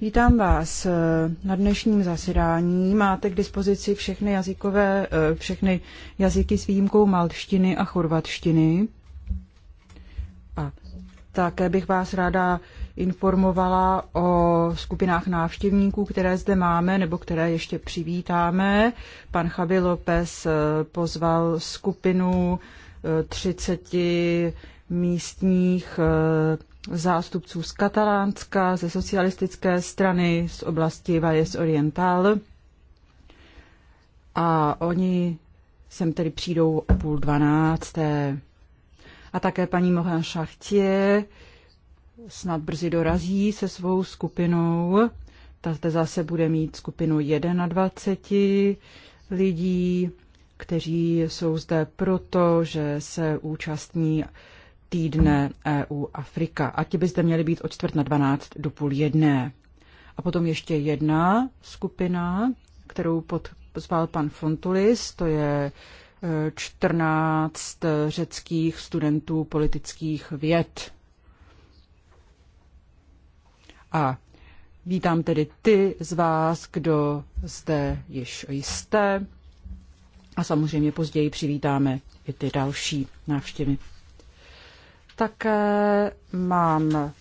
Vítám vás eh, na dnešním zasedání. Máte k dispozici všechny jazykové, eh, všechny jazyky s výjimkou malštiny a chorvatštiny. A také bych vás ráda informovala o skupinách návštěvníků, které zde máme nebo které ještě přivítáme. Pan Chavi López eh, pozval skupinu 30 místních eh, zástupců z Katalánska, ze socialistické strany, z oblasti Valles Oriental. A oni sem tedy přijdou o půl dvanácté. A také paní Mohan Šachtě snad brzy dorazí se svou skupinou. Ta zde zase bude mít skupinu 21 lidí, kteří jsou zde proto, že se účastní týdne EU Afrika a ti by zde měli být od čtvrt na dvanáct do půl jedné. A potom ještě jedna skupina, kterou pozval pan Fontulis, to je 14 e, řeckých studentů politických věd. A vítám tedy ty z vás, kdo zde již jste. A samozřejmě později přivítáme i ty další návštěvy. Také mám eh,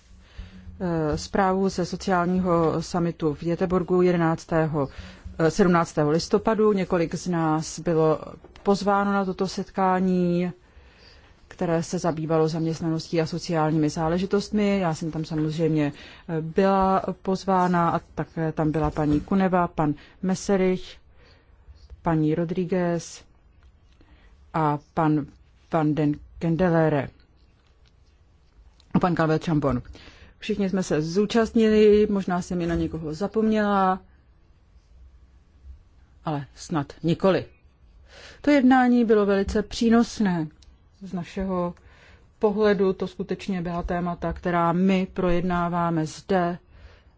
zprávu ze sociálního samitu v Jeteborgu 11. 17. Eh, listopadu. Několik z nás bylo pozváno na toto setkání, které se zabývalo zaměstnaností a sociálními záležitostmi. Já jsem tam samozřejmě eh, byla pozvána a také tam byla paní Kuneva, pan Meserich, paní Rodriguez a pan Van den Kendelere. Pan Kalvet Čampon. Všichni jsme se zúčastnili, možná jsem mi na někoho zapomněla, ale snad nikoli. To jednání bylo velice přínosné z našeho pohledu. To skutečně byla témata, která my projednáváme zde.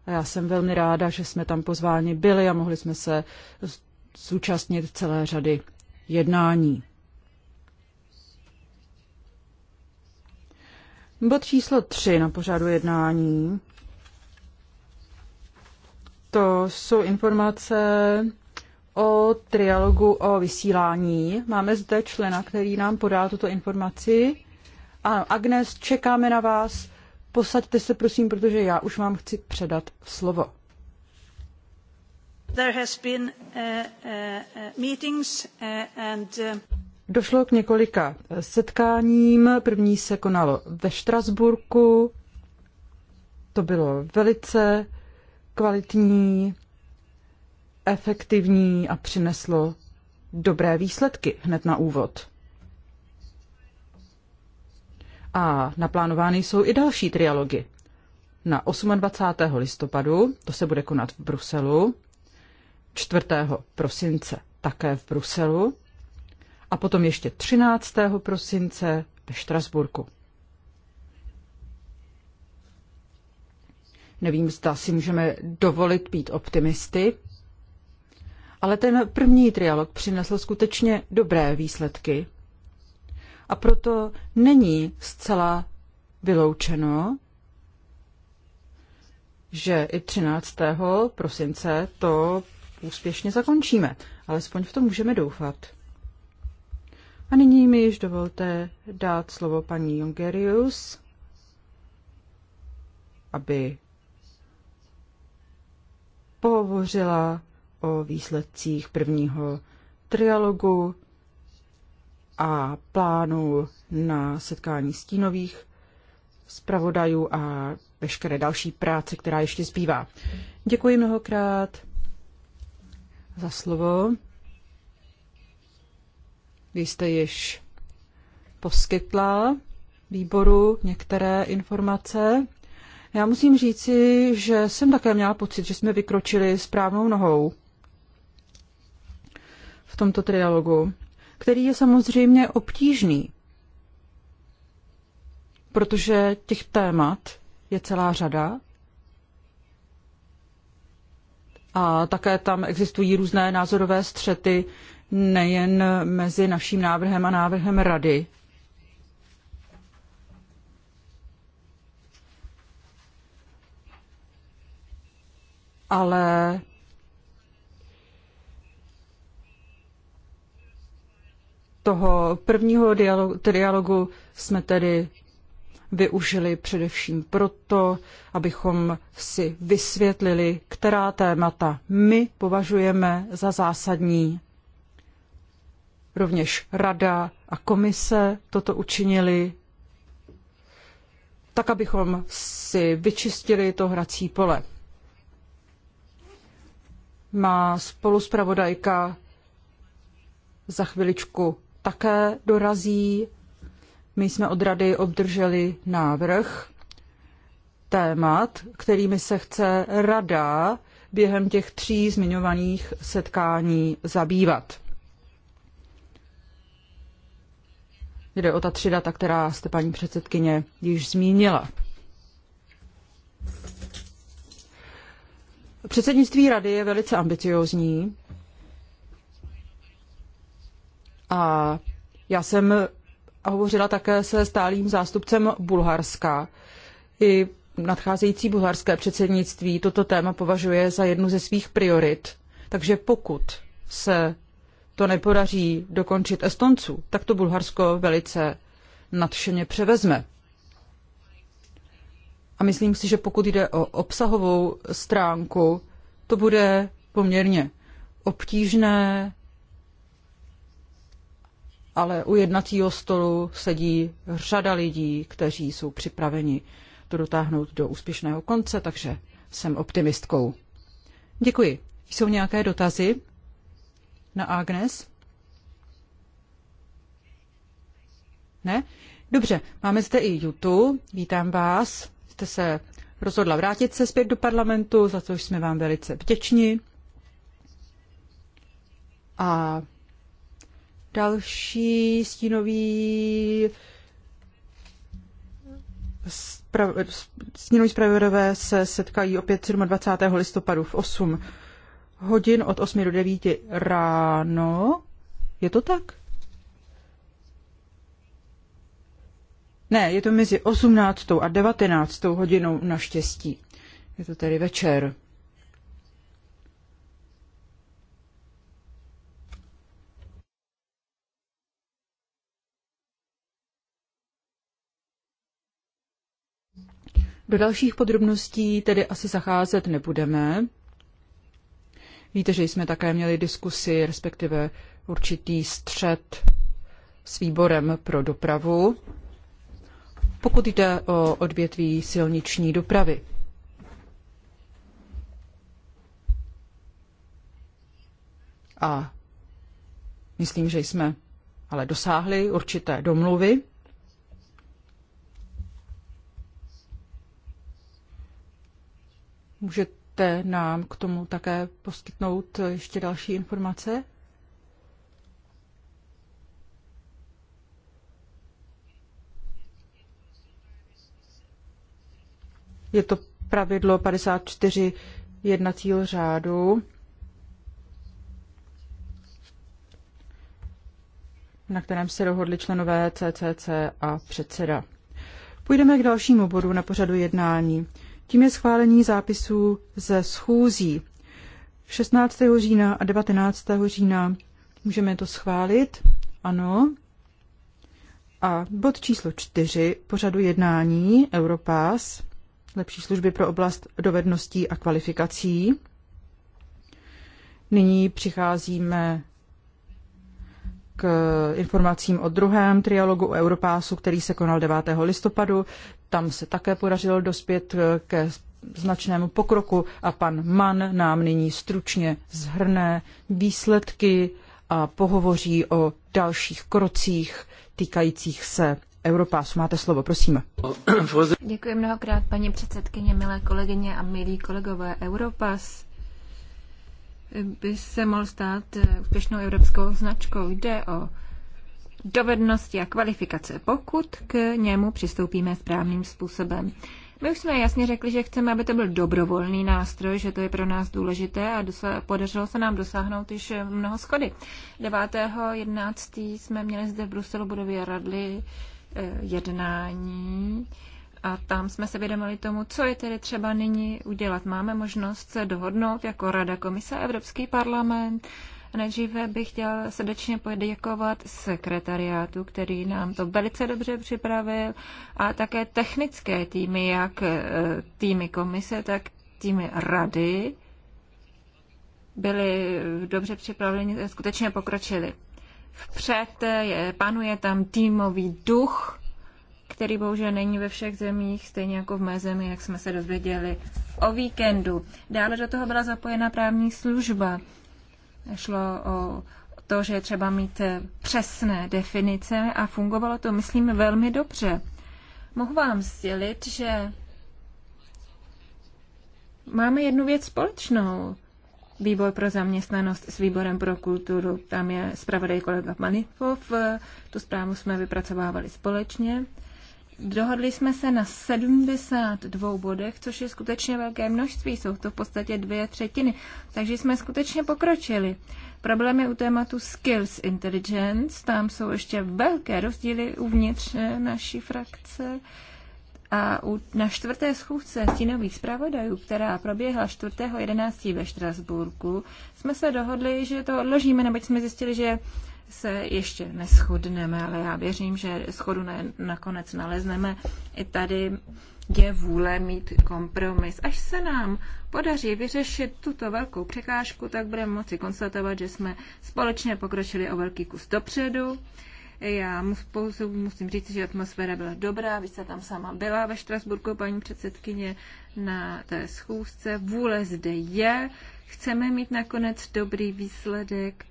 A já jsem velmi ráda, že jsme tam pozváni byli a mohli jsme se zúčastnit celé řady jednání. Bod číslo 3 na pořadu jednání. To jsou informace o trialogu o vysílání. Máme zde člena, který nám podá tuto informaci. A Agnes, čekáme na vás. Posaďte se, prosím, protože já už vám chci předat slovo. There has been, uh, uh, uh meetings, uh, and, uh... Došlo k několika setkáním. První se konalo ve Štrasburku. To bylo velice kvalitní, efektivní a přineslo dobré výsledky hned na úvod. A naplánovány jsou i další trialogy. Na 28. listopadu, to se bude konat v Bruselu, 4. prosince také v Bruselu a potom ještě 13. prosince ve Štrasburku. Nevím, zda si můžeme dovolit být optimisty, ale ten první trialog přinesl skutečně dobré výsledky a proto není zcela vyloučeno, že i 13. prosince to úspěšně zakončíme. Alespoň v tom můžeme doufat. A nyní mi již dovolte dát slovo paní Jungerius, aby pohovořila o výsledcích prvního trialogu a plánu na setkání stínových zpravodajů a veškeré další práce, která ještě zbývá. Děkuji mnohokrát za slovo. Vy jste již poskytla výboru některé informace. Já musím říci, že jsem také měla pocit, že jsme vykročili správnou nohou v tomto trialogu, který je samozřejmě obtížný, protože těch témat je celá řada a také tam existují různé názorové střety nejen mezi naším návrhem a návrhem rady. Ale toho prvního dialogu, dialogu jsme tedy využili především proto, abychom si vysvětlili, která témata my považujeme za zásadní Rovněž rada a komise toto učinili, tak abychom si vyčistili to hrací pole. Má spoluspravodajka za chviličku také dorazí. My jsme od rady obdrželi návrh témat, kterými se chce rada během těch tří zmiňovaných setkání zabývat. Jde o ta tři data, která jste paní předsedkyně již zmínila. Předsednictví rady je velice ambiciozní a já jsem hovořila také se stálým zástupcem Bulharska. I nadcházející bulharské předsednictví toto téma považuje za jednu ze svých priorit. Takže pokud se to nepodaří dokončit Estonců, tak to Bulharsko velice nadšeně převezme. A myslím si, že pokud jde o obsahovou stránku, to bude poměrně obtížné, ale u jednacího stolu sedí řada lidí, kteří jsou připraveni to dotáhnout do úspěšného konce, takže jsem optimistkou. Děkuji. Jsou nějaké dotazy? na Agnes? Ne? Dobře, máme zde i Jutu. Vítám vás. Jste se rozhodla vrátit se zpět do parlamentu, za což jsme vám velice vděční. A další stínový Sprav... stínoví zpravodové se setkají opět 27. listopadu v 8 hodin od 8 do 9 ráno. Je to tak? Ne, je to mezi 18. a 19. hodinou naštěstí. Je to tedy večer. Do dalších podrobností tedy asi zacházet nebudeme. Víte, že jsme také měli diskusi, respektive určitý střed s výborem pro dopravu, pokud jde o odvětví silniční dopravy. A myslím, že jsme ale dosáhli určité domluvy. Můžete Můžete nám k tomu také poskytnout ještě další informace? Je to pravidlo 54 jednacího řádu, na kterém se dohodli členové CCC a předseda. Půjdeme k dalšímu bodu na pořadu jednání. Tím je schválení zápisů ze schůzí 16. října a 19. října. Můžeme to schválit? Ano. A bod číslo 4 pořadu jednání Europass, lepší služby pro oblast dovedností a kvalifikací. Nyní přicházíme k informacím o druhém trialogu o Europásu, který se konal 9. listopadu. Tam se také podařilo dospět eh, ke značnému pokroku a pan Mann nám nyní stručně zhrne výsledky a pohovoří o dalších krocích týkajících se Europass. Máte slovo, prosím. Děkuji mnohokrát, paní předsedkyně, milé kolegyně a milí kolegové. Europass by se mohl stát eh, úspěšnou evropskou značkou. Jde o dovednosti a kvalifikace, pokud k němu přistoupíme správným způsobem. My už jsme jasně řekli, že chceme, aby to byl dobrovolný nástroj, že to je pro nás důležité a dosa- podařilo se nám dosáhnout již mnoho schody. 9.11. jsme měli zde v Bruselu budově radli eh, jednání a tam jsme se vědomili tomu, co je tedy třeba nyní udělat. Máme možnost se dohodnout jako Rada Komise Evropský parlament, eh, nejdříve bych chtěl srdečně poděkovat sekretariátu, který nám to velice dobře připravil, a také technické týmy, jak eh, týmy komise, tak týmy rady, byli eh, dobře připraveni, skutečně pokročili. Vpřed eh, je, panuje tam týmový duch, který bohužel není ve všech zemích, stejně jako v mé zemi, jak jsme se dozvěděli o víkendu. Dále do toho byla zapojena právní služba. Šlo o to, že je třeba mít přesné definice a fungovalo to, myslím, velmi dobře. Mohu vám sdělit, že máme jednu věc společnou. Výbor pro zaměstnanost s výborem pro kulturu. Tam je zpravodaj kolega Manifov. Tu zprávu jsme vypracovávali společně. Dohodli jsme se na 72 bodech, což je skutečně velké množství, jsou to v podstatě dvě třetiny, takže jsme skutečně pokročili. Problém je u tématu Skills Intelligence, tam jsou ještě velké rozdíly uvnitř eh, naší frakce. A u, na čtvrté schůzce stínových zpravodajů, která proběhla 4.11. ve Štrasburku, jsme se dohodli, že to odložíme, neboť jsme zjistili, že se ještě neschodneme, ale já věřím, že schodu ne, nakonec nalezneme. I tady je vůle mít kompromis. Až se nám podaří vyřešit tuto velkou překážku, tak budeme moci konstatovat, že jsme společně pokročili o velký kus dopředu. Já mu musím říct, že atmosféra byla dobrá, vy jste tam sama byla ve Štrasburku, paní předsedkyně, na té schůzce. Vůle zde je, chceme mít nakonec dobrý výsledek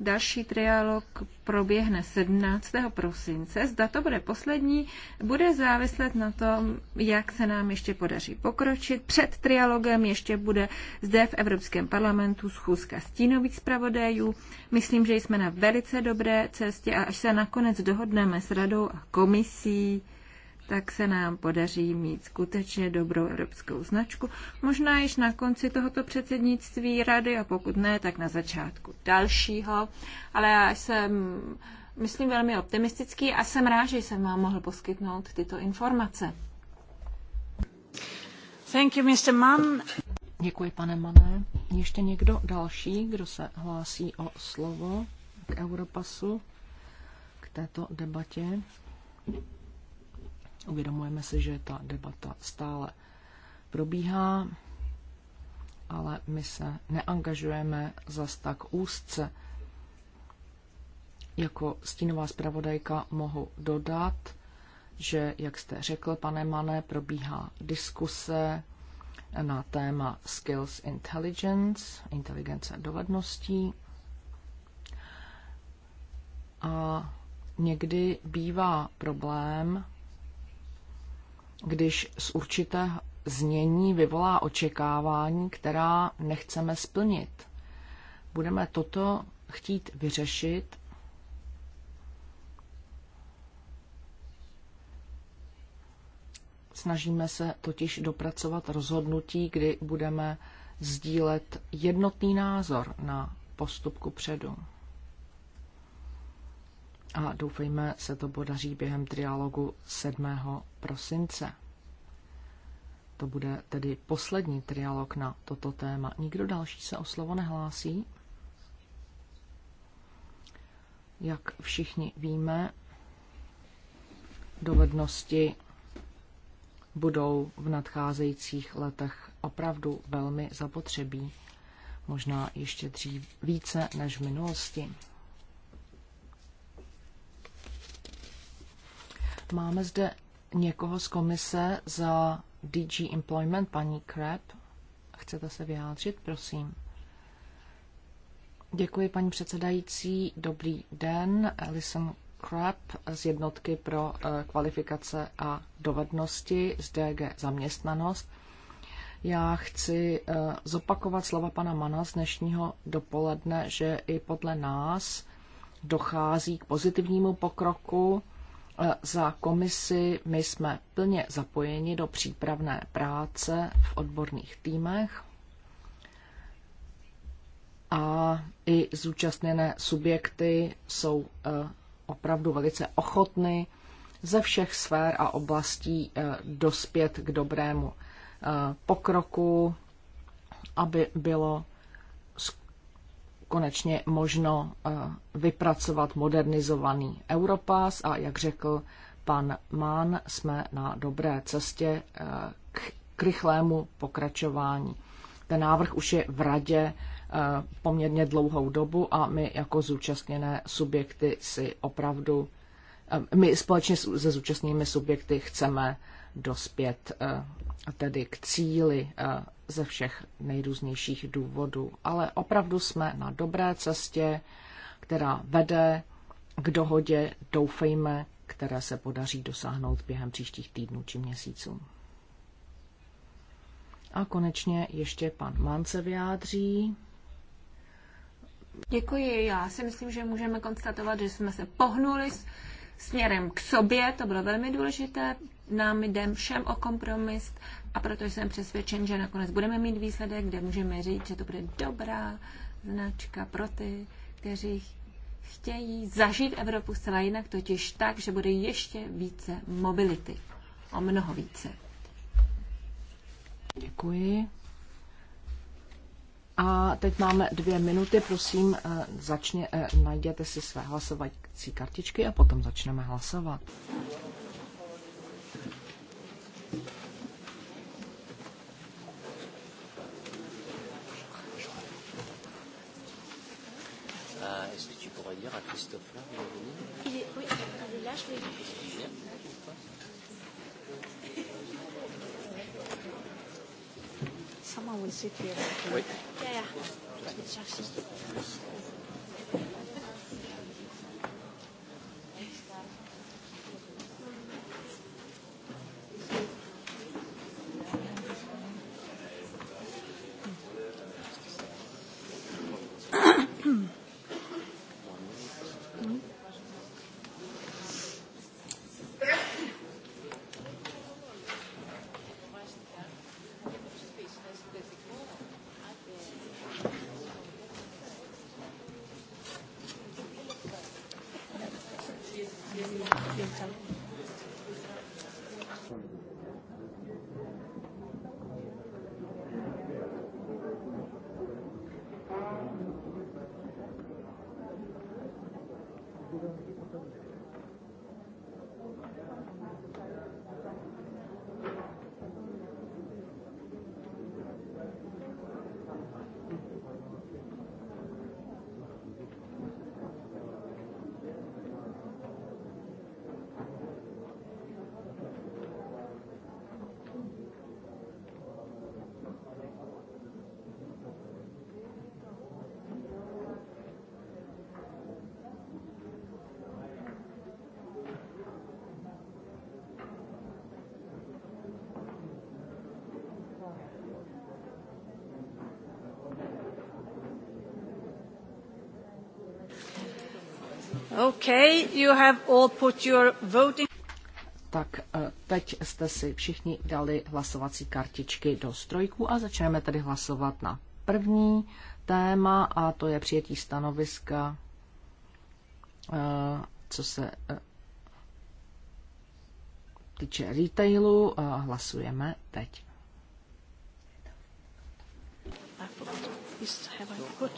Další trialog proběhne 17. prosince. Zda to bude poslední, bude záviset na tom, jak se nám ještě podaří pokročit. Před trialogem ještě bude zde v Evropském parlamentu schůzka stínových zpravodajů. Myslím, že jsme na velice dobré cestě a až se nakonec dohodneme s radou a komisí, tak se nám podaří mít skutečně dobrou evropskou značku. Možná již na konci tohoto předsednictví rady a pokud ne, tak na začátku dalšího. Ale já jsem, myslím, velmi optimistický a jsem rád, že jsem vám mohl poskytnout tyto informace. Thank you, Mr. Mann. Děkuji, pane Mané. Ještě někdo další, kdo se hlásí o slovo k Europasu, k této debatě? Uvědomujeme si, že ta debata stále probíhá, ale my se neangažujeme zas tak úzce. Jako stínová zpravodajka mohu dodat, že, jak jste řekl, pane Mane, probíhá diskuse na téma Skills Intelligence, inteligence dovedností. A někdy bývá problém, když z určité znění vyvolá očekávání, která nechceme splnit. Budeme toto chtít vyřešit Snažíme se totiž dopracovat rozhodnutí, kdy budeme sdílet jednotný názor na postupku předu a doufejme se to podaří během trialogu 7. prosince. To bude tedy poslední trialog na toto téma. Nikdo další se o slovo nehlásí? Jak všichni víme, dovednosti budou v nadcházejících letech opravdu velmi zapotřebí, možná ještě dřív více než v minulosti. Máme zde někoho z komise za DG Employment, paní Kreb. Chcete se vyjádřit, prosím? Děkuji, paní předsedající. Dobrý den. Alison Crab z jednotky pro eh, kvalifikace a dovednosti z DG Zaměstnanost. Já chci eh, zopakovat slova pana Mana z dnešního dopoledne, že i podle nás dochází k pozitivnímu pokroku za komisi my jsme plně zapojeni do přípravné práce v odborných týmech a i zúčastněné subjekty jsou eh, opravdu velice ochotny ze všech sfér a oblastí eh, dospět k dobrému eh, pokroku, aby bylo konečně možno eh, vypracovat modernizovaný Europass a jak řekl pan Mann, jsme na dobré cestě eh, k rychlému pokračování. Ten návrh už je v radě eh, poměrně dlouhou dobu a my jako zúčastněné subjekty si opravdu, my společně se zúčastněnými subjekty chceme dospět tedy k cíli ze všech nejrůznějších důvodů. Ale opravdu jsme na dobré cestě, která vede k dohodě, doufejme, které se podaří dosáhnout během příštích týdnů či měsíců. A konečně ještě pan Man se vyjádří. Děkuji. Já si myslím, že můžeme konstatovat, že jsme se pohnuli směrem k sobě, to bylo velmi důležité nám jde všem o kompromis a proto jsem přesvědčen, že nakonec budeme mít výsledek, kde můžeme říct, že to bude dobrá značka pro ty, kteří chtějí zažít Evropu zcela jinak, totiž tak, že bude ještě více mobility. O mnoho více. Děkuji. A teď máme dvě minuty, prosím, eh, začně, eh, najděte si své hlasovací kartičky a potom začneme hlasovat. pourra dire à Christopher de venir. Il est, oui, il est là, je vais. Il est Someone will sit here. Oui. Yeah, yeah. Je vais chercher. Okay, you have all put your voting... Tak eh, teď jste si všichni dali hlasovací kartičky do strojku a začneme tedy hlasovat na první téma a to je přijetí stanoviska, eh, co se eh, týče retailu. Hlasujeme teď. Have I put?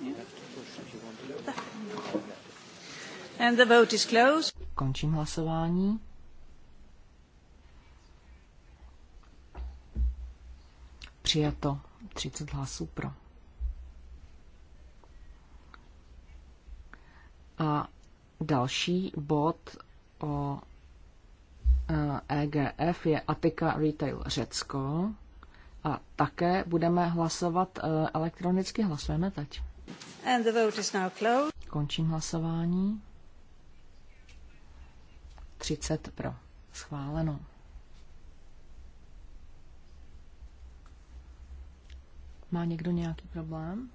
Yeah. And the vote is closed. Končím hlasování. Přijato 30 hlasů pro. A další bod o EGF e je Atika Retail Řecko. A také budeme hlasovat e, elektronicky. Hlasujeme teď. And the vote is now closed. Končím hlasování. 30 pro. Schváleno. Má někdo nějaký problém?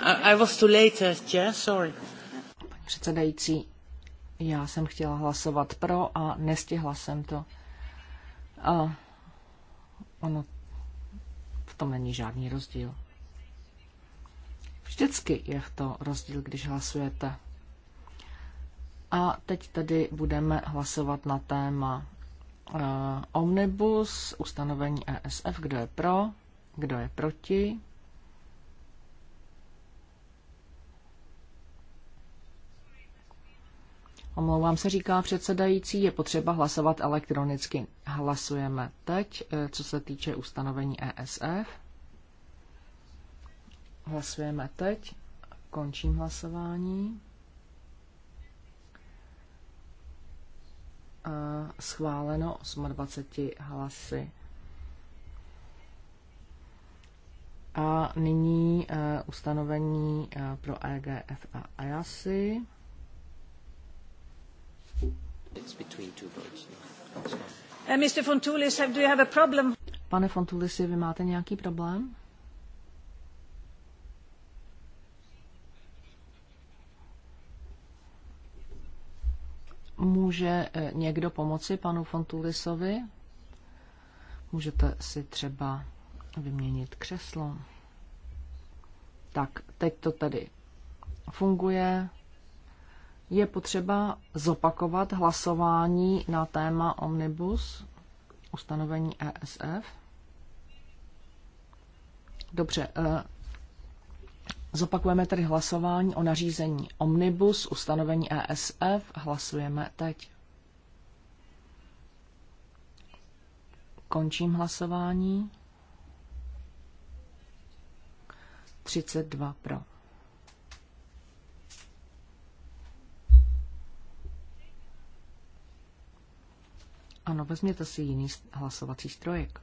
I was too late, yeah, uh, sorry. Paní předsedající, já jsem chtěla hlasovat pro a nestihla jsem to. Uh, Ono v tom není žádný rozdíl. Vždycky je to rozdíl, když hlasujete. A teď tedy budeme hlasovat na téma uh, Omnibus, ustanovení ESF, kdo je pro, kdo je proti. Omlouvám se, říká předsedající, je potřeba hlasovat elektronicky. Hlasujeme teď, eh, co se týče ustanovení ESF. Hlasujeme teď. Končím hlasování. Eh, schváleno 28 hlasy. A nyní eh, ustanovení pro EGF a EASI. Pane Fontulisi, vy máte nějaký problém? Může eh, někdo pomoci panu Fontulisovi? Můžete si třeba vyměnit křeslo. Tak, teď to tady funguje je potřeba zopakovat hlasování na téma Omnibus, ustanovení ESF. Dobře, eh, zopakujeme tedy hlasování o nařízení Omnibus, ustanovení ESF. Hlasujeme teď. Končím hlasování. 32 pro. Ano, vezměte si jiný hlasovací strojek.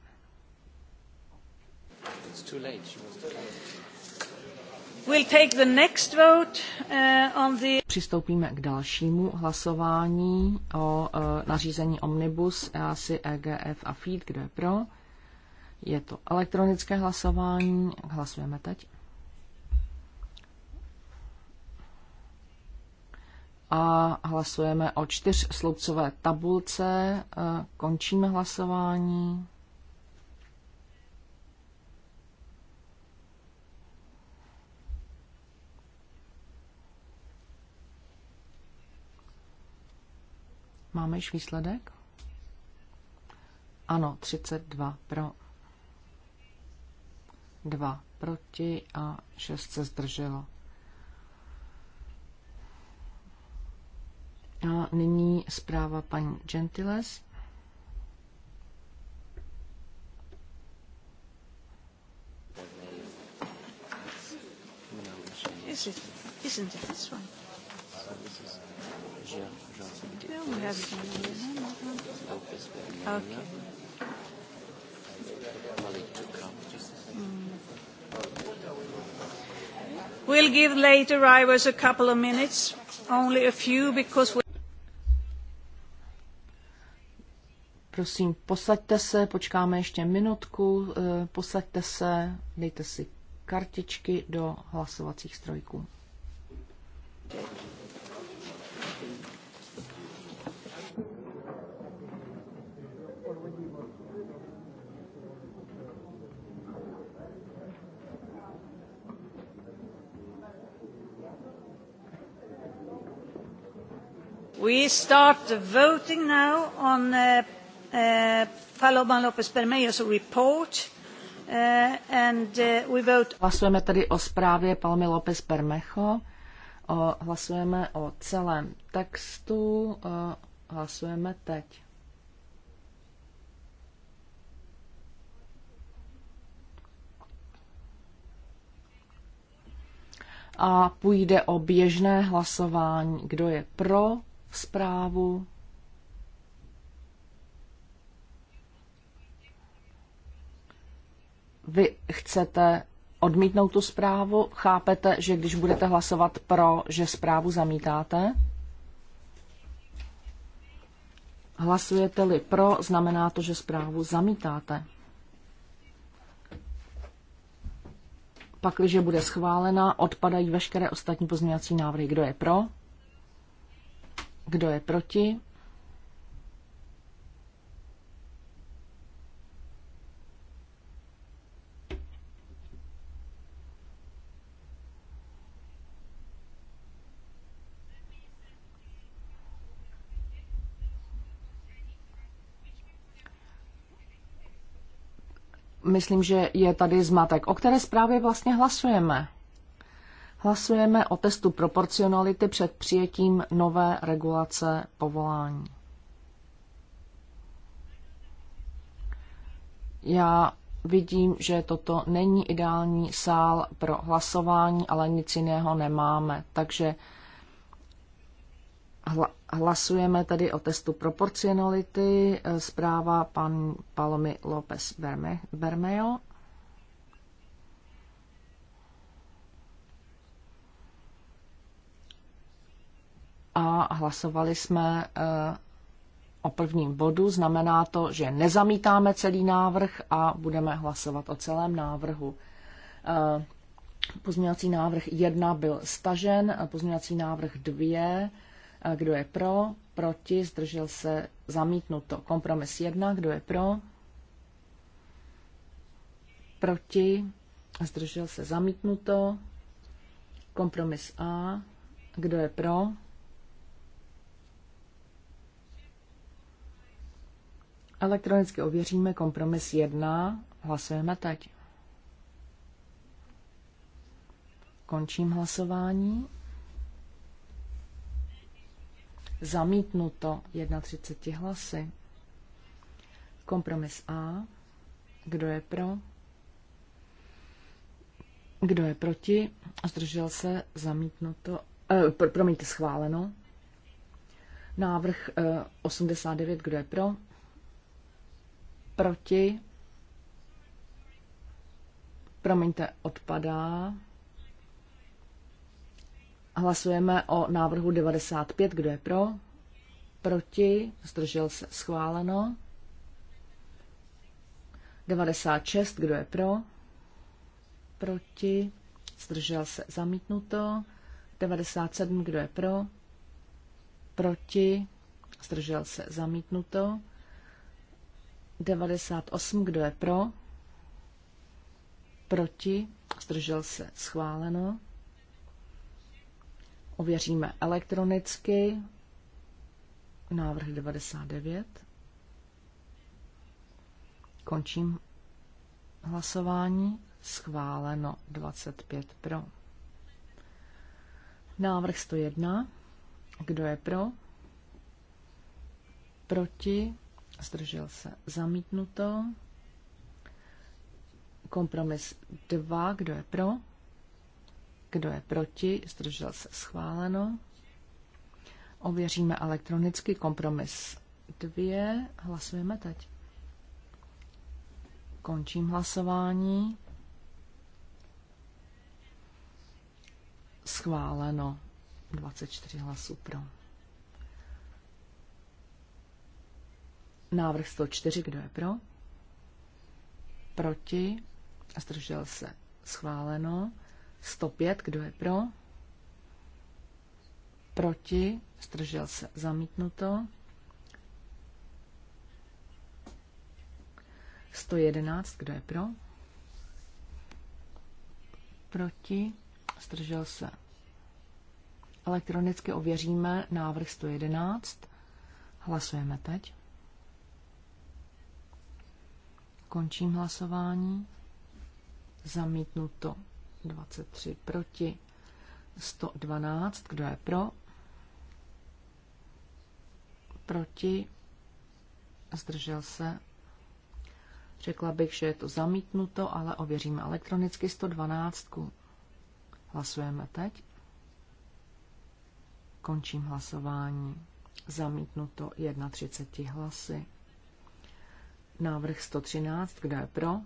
We'll take the next vote, uh, on the... Přistoupíme k dalšímu hlasování o uh, nařízení Omnibus, EASI, EGF a FEED. Kdo je pro? Je to elektronické hlasování. Hlasujeme teď. a hlasujeme o čtyřsloupcové tabulce. E, končíme hlasování. Máme již výsledek? Ano, 32 pro. 2 proti a 6 se zdrželo. A nyní zpráva paní Gentiles. Is it? Isn't it this one? We'll no, no, no. Hmm. give late arrivals a couple of minutes, only a few, because we Prosím, posaďte se, počkáme ještě minutku, eh, posaďte se, dejte si kartičky do hlasovacích strojků. We start the voting now on uh, Uh, Paloma López Bermejo's report. Uh, and uh, we vote. Hlasujeme tedy o zprávě Palmy López Bermejo. Hlasujeme o celém textu. Hlasujeme teď. a půjde o běžné hlasování. Kdo je pro zprávu? vy chcete odmítnout tu zprávu? Chápete, že když budete hlasovat pro, že zprávu zamítáte? Hlasujete-li pro, znamená to, že zprávu zamítáte. Pak, když bude schválena, odpadají veškeré ostatní pozměňovací návrhy. Kdo je pro? Kdo je proti? myslím, že je tady zmatek. O které zprávě vlastně hlasujeme? Hlasujeme o testu proporcionality před přijetím nové regulace povolání. Já vidím, že toto není ideální sál pro hlasování, ale nic jiného nemáme. Takže hla- Hlasujeme tedy o testu proporcionality. Eh, zpráva pan Palomi López Bermejo. A hlasovali jsme eh, o prvním bodu. Znamená to, že nezamítáme celý návrh a budeme hlasovat o celém návrhu. Eh, pozměňovací návrh 1 byl stažen, pozměňovací návrh 2 kdo je pro? Proti? Zdržel se? Zamítnuto. Kompromis 1. Kdo je pro? Proti? Zdržel se? Zamítnuto. Kompromis A. Kdo je pro? Elektronicky ověříme kompromis 1. Hlasujeme teď. Končím hlasování. Zamítnuto 31 hlasy. Kompromis A. Kdo je pro? Kdo je proti? Zdržel se zamítnuto. Eh, pro, promiňte, schváleno. Návrh eh, 89. Kdo je pro? Proti? Promiňte, odpadá. Hlasujeme o návrhu 95. Kdo je pro? Proti? Zdržel se? Schváleno. 96. Kdo je pro? Proti? Zdržel se? Zamítnuto. 97. Kdo je pro? Proti? Zdržel se? Zamítnuto. 98. Kdo je pro? Proti? Zdržel se? Schváleno. Ověříme elektronicky. Návrh 99. Končím hlasování. Schváleno 25 pro. Návrh 101. Kdo je pro? Proti? Zdržel se. Zamítnuto. Kompromis 2. Kdo je pro? Kdo je proti? Zdržel se schváleno. Ověříme elektronický kompromis 2. Hlasujeme teď. Končím hlasování. Schváleno 24 hlasů pro. Návrh 104, kdo je pro? Proti? Zdržel se. Schváleno. 105, kdo je pro? Proti, zdržel se, zamítnuto. 111, kdo je pro? Proti, zdržel se. Elektronicky ověříme návrh 111. Hlasujeme teď. Končím hlasování. Zamítnuto 23 proti, 112, kdo je pro, proti, zdržel se. Řekla bych, že je to zamítnuto, ale ověříme elektronicky 112. Hlasujeme teď. Končím hlasování. Zamítnuto 31 hlasy. Návrh 113, kdo je pro?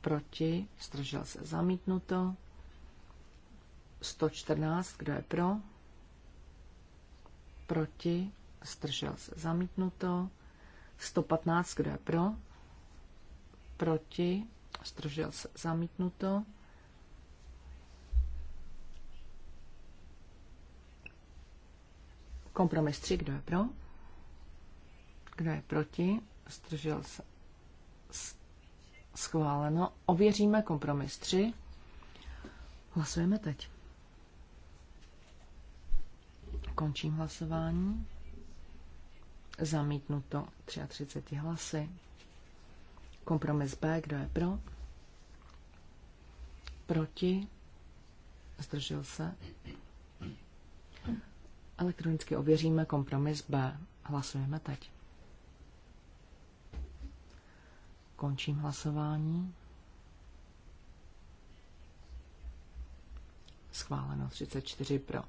proti, zdržel se zamítnuto. 114, kdo je pro, proti, zdržel se zamítnuto. 115, kdo je pro, proti, zdržel se zamítnuto. Kompromis 3, kdo je pro, kdo je proti, zdržel se Schváleno. Ověříme kompromis 3. Hlasujeme teď. Končím hlasování. Zamítnuto 33 hlasy. Kompromis B, kdo je pro? Proti? Zdržel se? Elektronicky ověříme kompromis B. Hlasujeme teď. Končím hlasování. Schváleno 34 pro.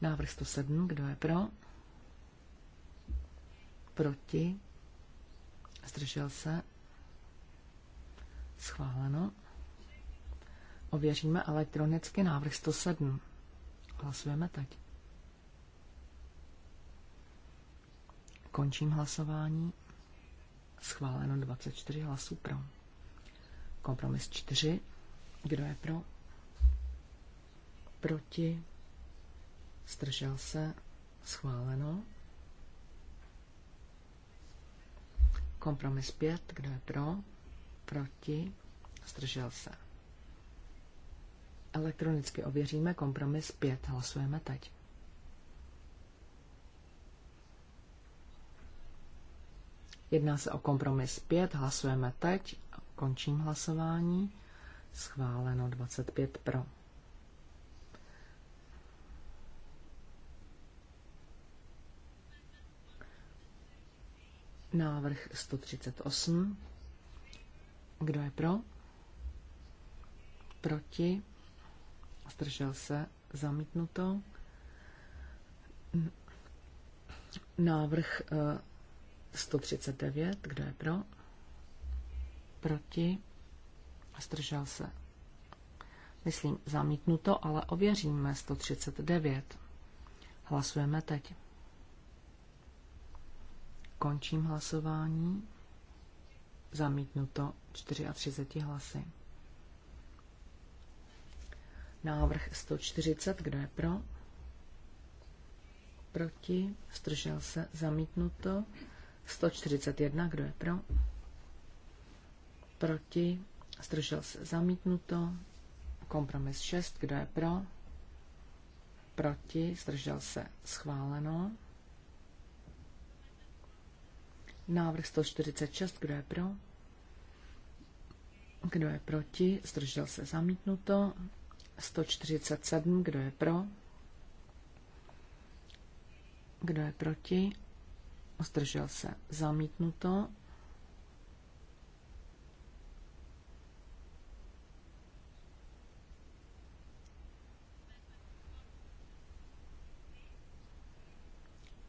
Návrh 107, kdo je pro? Proti? Zdržel se? Schváleno. Ověříme elektronicky návrh 107. Hlasujeme teď. Končím hlasování. Schváleno 24 hlasů pro. Kompromis 4. Kdo je pro? Proti? Stržel se? Schváleno. Kompromis 5. Kdo je pro? Proti? Stržel se. Elektronicky ověříme kompromis 5. Hlasujeme teď. Jedná se o kompromis 5, hlasujeme teď, končím hlasování, schváleno 25 pro. Návrh 138. Kdo je pro? Proti? Zdržel se? Zamítnuto? Návrh eh, 139, kdo je pro? Proti? Zdržel se. Myslím, zamítnuto, ale ověříme 139. Hlasujeme teď. Končím hlasování. Zamítnuto 34 hlasy. Návrh 140, kdo je pro? Proti? Zdržel se? Zamítnuto. 141, kdo je pro? Proti? Zdržel se zamítnuto. Kompromis 6, kdo je pro? Proti? Zdržel se schváleno. Návrh 146, kdo je pro? Kdo je proti? Zdržel se zamítnuto. 147, kdo je pro? Kdo je proti? zdržel se, zamítnuto.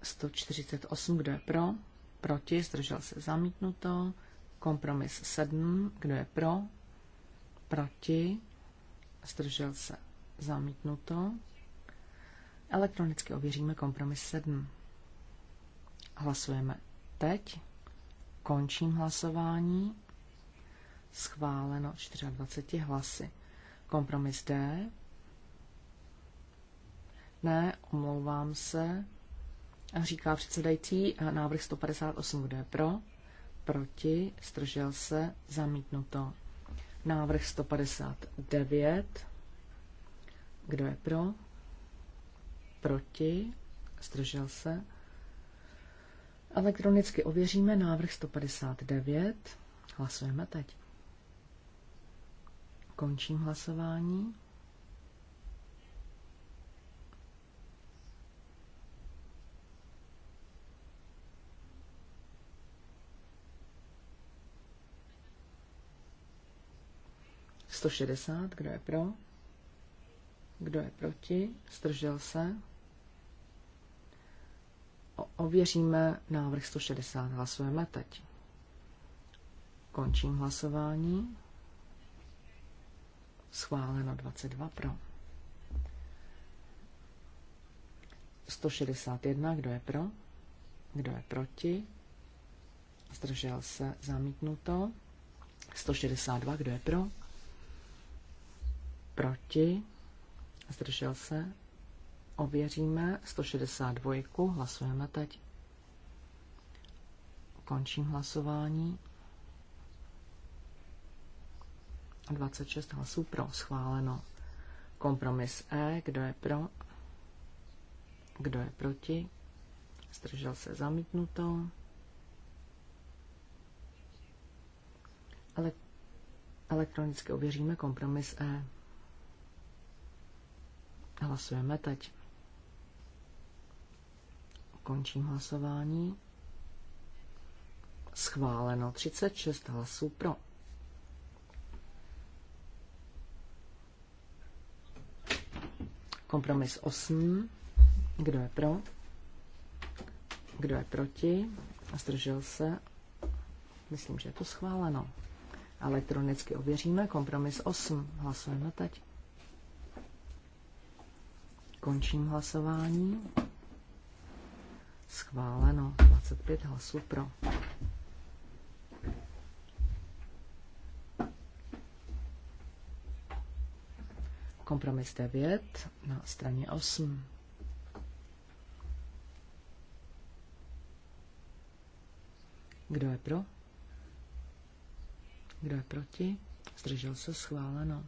Sto čtyřicet osm, kdo je pro? Proti, zdržel se, zamítnuto. Kompromis 7, kdo je pro? Proti, zdržel se, zamítnuto. Elektronicky ověříme kompromis 7. Hlasujeme teď. Končím hlasování. Schváleno 24 hlasy. Kompromis D. Ne, omlouvám se. Říká předsedající návrh 158, kdo je pro, proti, stržel se, zamítnuto. Návrh 159, kdo je pro, proti, stržel se, Elektronicky ověříme návrh 159. Hlasujeme teď. Končím hlasování. kdo je pro? Kdo je proti? Zdržel se? Ověříme návrh 160. Hlasujeme teď. Končím hlasování. Schváleno 22 pro. 161. Kdo je pro? Kdo je proti? Zdržel se zamítnuto. 162. Kdo je pro? Proti? Zdržel se Ověříme 162. Hlasujeme teď. Končím hlasování. 26 hlasů pro. Schváleno. Kompromis E. Kdo je pro? Kdo je proti? Zdržel se zamítnuto. Ale elektronicky ověříme kompromis E. Hlasujeme teď. Končím hlasování. Schváleno 36 hlasů pro. Kompromis 8. Kdo je pro? Kdo je proti? Zdržel se? Myslím, že je to schváleno. Elektronicky ověříme kompromis 8. Hlasujeme teď. Končím hlasování. Schváleno. 25 hlasů pro. Kompromis 9 na straně 8. Kdo je pro? Kdo je proti? Zdržel se schváleno.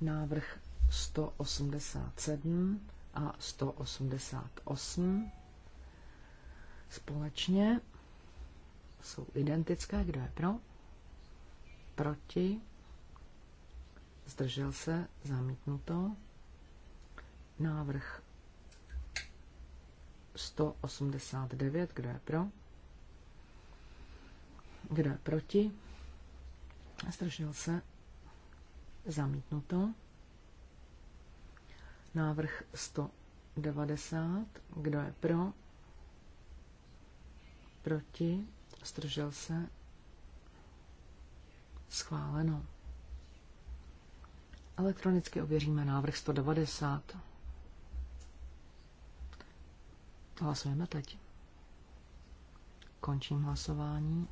Návrh 187 a 188 společně jsou identické. Kdo je pro? Proti? Zdržel se? Zamítnuto. Návrh 189. Kdo je pro? Kdo je proti? Zdržel se? Zamítnuto. Návrh 190. Kdo je pro? Proti? Zdržel se? Schváleno. Elektronicky ověříme návrh 190. Hlasujeme teď. Končím hlasování.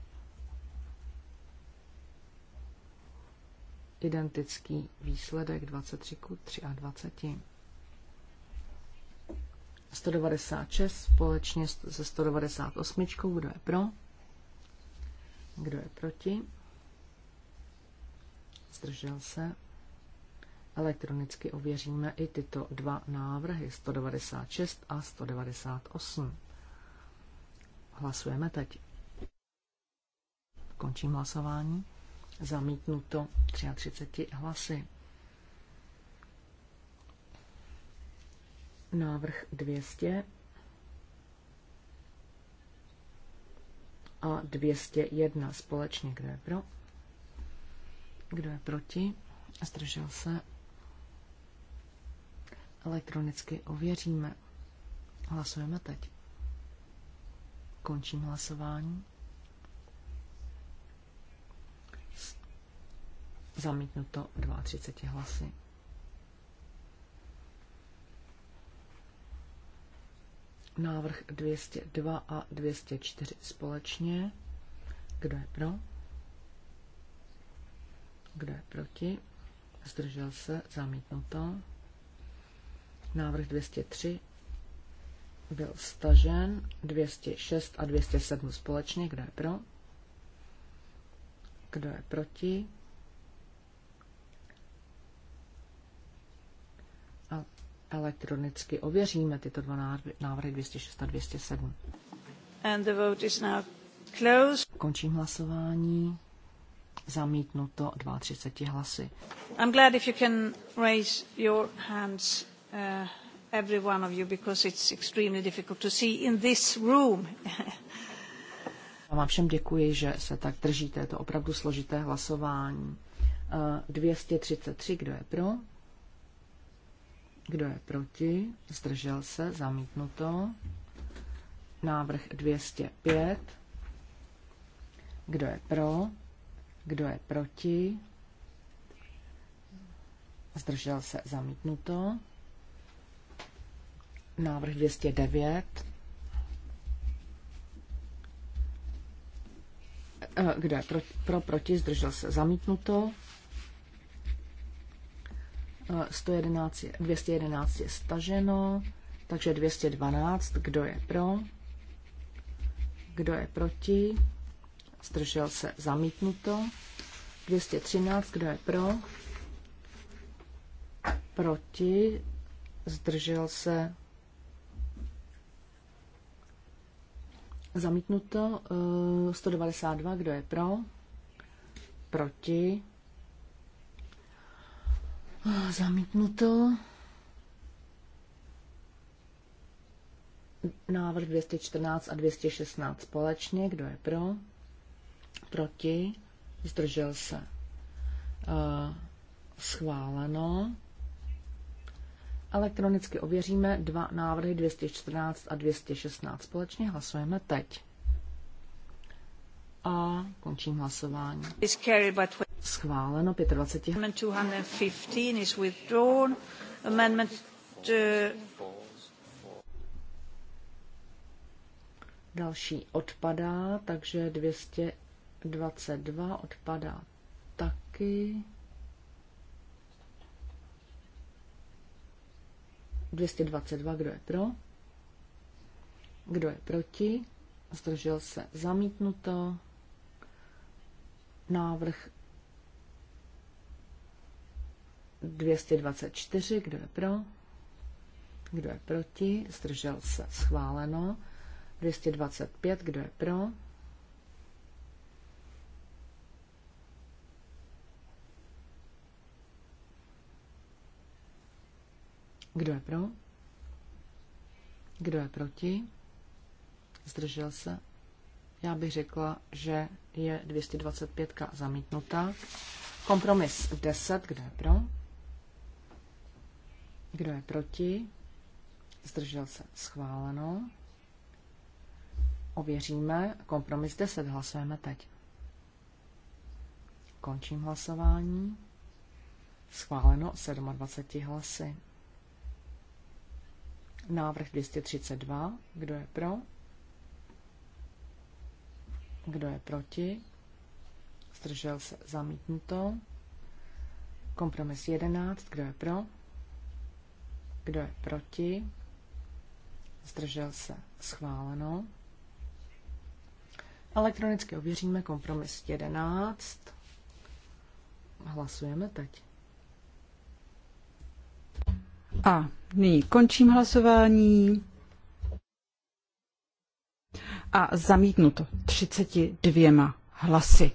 Identický výsledek 23 ku 23. 196 společně se 198. Kdo je pro? Kdo je proti? Zdržel se? Elektronicky ověříme i tyto dva návrhy, 196 a 198. Hlasujeme teď. Končím hlasování. Zamítnuto 33 hlasy. návrh 200 a 201 společně. Kdo je pro? Kdo je proti? Zdržel se? Elektronicky ověříme. Hlasujeme teď. Končím hlasování. Zamítnuto 32 hlasy. návrh 202 a 204 společně. Kdo je pro? Kdo je proti? Zdržel se, zamítnuto. Návrh 203 byl stažen. 206 a 207 společně. Kdo je pro? Kdo je proti? Elektronicky ověříme tyto dva návrhy 206 a 207. And the vote is now Končím hlasování. Zamítnuto 32 hlasy. I'm glad if you can raise your hands uh, every one of you because it's extremely difficult to see in this room. vám všem děkuji, že se tak držíte. Je to opravdu složité hlasování. Uh, 233, kdo je pro? Kdo je proti? Zdržel se? Zamítnuto. Návrh 205. Kdo je pro? Kdo je proti? Zdržel se? Zamítnuto. Návrh 209. Eh, kdo je pro, pro proti? Zdržel se? Zamítnuto. 111, 211 je staženo, takže 212, kdo je pro, kdo je proti, zdržel se zamítnuto, 213, kdo je pro, proti, zdržel se zamítnuto, 192, eh, kdo je pro, proti, Ah, zamítnuto. Návrh 214 a 216 společně. Kdo je pro? Proti? Zdržel se. Uh, schváleno. Elektronicky ověříme dva návrhy 214 a 216. Společně hlasujeme teď. A končím hlasování schváleno 25. Uh, Další odpadá, takže 222 odpadá taky. 222, kdo je pro? Kdo je proti? Zdržel se zamítnuto. Návrh 224, kdo je pro? Kdo je proti? Zdržel se. Schváleno. 225, kdo je pro? Kdo je pro? Kdo je proti? Zdržel se. Já bych řekla, že je 225 zamítnuta. Kompromis 10, kdo je pro? Kdo je proti? Zdržel se. Schváleno. Ověříme. Kompromis 10. Hlasujeme teď. Končím hlasování. Schváleno 27 hlasy. Návrh 232. Kdo je pro? Kdo je proti? Zdržel se zamítnuto. Kompromis 11. Kdo je pro? Kdo je proti? Zdržel se. Schváleno. Elektronicky ověříme kompromis 11. Hlasujeme teď. A nyní končím hlasování. A zamítnuto 32 hlasy.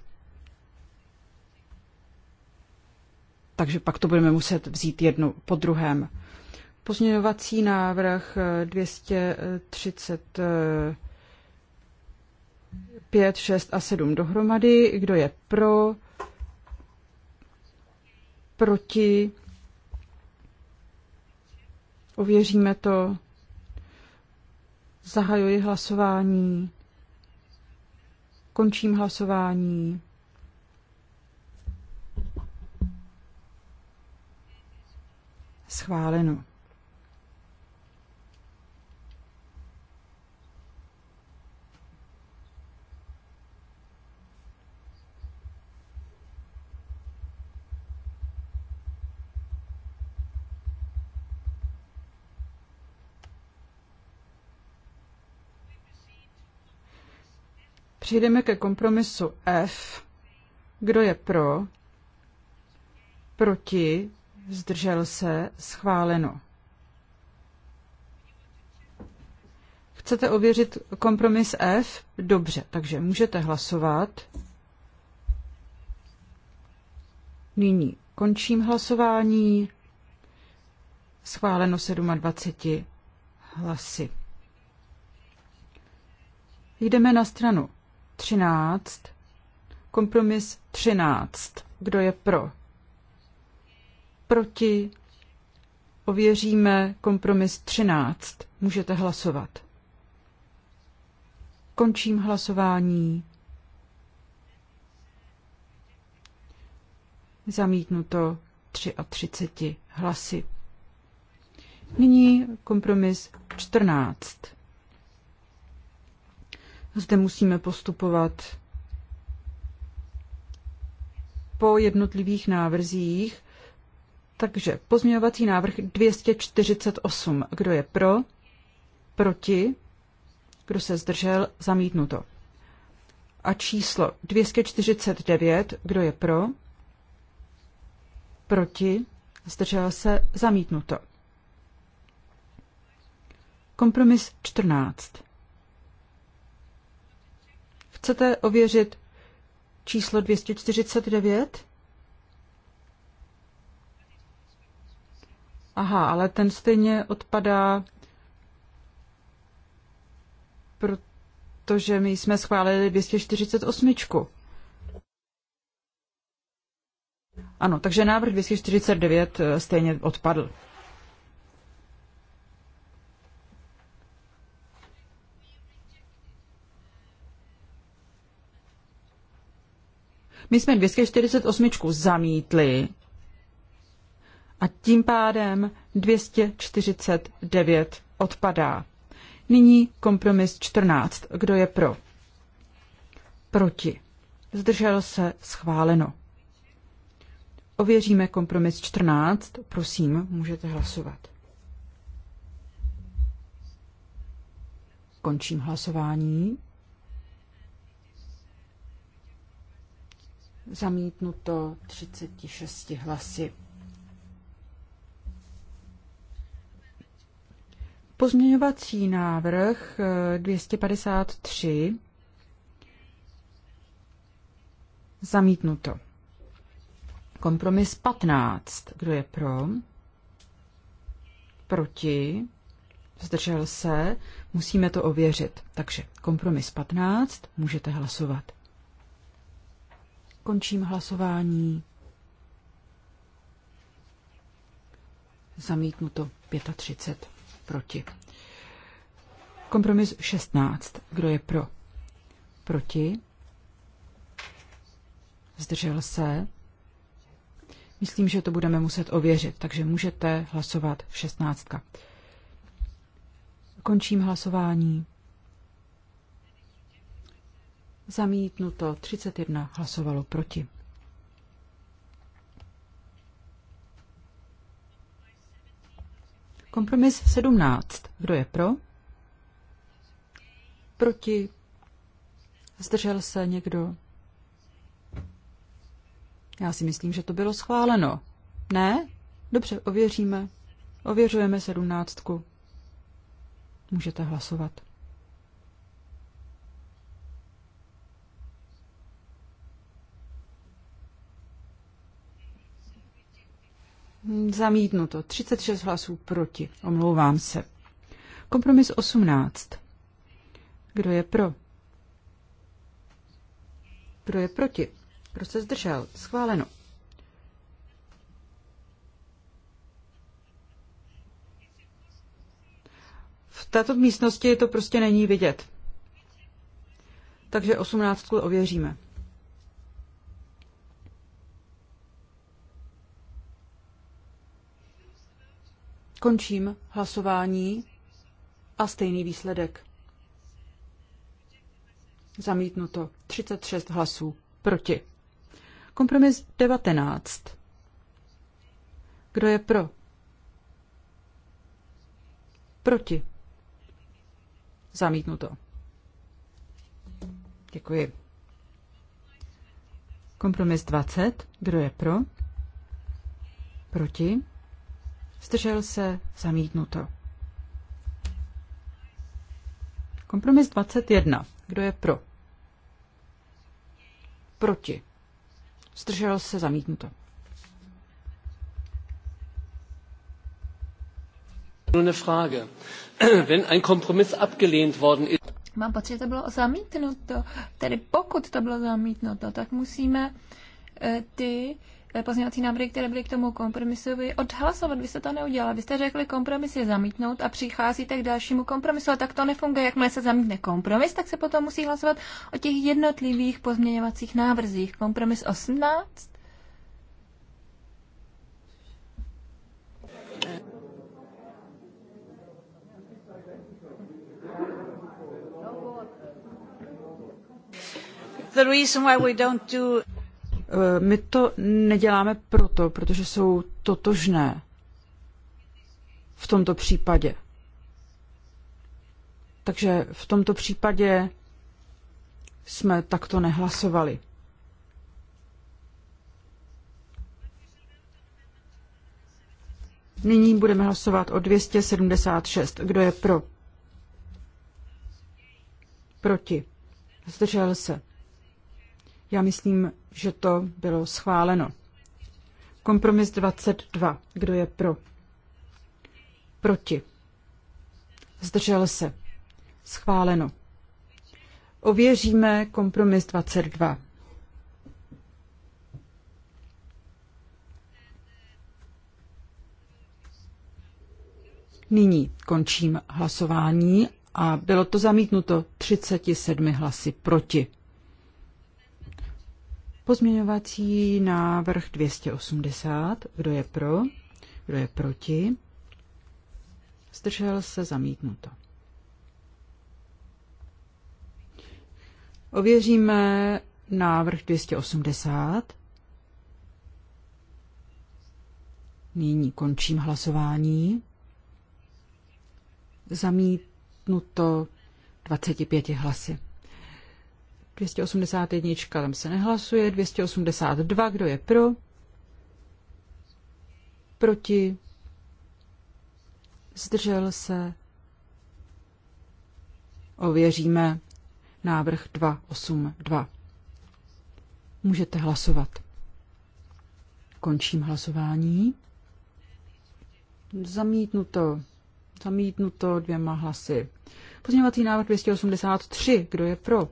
Takže pak to budeme muset vzít jednu po druhém. Pozměňovací návrh 235, eh, 6 eh, a 7 dohromady. Kdo je pro? Proti? Ověříme to. Zahajuji hlasování. Končím hlasování. Schváleno. Přijdeme ke kompromisu F. Kdo je pro? Proti? Zdržel se? Schváleno. Chcete ověřit kompromis F? Dobře, takže můžete hlasovat. Nyní končím hlasování. Schváleno 27 hlasy. Jdeme na stranu 13. Kompromis 13. Kdo je pro? Proti? Ověříme kompromis 13. Můžete hlasovat. Končím hlasování. Zamítnuto 33 hlasy. Nyní kompromis 14 zde musíme postupovat po jednotlivých návrzích. Takže pozměňovací návrh 248. Kdo je pro? Proti? Kdo se zdržel? Zamítnuto. A číslo 249. Kdo je pro? Proti? Zdržel se? Zamítnuto. Kompromis 14. Chcete ověřit číslo 249? Aha, ale ten stejně odpadá, protože my jsme schválili 248. Ano, takže návrh 249 eh, stejně odpadl. My jsme 248 zamítli a tím pádem 249 odpadá. Nyní kompromis 14. Kdo je pro? Proti. Zdržel se schváleno. Ověříme kompromis 14. Prosím, můžete hlasovat. Končím hlasování. zamítnuto 36 hlasy. Pozměňovací návrh 253 eh, zamítnuto. Kompromis 15. Kdo je pro? Proti? Zdržel se? Musíme to ověřit. Takže kompromis 15. Můžete hlasovat. Končím hlasování. Zamítnuto 35 proti. Kompromis 16. Kdo je pro? Proti? Zdržel se? Myslím, že to budeme muset ověřit, takže můžete hlasovat 16. Končím hlasování. Zamítnuto 31 hlasovalo proti. Kompromis 17. Kdo je pro? Proti? Zdržel se někdo? Já si myslím, že to bylo schváleno. Ne? Dobře, ověříme. Ověřujeme sedmnáctku. Můžete hlasovat. Zamítnuto. 36 hlasů proti. Omlouvám se. Kompromis 18. Kdo je pro? Kdo je proti? Kdo se zdržel? Schváleno. V této místnosti to prostě není vidět. Takže 18 ověříme. Končím hlasování a stejný výsledek. Zamítnuto 36 hlasů proti. Kompromis 19. Kdo je pro? Proti. Zamítnuto. Děkuji. Kompromis 20. Kdo je pro? Proti? zdržel se, zamítnuto. Kompromis 21. Kdo je pro? Proti. Zdržel se, zamítnuto. Mám pocit, že to bylo zamítnuto. Tedy pokud to bylo zamítnuto, tak musíme eh, ty Eh, pozměňovací návrhy, které byly k tomu kompromisu, vy odhlasovat, vy jste to neudělali. Vy jste řekli, kompromis je zamítnout a přicházíte k dalšímu kompromisu, a tak to nefunguje. Jakmile se zamítne kompromis, tak se potom musí hlasovat o těch jednotlivých pozměňovacích návrzích. Kompromis 18? The reason why we don't do Eh, my to neděláme proto, protože jsou totožné v tomto případě. Takže v tomto případě jsme takto nehlasovali. Nyní budeme hlasovat o 276. Kdo je pro? Proti. Zdržel se. Já myslím, že to bylo schváleno. Kompromis 22. Kdo je pro? Proti. Zdržel se. Schváleno. Ověříme kompromis 22. Nyní končím hlasování a bylo to zamítnuto 37 hlasy proti. Pozměňovací návrh 280. Kdo je pro? Kdo je proti? Zdržel se zamítnuto. Ověříme návrh 280. Nyní končím hlasování. Zamítnuto 25 hlasy. 281, tam se nehlasuje. 282, kdo je pro? Proti? Zdržel se? Ověříme návrh 282. Můžete hlasovat. Končím hlasování. Zamítnuto. Zamítnuto dvěma hlasy. Pozměňovací návrh 283. Kdo je pro?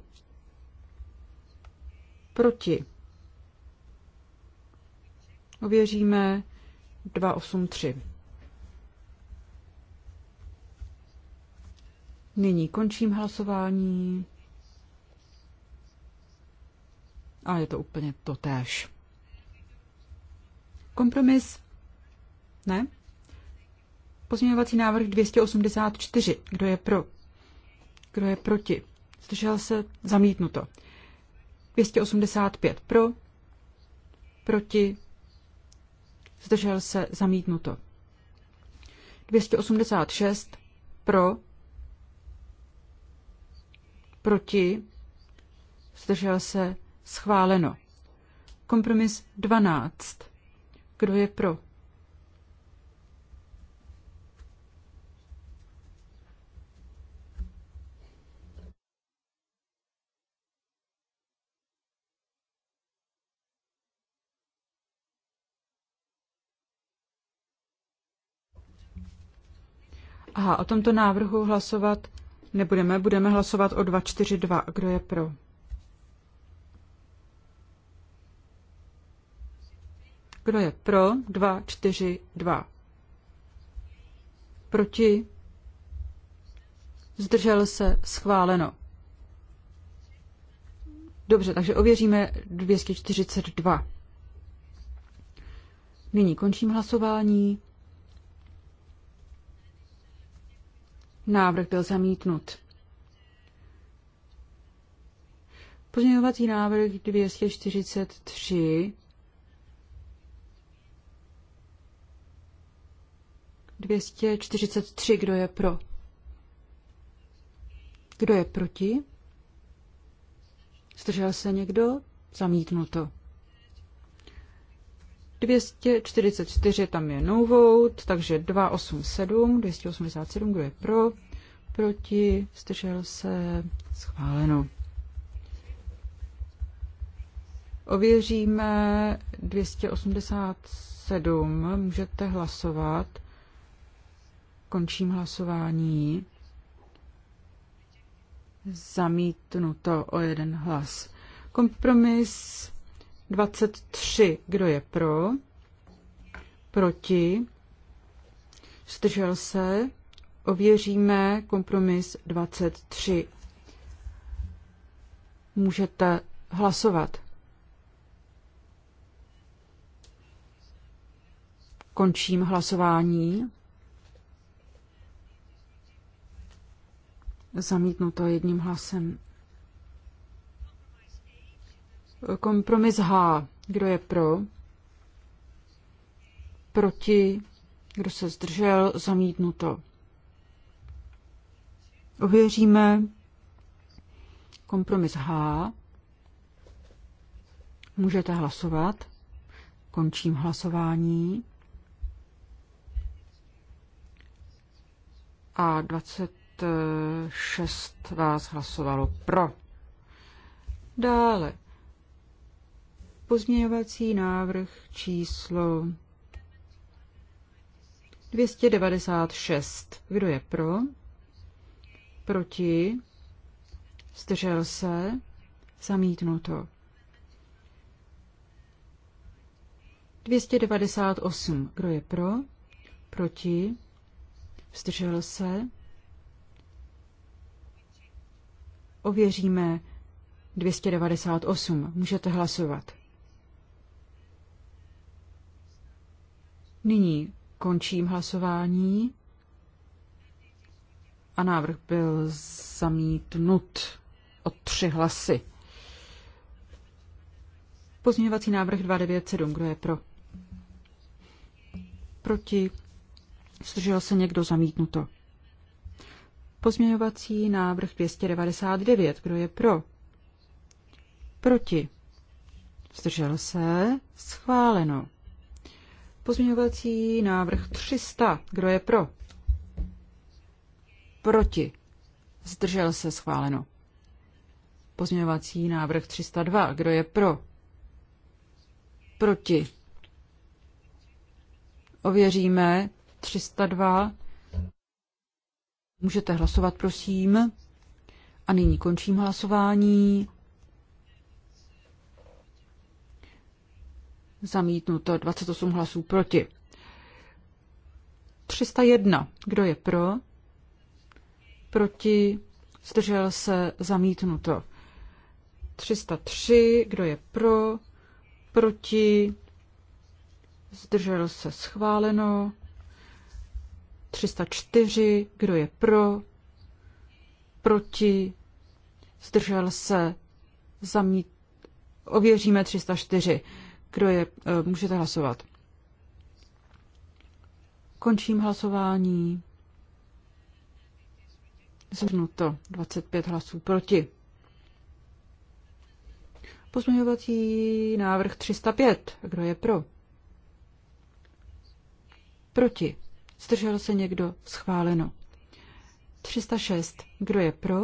Proti. Ověříme 283. Nyní končím hlasování. A je to úplně to též. Kompromis? Ne? Pozměňovací návrh 284. Kdo je pro? Kdo je proti? Zdržel se? Zamítnuto. 285 pro, proti, zdržel se, zamítnuto. 286 pro, proti, zdržel se, schváleno. Kompromis 12. Kdo je pro? Aha, o tomto návrhu hlasovat nebudeme, budeme hlasovat o 242. Kdo je pro? Kdo je pro? 242. Proti? Zdržel se schváleno. Dobře, takže ověříme 242. Nyní končím hlasování. Návrh byl zamítnut. Pozměňovací návrh 243 243, kdo je pro? Kdo je proti? Zdržel se někdo? Zamítnuto. 244 tam je no vote, takže 287, 287, kdo je pro, proti, zdržel se, schváleno. Ověříme 287, můžete hlasovat. Končím hlasování. Zamítnuto o jeden hlas. Kompromis 23. Kdo je pro? Proti? Zdržel se? Ověříme kompromis 23. Můžete hlasovat. Končím hlasování. Zamítnuto jedním hlasem. Kompromis H. Kdo je pro? Proti? Kdo se zdržel? Zamítnuto. Ověříme kompromis H. Můžete hlasovat. Končím hlasování. A 26 vás hlasovalo pro. Dále Pozměňovací návrh číslo 296. Kdo je pro? Proti? Zdržel se? Zamítnuto. 298. Kdo je pro? Proti? Zdržel se? Ověříme 298. Můžete hlasovat. Nyní končím hlasování a návrh byl zamítnut o tři hlasy. Pozměňovací návrh 297, kdo je pro? Proti? Zdržel se někdo zamítnuto. Pozměňovací návrh 299, kdo je pro? Proti? Zdržel se? Schváleno. Pozměňovací návrh 300. Kdo je pro? Proti. Zdržel se schváleno. Pozměňovací návrh 302. Kdo je pro? Proti. Ověříme 302. Můžete hlasovat, prosím. A nyní končím hlasování. Zamítnuto 28 hlasů proti. 301. Kdo je pro? Proti? Zdržel se? Zamítnuto. 303. Kdo je pro? Proti? Zdržel se? Schváleno. 304. Kdo je pro? Proti? Zdržel se? Zamít... Ověříme 304. Kdo je? Eh, můžete hlasovat. Končím hlasování. Zhrnuto 25 hlasů proti. Pozměňovací návrh 305. Kdo je pro? Proti. Zdržel se někdo? Schváleno. 306. Kdo je pro?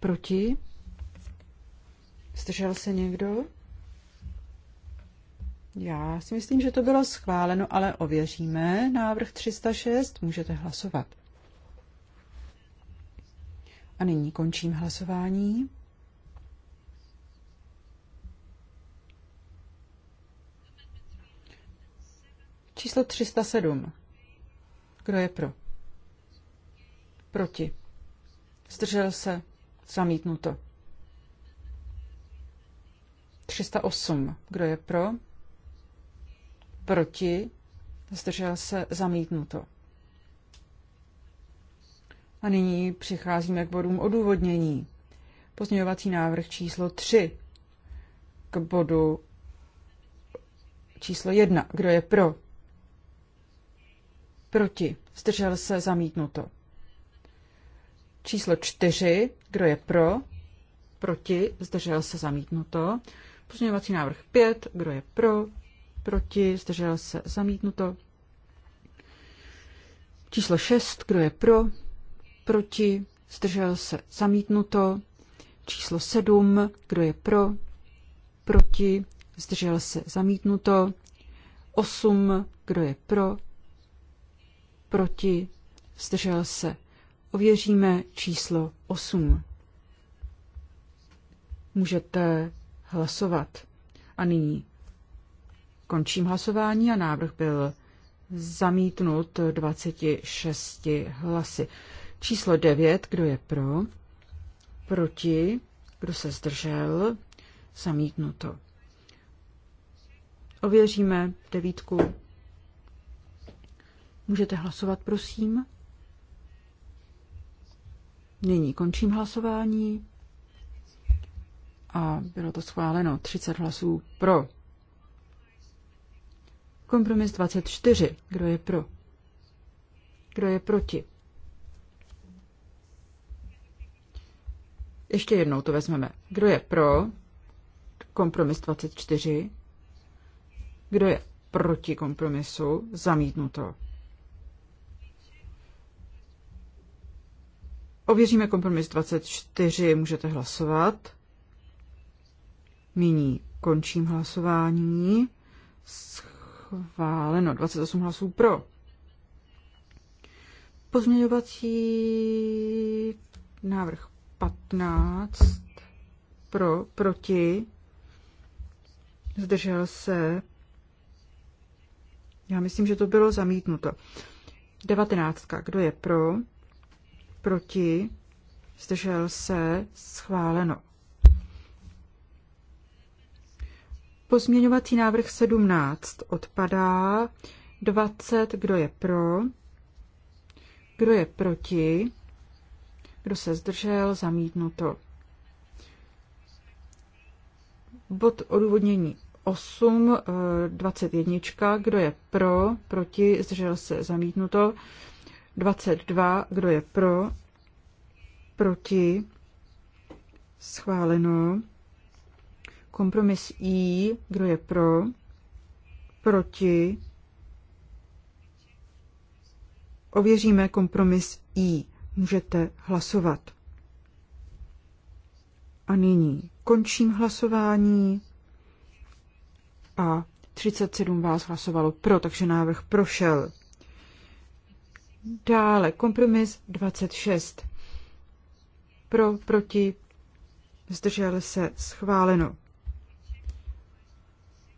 Proti. Zdržel se někdo? Já si myslím, že to bylo schváleno, ale ověříme. Návrh 306 můžete hlasovat. A nyní končím hlasování. Číslo 307. Kdo je pro? Proti. Zdržel se. Zamítnuto. 308. Kdo je pro? Proti? Zdržel se zamítnuto. A nyní přicházíme k bodům odůvodnění. Pozměňovací návrh číslo 3 k bodu číslo 1. Kdo je pro? Proti. Zdržel se zamítnuto. Číslo 4. Kdo je pro? Proti. Zdržel se zamítnuto. Pozměňovací návrh 5. Kdo je pro? Proti? Zdržel se? Zamítnuto. Číslo 6. Kdo je pro? Proti? Zdržel se? Zamítnuto. Číslo 7. Kdo je pro? Proti? Zdržel se? Zamítnuto. 8. Kdo je pro? Proti? Zdržel se? Ověříme číslo 8. Můžete hlasovat. A nyní končím hlasování a návrh byl zamítnut 26 hlasy. Číslo 9, kdo je pro? Proti? Kdo se zdržel? Zamítnuto. Ověříme devítku. Můžete hlasovat, prosím. Nyní končím hlasování a bylo to schváleno 30 hlasů pro. Kompromis 24. Kdo je pro? Kdo je proti? Ještě jednou to vezmeme. Kdo je pro? Kompromis 24. Kdo je proti kompromisu? Zamítnuto. Ověříme kompromis 24, můžete hlasovat. Nyní končím hlasování. Schváleno 28 hlasů pro. Pozměňovací návrh 15 pro, proti, zdržel se. Já myslím, že to bylo zamítnuto. 19. Kdo je pro, proti, zdržel se, schváleno. Pozměňovací návrh 17 odpadá. 20, kdo je pro? Kdo je proti? Kdo se zdržel? Zamítnuto. Bod odůvodnění 8, 21. Eh, kdo je pro? Proti? Zdržel se? Zamítnuto. 22. Kdo je pro? Proti? Schváleno. Kompromis I, kdo je pro, proti, ověříme kompromis I. Můžete hlasovat. A nyní končím hlasování a 37 vás hlasovalo pro, takže návrh prošel. Dále kompromis 26. Pro, proti, zdržel se, schváleno.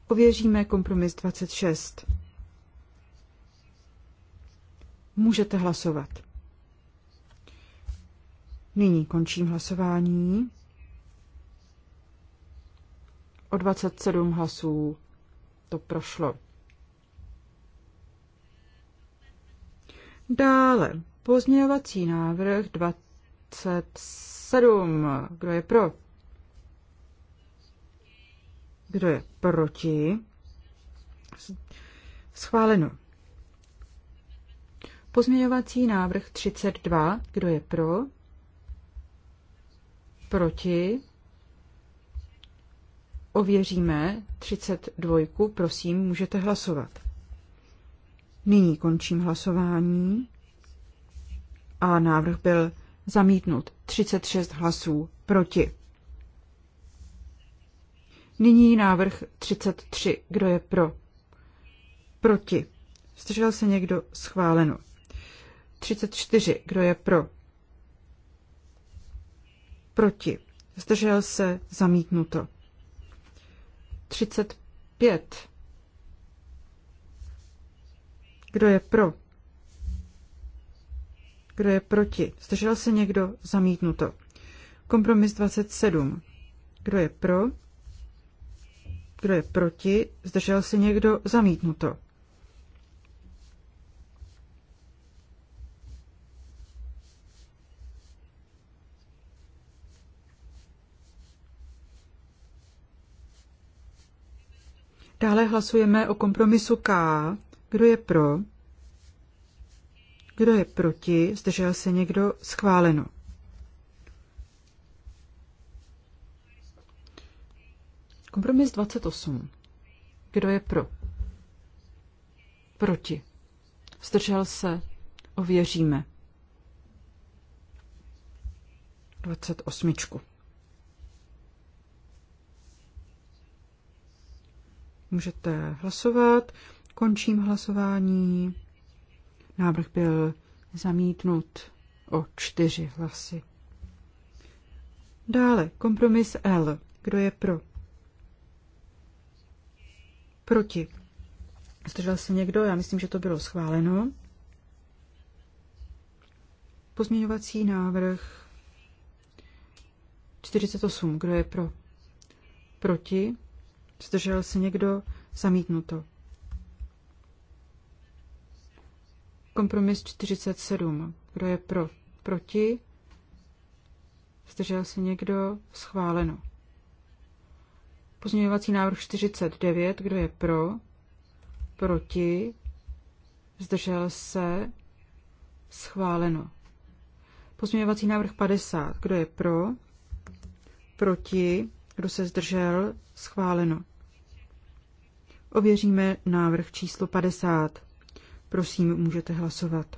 Ověříme kompromis 26. Můžete hlasovat. Nyní končím hlasování. O 27 hlasů to prošlo. Dále pozměňovací návrh 27. Kdo je pro? Kdo je proti? Schváleno. Pozměňovací návrh 32. Kdo je pro? Proti? Ověříme 32. Prosím, můžete hlasovat. Nyní končím hlasování a návrh byl zamítnut 36 hlasů proti. Nyní návrh 33. Kdo je pro? Proti. Zdržel se někdo? Schváleno. 34. Kdo je pro? Proti. Zdržel se? Zamítnuto. 35. Kdo je pro? Kdo je proti? Zdržel se někdo? Zamítnuto. Kompromis 27. Kdo je pro? Kdo je proti? Zdržel se někdo? Zamítnuto. Dále hlasujeme o kompromisu K. Kdo je pro? Kdo je proti? Zdržel se někdo? Schváleno. Kompromis 28. Kdo je pro? Proti. Zdržel se? Ověříme. 28. Můžete hlasovat. Končím hlasování. Návrh byl zamítnut o čtyři hlasy. Dále kompromis L. Kdo je pro? Proti. Zdržel se někdo? Já myslím, že to bylo schváleno. Pozměňovací návrh 48. Kdo je pro? Proti? Zdržel se někdo? Zamítnuto. Kompromis 47. Kdo je pro? Proti? Zdržel se někdo? Schváleno. Pozměňovací návrh 49, kdo je pro? Proti? Zdržel se? Schváleno. Pozměňovací návrh 50, kdo je pro? Proti? Kdo se zdržel? Schváleno. Ověříme návrh číslo 50. Prosím, můžete hlasovat.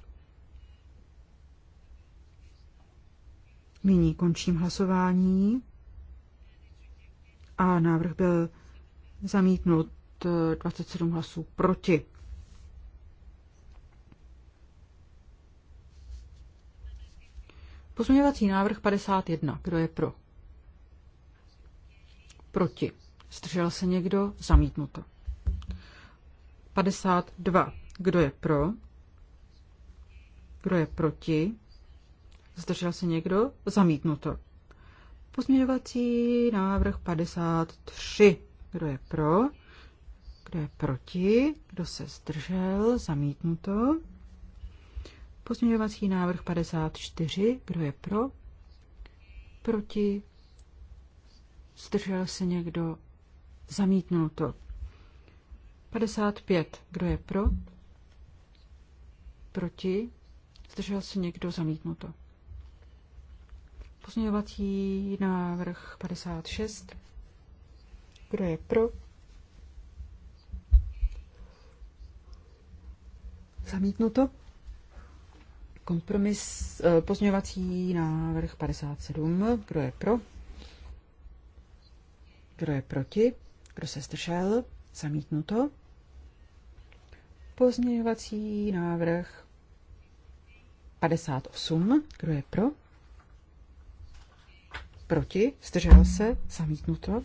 Nyní končím hlasování a návrh byl zamítnut eh, 27 hlasů proti. Pozměňovací návrh 51. Kdo je pro? Proti. Zdržel se někdo? Zamítnuto. 52. Kdo je pro? Kdo je proti? Zdržel se někdo? Zamítnuto. Pozměňovací návrh 53. Kdo je pro? Kdo je proti? Kdo se zdržel? Zamítnuto. Pozměňovací návrh 54. Kdo je pro? Proti? Zdržel se někdo? Zamítnuto. 55. Kdo je pro? Proti? Zdržel se někdo? Zamítnuto. Pozměňovací návrh 56. Kdo je pro? Zamítnuto. Kompromis, eh, pozměňovací návrh 57. Kdo je pro? Kdo je proti? Kdo se zdržel? Zamítnuto. Pozměňovací návrh 58. Kdo je pro? Proti? Zdržel se? Zamítnuto.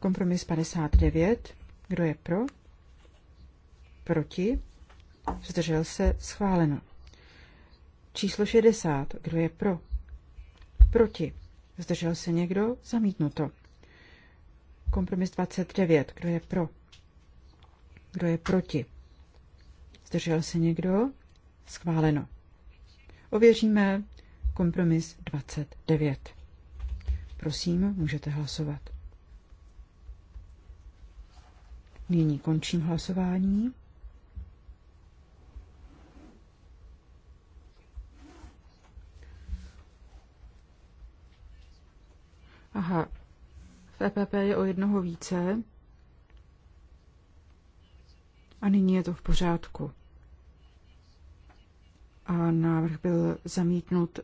Kompromis 59. Kdo je pro? Proti? Zdržel se? Schváleno. Číslo 60. Kdo je pro? Proti? Zdržel se někdo? Zamítnuto. Kompromis 29. Kdo je pro? Kdo je proti? Zdržel se někdo? Schváleno. Ověříme kompromis 29. Prosím, můžete hlasovat. Nyní končím hlasování. Aha, v EPP je o jednoho více. A nyní je to v pořádku. A návrh byl zamítnut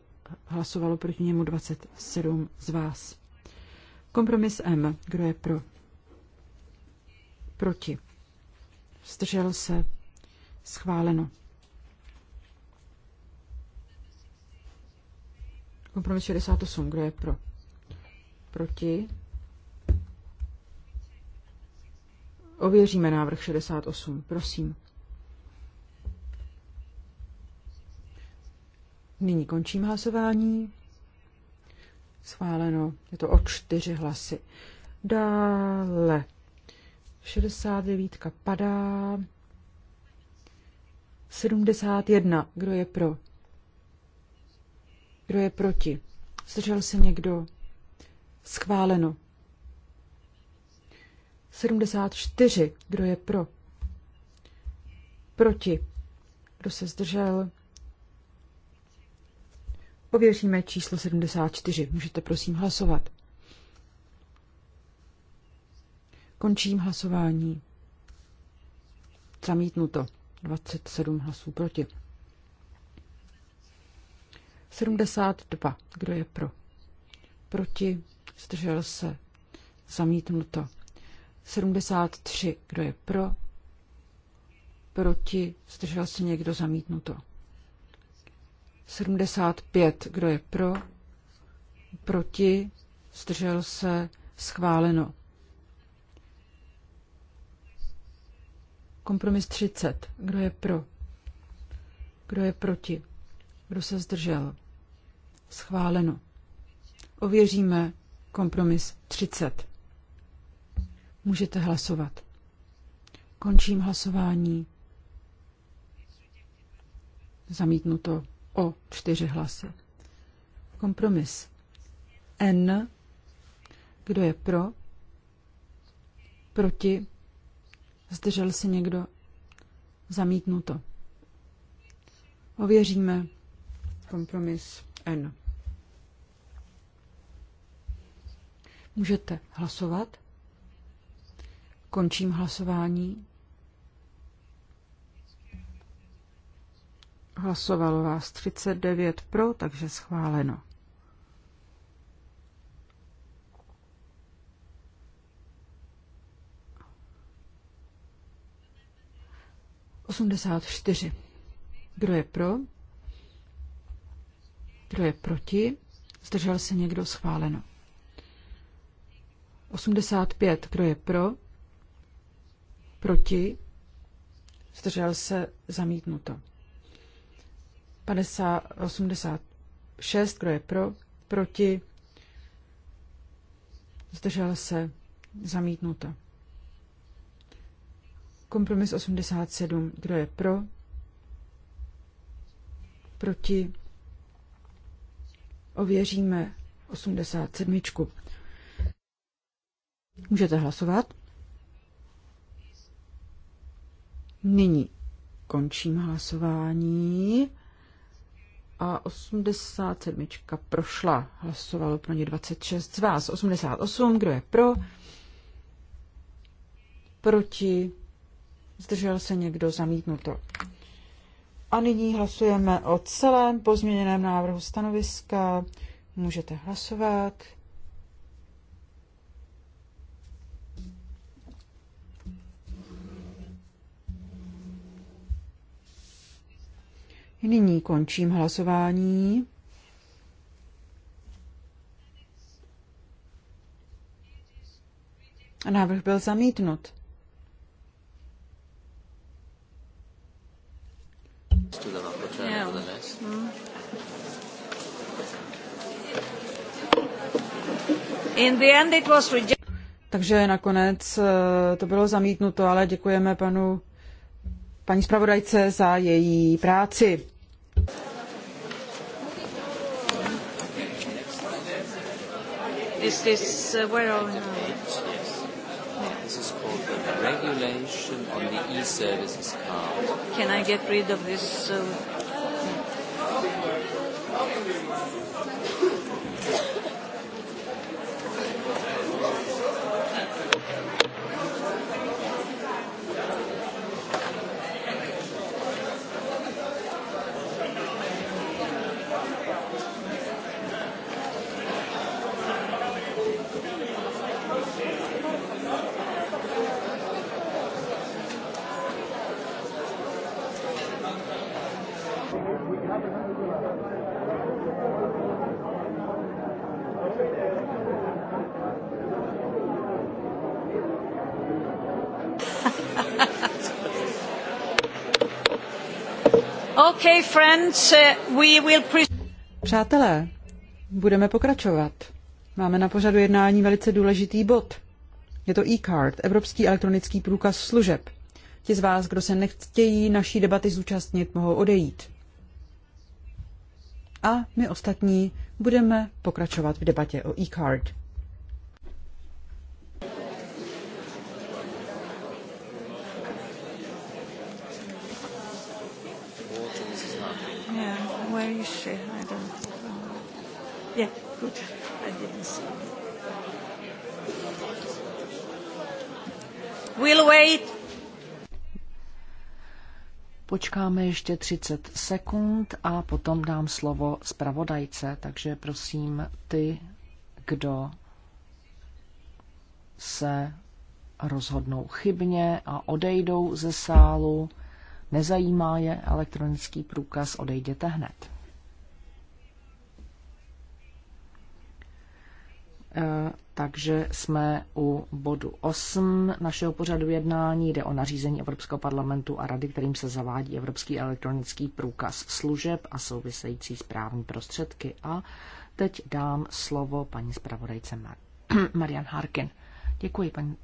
hlasovalo proti němu 27 z vás. Kompromis M. Kdo je pro? Proti. Zdržel se. Schváleno. Kompromis 68. Kdo je pro? Proti. Ověříme návrh 68. Prosím. Nyní končím hlasování. Schváleno. Je to o čtyři hlasy. Dále. 69 padá. 71. Kdo je pro? Kdo je proti? Zdržel se někdo? Schváleno. 74. Kdo je pro? Proti. Kdo se zdržel? Pověříme číslo 74. Můžete prosím hlasovat. Končím hlasování. Zamítnuto. 27 hlasů proti. 72. Kdo je pro? Proti. Zdržel se. Zamítnuto. 73. Kdo je pro? Proti. Zdržel se někdo. Zamítnuto. 75. Kdo je pro? Proti? Zdržel se? Schváleno. Kompromis 30. Kdo je pro? Kdo je proti? Kdo se zdržel? Schváleno. Ověříme kompromis 30. Můžete hlasovat. Končím hlasování. Zamítnuto o čtyři hlasy. Kompromis N. Kdo je pro? Proti? Zdržel se někdo? Zamítnuto. Ověříme kompromis N. Můžete hlasovat. Končím hlasování. Hlasovalo vás 39 pro, takže schváleno. Osmdesát čtyři. Kdo je pro? Kdo je proti? Zdržel se někdo schváleno. 85. Kdo je pro? Proti? Zdržel se zamítnuto. 86, kdo je pro, proti, zdržel se, zamítnuto. Kompromis 87, kdo je pro, proti, ověříme 87. Můžete hlasovat. Nyní končím hlasování a 87 prošla. Hlasovalo pro ně 26 z vás. 88, kdo je pro? Proti? Zdržel se někdo? Zamítnuto. A nyní hlasujeme o celém pozměněném návrhu stanoviska. Můžete hlasovat. Nyní končím hlasování. Návrh byl zamítnut. Takže nakonec eh, to bylo zamítnuto, ale děkujeme panu paní zpravodajce za její práci. is this? Uh, where are we now? Yes. Yeah. This is called the regulation on the e-services card. Can I get rid of this? Uh, Okay, friends, uh, we will Přátelé, budeme pokračovat. Máme na pořadu jednání velice důležitý bod. Je to e-card, Evropský elektronický průkaz služeb. Ti z vás, kdo se nechtějí naší debaty zúčastnit, mohou odejít. A my ostatní budeme pokračovat v debatě o e-card. I don't know. Yeah, good. I didn't see. We'll wait. Počkáme ještě 30 sekund a potom dám slovo zpravodajce, takže prosím ty, kdo se rozhodnou chybně a odejdou ze sálu, nezajímá je elektronický průkaz, odejděte hned. Eh, takže jsme u bodu 8 našeho pořadu jednání. Jde o nařízení Evropského parlamentu a rady, kterým se zavádí Evropský elektronický průkaz služeb a související správní prostředky. A teď dám slovo paní zpravodajce Mar- Marian Harkin. Děkuji, paní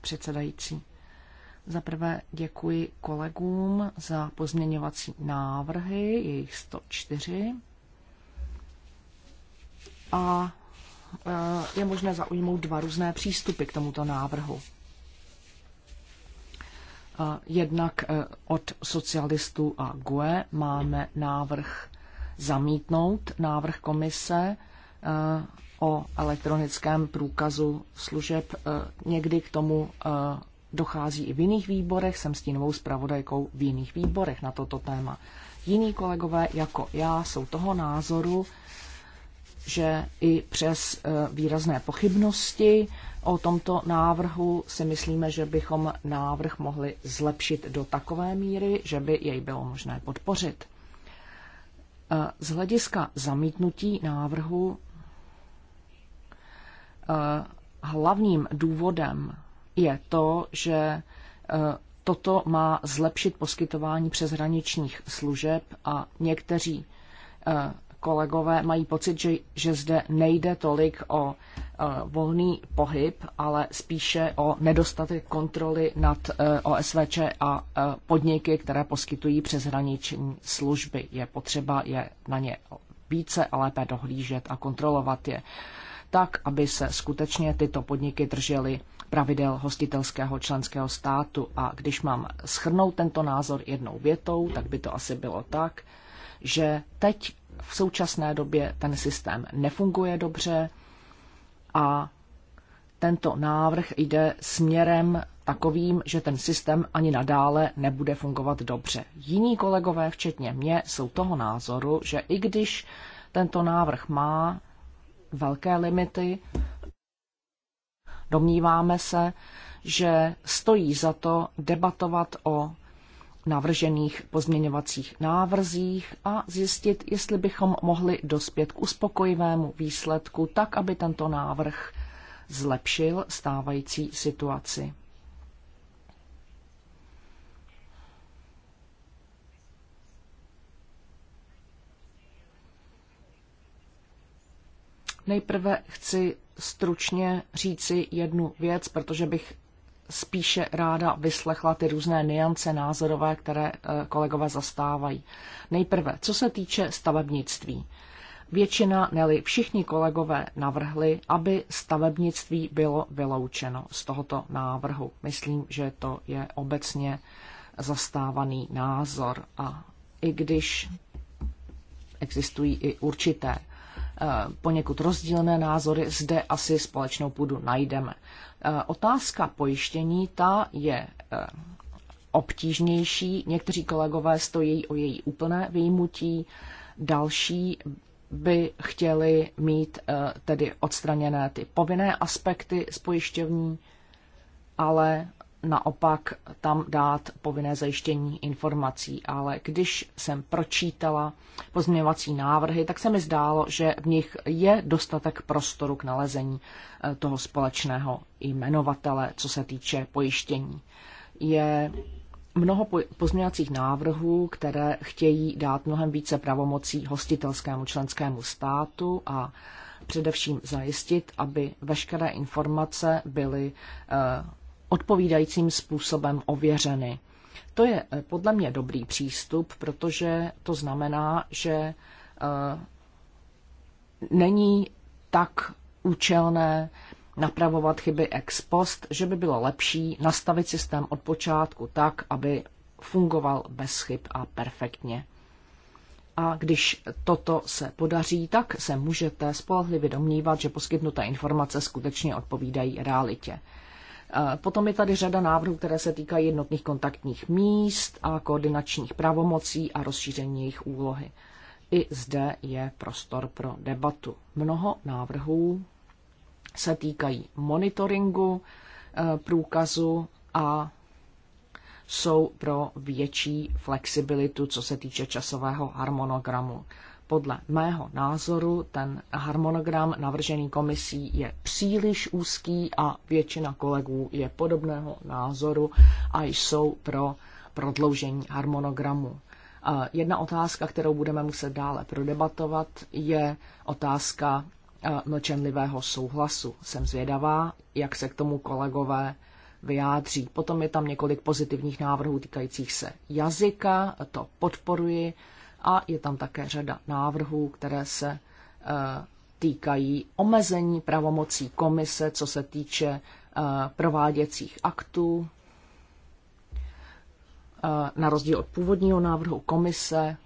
předsedající. Za prvé děkuji kolegům za pozměňovací návrhy, jejich 104 a e, je možné zaujmout dva různé přístupy k tomuto návrhu. E, jednak e, od socialistů a GUE máme návrh zamítnout návrh komise o elektronickém průkazu služeb. Někdy k tomu dochází i v jiných výborech, jsem tím zpravodajkou v jiných výborech na toto téma. Jiní kolegové jako já jsou toho názoru, že i přes eh, výrazné pochybnosti o tomto návrhu si myslíme, že bychom návrh mohli zlepšit do takové míry, že by jej bylo možné podpořit. Eh, z hlediska zamítnutí návrhu eh, hlavním důvodem je to, že toto má zlepšit poskytování přeshraničních služeb a někteří kolegové mají pocit, že, že zde nejde tolik o e, volný pohyb, ale spíše o nedostatek kontroly nad e, OSVČ a e, podniky, které poskytují přeshraniční služby. Je potřeba je na ně více a lépe dohlížet a kontrolovat je tak, aby se skutečně tyto podniky držely pravidel hostitelského členského státu. A když mám schrnout tento názor jednou větou, tak by to asi bylo tak, že teď v současné době ten systém nefunguje dobře a tento návrh jde směrem takovým, že ten systém ani nadále nebude fungovat dobře. Jiní kolegové, včetně mě, jsou toho názoru, že i když tento návrh má velké limity, domníváme se, že stojí za to debatovat o navržených pozměňovacích návrzích a zjistit, jestli bychom mohli dospět k uspokojivému výsledku, tak aby tento návrh zlepšil stávající situaci. Nejprve chci stručně říci jednu věc, protože bych spíše ráda vyslechla ty různé niance názorové, které eh, kolegové zastávají. Nejprve, co se týče stavebnictví. Většina, neli všichni kolegové navrhli, aby stavebnictví bylo vyloučeno z tohoto návrhu. Myslím, že to je obecně zastávaný názor a i když existují i určité Eh, poněkud rozdílné názory, zde asi společnou půdu najdeme. Eh, otázka pojištění, ta je eh, obtížnější. Někteří kolegové stojí o její úplné výjimutí, další by chtěli mít tedy odstraněné ty povinné aspekty z pojišťovní, ale naopak tam dát povinné zajištění informací. Ale když jsem pročítala pozměňovací návrhy, tak se mi zdálo, že v nich je dostatek prostoru k nalezení eh, toho společného jmenovatele, co se týče pojištění. Je mnoho pozměňovacích návrhů, které chtějí dát mnohem více pravomocí hostitelskému členskému státu a především zajistit, aby veškeré informace byly eh, odpovídajícím způsobem ověřeny. To je eh, podle mě dobrý přístup, protože to znamená, že eh, není tak účelné napravovat chyby ex post, že by bylo lepší nastavit systém od počátku tak, aby fungoval bez chyb a perfektně. A když toto se podaří, tak se můžete spolehlivě domnívat, že poskytnuté informace skutečně odpovídají realitě. Eh, potom je tady řada návrhů, které se týkají jednotných kontaktních míst a koordinačních pravomocí a rozšíření jejich úlohy. I zde je prostor pro debatu. Mnoho návrhů se týkají monitoringu eh, průkazu a jsou pro větší flexibilitu, co se týče časového harmonogramu. Podle mého názoru ten harmonogram navržený komisí je příliš úzký a většina kolegů je podobného názoru a jsou pro prodloužení harmonogramu. Jedna otázka, kterou budeme muset dále prodebatovat, je otázka e, mlčenlivého souhlasu. Jsem zvědavá, jak se k tomu kolegové vyjádří. Potom je tam několik pozitivních návrhů týkajících se jazyka, to podporuji, a je tam také řada návrhů, které se eh, týkají omezení pravomocí komise, co se týče eh, prováděcích aktů, eh, na rozdíl od původního návrhu komise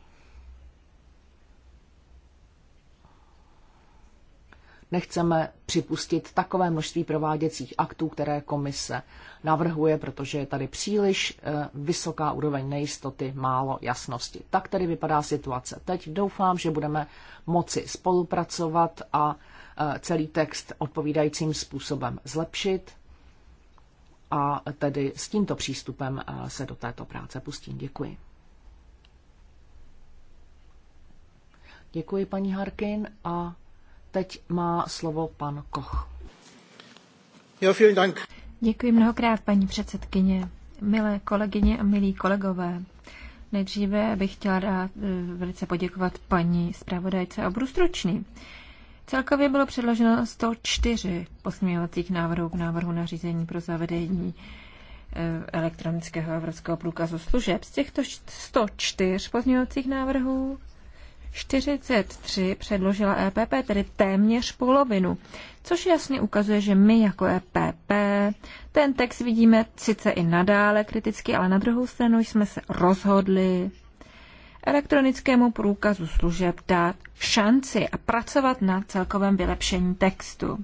Nechceme připustit takové množství prováděcích aktů, které komise navrhuje, protože je tady příliš eh, vysoká úroveň nejistoty, málo jasnosti. Tak tedy vypadá situace. Teď doufám, že budeme moci spolupracovat a eh, celý text odpovídajícím způsobem zlepšit. A tedy s tímto přístupem eh, se do této práce pustím. Děkuji. Děkuji, paní Harkin, a Teď má slovo pan Koch. Jo, vielen Dank. Děkuji mnohokrát, paní předsedkyně. Milé kolegyně a milí kolegové, nejdříve bych chtěla dát, eh, velice poděkovat paní zpravodajce a budu stručný. Celkově bylo předloženo 104 posměvacích návrhů k návrhu na řízení pro zavedení eh, elektronického evropského průkazu služeb. Z těchto 104 pozměňovacích návrhů 43 předložila EPP, tedy téměř polovinu, což jasně ukazuje, že my jako EPP ten text vidíme sice i nadále kriticky, ale na druhou stranu jsme se rozhodli elektronickému průkazu služeb dát šanci a pracovat na celkovém vylepšení textu.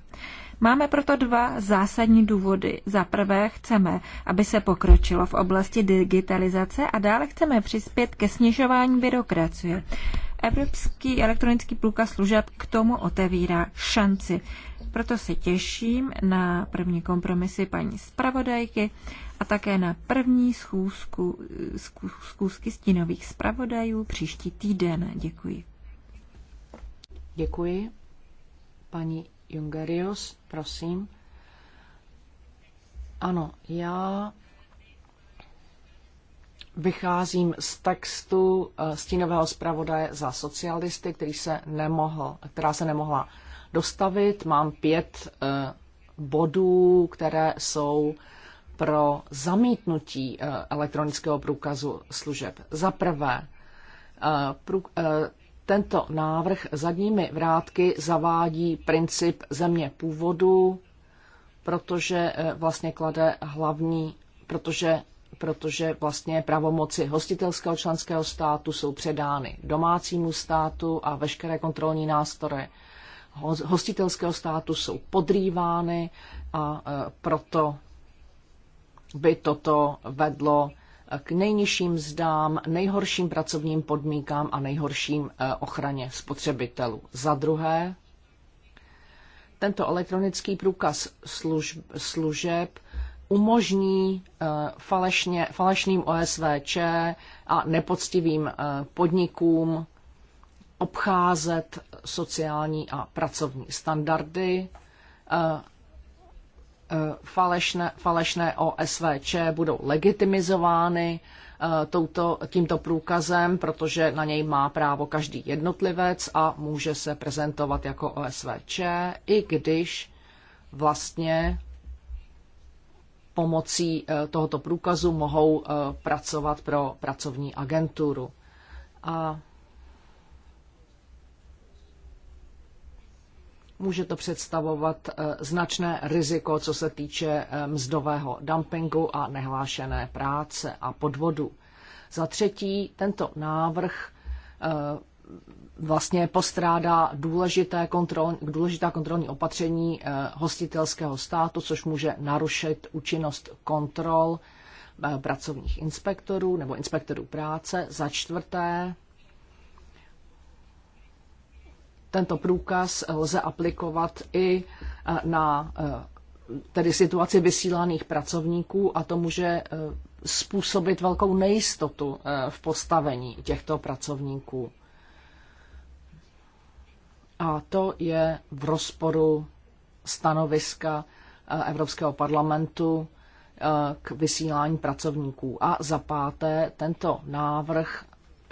Máme proto dva zásadní důvody. Za prvé chceme, aby se pokročilo v oblasti digitalizace a dále chceme přispět ke snižování byrokracie. Evropský elektronický průkaz služeb k tomu otevírá šanci. Proto se těším na první kompromisy paní zpravodajky a také na první schůzku, schůzky stínových zpravodajů příští týden. Děkuji. Děkuji. Paní Jungerius, prosím. Ano, já vycházím z textu eh, stínového zpravodaje za socialisty, který se nemohl, která se nemohla dostavit. Mám pět eh, bodů, které jsou pro zamítnutí eh, elektronického průkazu služeb. Za prvé, tento návrh zadními vrátky zavádí princip země původu, protože vlastně klade hlavní, protože protože vlastně pravomoci hostitelského členského státu jsou předány domácímu státu a veškeré kontrolní nástroje hostitelského státu jsou podrývány a e, proto by toto vedlo e, k nejnižším zdám, nejhorším pracovním podmínkám a nejhorším e, ochraně spotřebitelů. Za druhé, tento elektronický průkaz služeb, služeb umožní eh, falešně, falešným OSVČ a nepoctivým eh, podnikům obcházet sociální a pracovní standardy. Eh, falešné, falešné OSVČ budou legitimizovány touto, tímto průkazem, protože na něj má právo každý jednotlivec a může se prezentovat jako OSVČ, i když vlastně pomocí eh, tohoto průkazu mohou eh, pracovat pro pracovní agenturu. A může to představovat eh, značné riziko, co se týče mzdového dumpingu a nehlášené práce a podvodu. Za třetí, tento návrh vlastně postrádá důležité kontrol, důležitá kontrolní opatření eh, hostitelského státu, což může narušit účinnost kontrol eh, pracovních inspektorů nebo inspektorů práce. Za čtvrté, tento průkaz lze aplikovat i eh, na tedy situaci vysílaných pracovníků a to může způsobit velkou nejistotu v postavení těchto pracovníků. A to je v rozporu stanoviska eh, Evropského parlamentu eh, k vysílání pracovníků. A za páté, tento návrh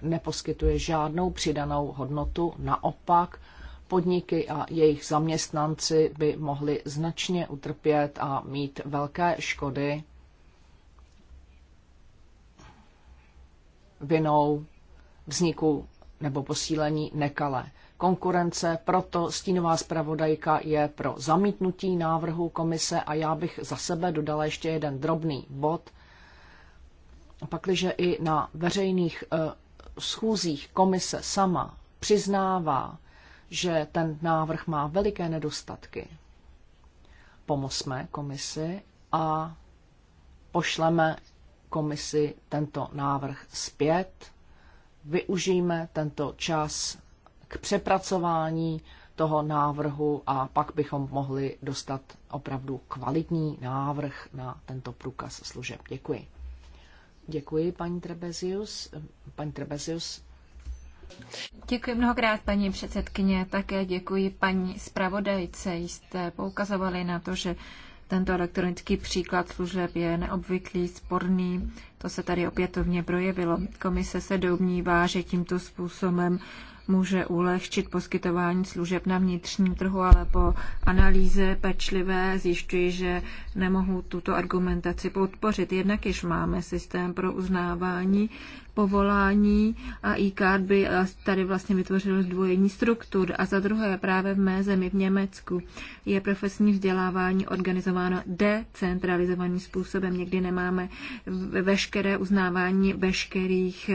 neposkytuje žádnou přidanou hodnotu, naopak podniky a jejich zaměstnanci by mohli značně utrpět a mít velké škody vinou vzniku nebo posílení nekale konkurence, proto stínová zpravodajka je pro zamítnutí návrhu komise a já bych za sebe dodala ještě jeden drobný bod. Pakliže i na veřejných eh, schůzích komise sama přiznává, že ten návrh má veliké nedostatky, pomozme komisi a pošleme komisi tento návrh zpět, využijeme tento čas k přepracování toho návrhu a pak bychom mohli dostat opravdu kvalitní návrh na tento průkaz služeb. Děkuji. Děkuji, paní Trebezius. Paní Trebezius. Děkuji mnohokrát, paní předsedkyně. Také děkuji paní zpravodajce. Jste poukazovali na to, že tento elektronický příklad služeb je neobvyklý, sporný. To se tady opětovně projevilo. Komise se domnívá, že tímto způsobem může ulehčit poskytování služeb na vnitřním trhu, ale po analýze pečlivé zjišťuji, že nemohu tuto argumentaci podpořit. Jednak již máme systém pro uznávání povolání a e-card by tady vlastně vytvořil zdvojení struktur. A za druhé právě v mé zemi v Německu je profesní vzdělávání organizováno decentralizovaným způsobem. Někdy nemáme veškeré uznávání veškerých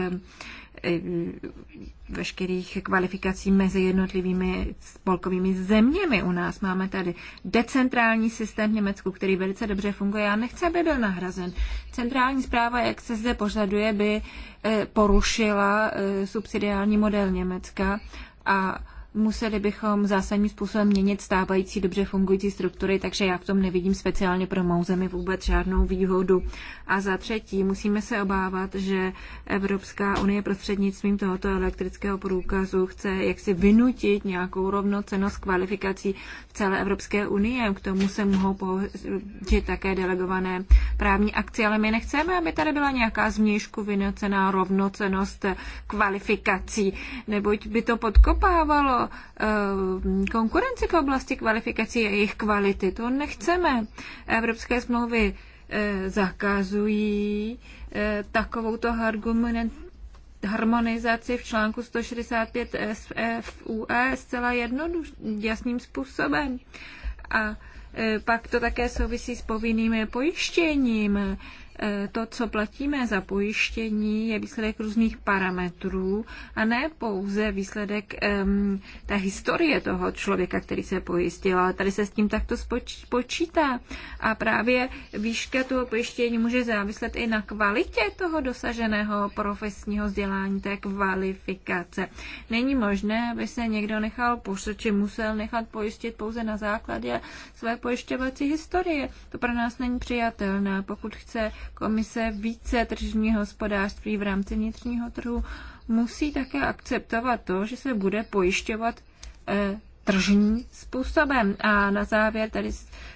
veškerých kvalifikací mezi jednotlivými spolkovými zeměmi. U nás máme tady decentrální systém v Německu, který velice dobře funguje. Já nechci, aby byl nahrazen. Centrální zpráva, jak se zde požaduje, by eh, porušila eh, subsidiální model Německa a museli bychom zásadním způsobem měnit stávající dobře fungující struktury, takže já v tom nevidím speciálně pro mou zemi vůbec žádnou výhodu. A za třetí, musíme se obávat, že Evropská unie prostřednictvím tohoto elektrického průkazu chce jaksi vynutit nějakou rovnocenost kvalifikací v celé Evropské unie. K tomu se mohou použít také delegované právní akci, ale my nechceme, aby tady byla nějaká změšku vynocená rovnocenost kvalifikací, neboť by to podkopávalo Eh, konkurenci v oblasti kvalifikací a jejich kvality. To nechceme. Evropské smlouvy eh, zakazují eh, takovouto argument, harmonizaci v článku 165 FUE zcela jednoduchým, jasným způsobem. A pak to také souvisí s povinným pojištěním to, co platíme za pojištění, je výsledek různých parametrů a ne pouze výsledek um, ta historie toho člověka, který se pojistil, ale tady se s tím takto počítá. A právě výška toho pojištění může závislet i na kvalitě toho dosaženého profesního vzdělání, té kvalifikace. Není možné, aby se někdo nechal pošet, či musel nechat pojistit pouze na základě své pojišťovací historie. To pro nás není přijatelné. Pokud chce komise více tržního hospodářství v rámci vnitřního trhu, musí také akceptovat to, že se bude pojišťovat e, eh, tržním způsobem. A na závěr tady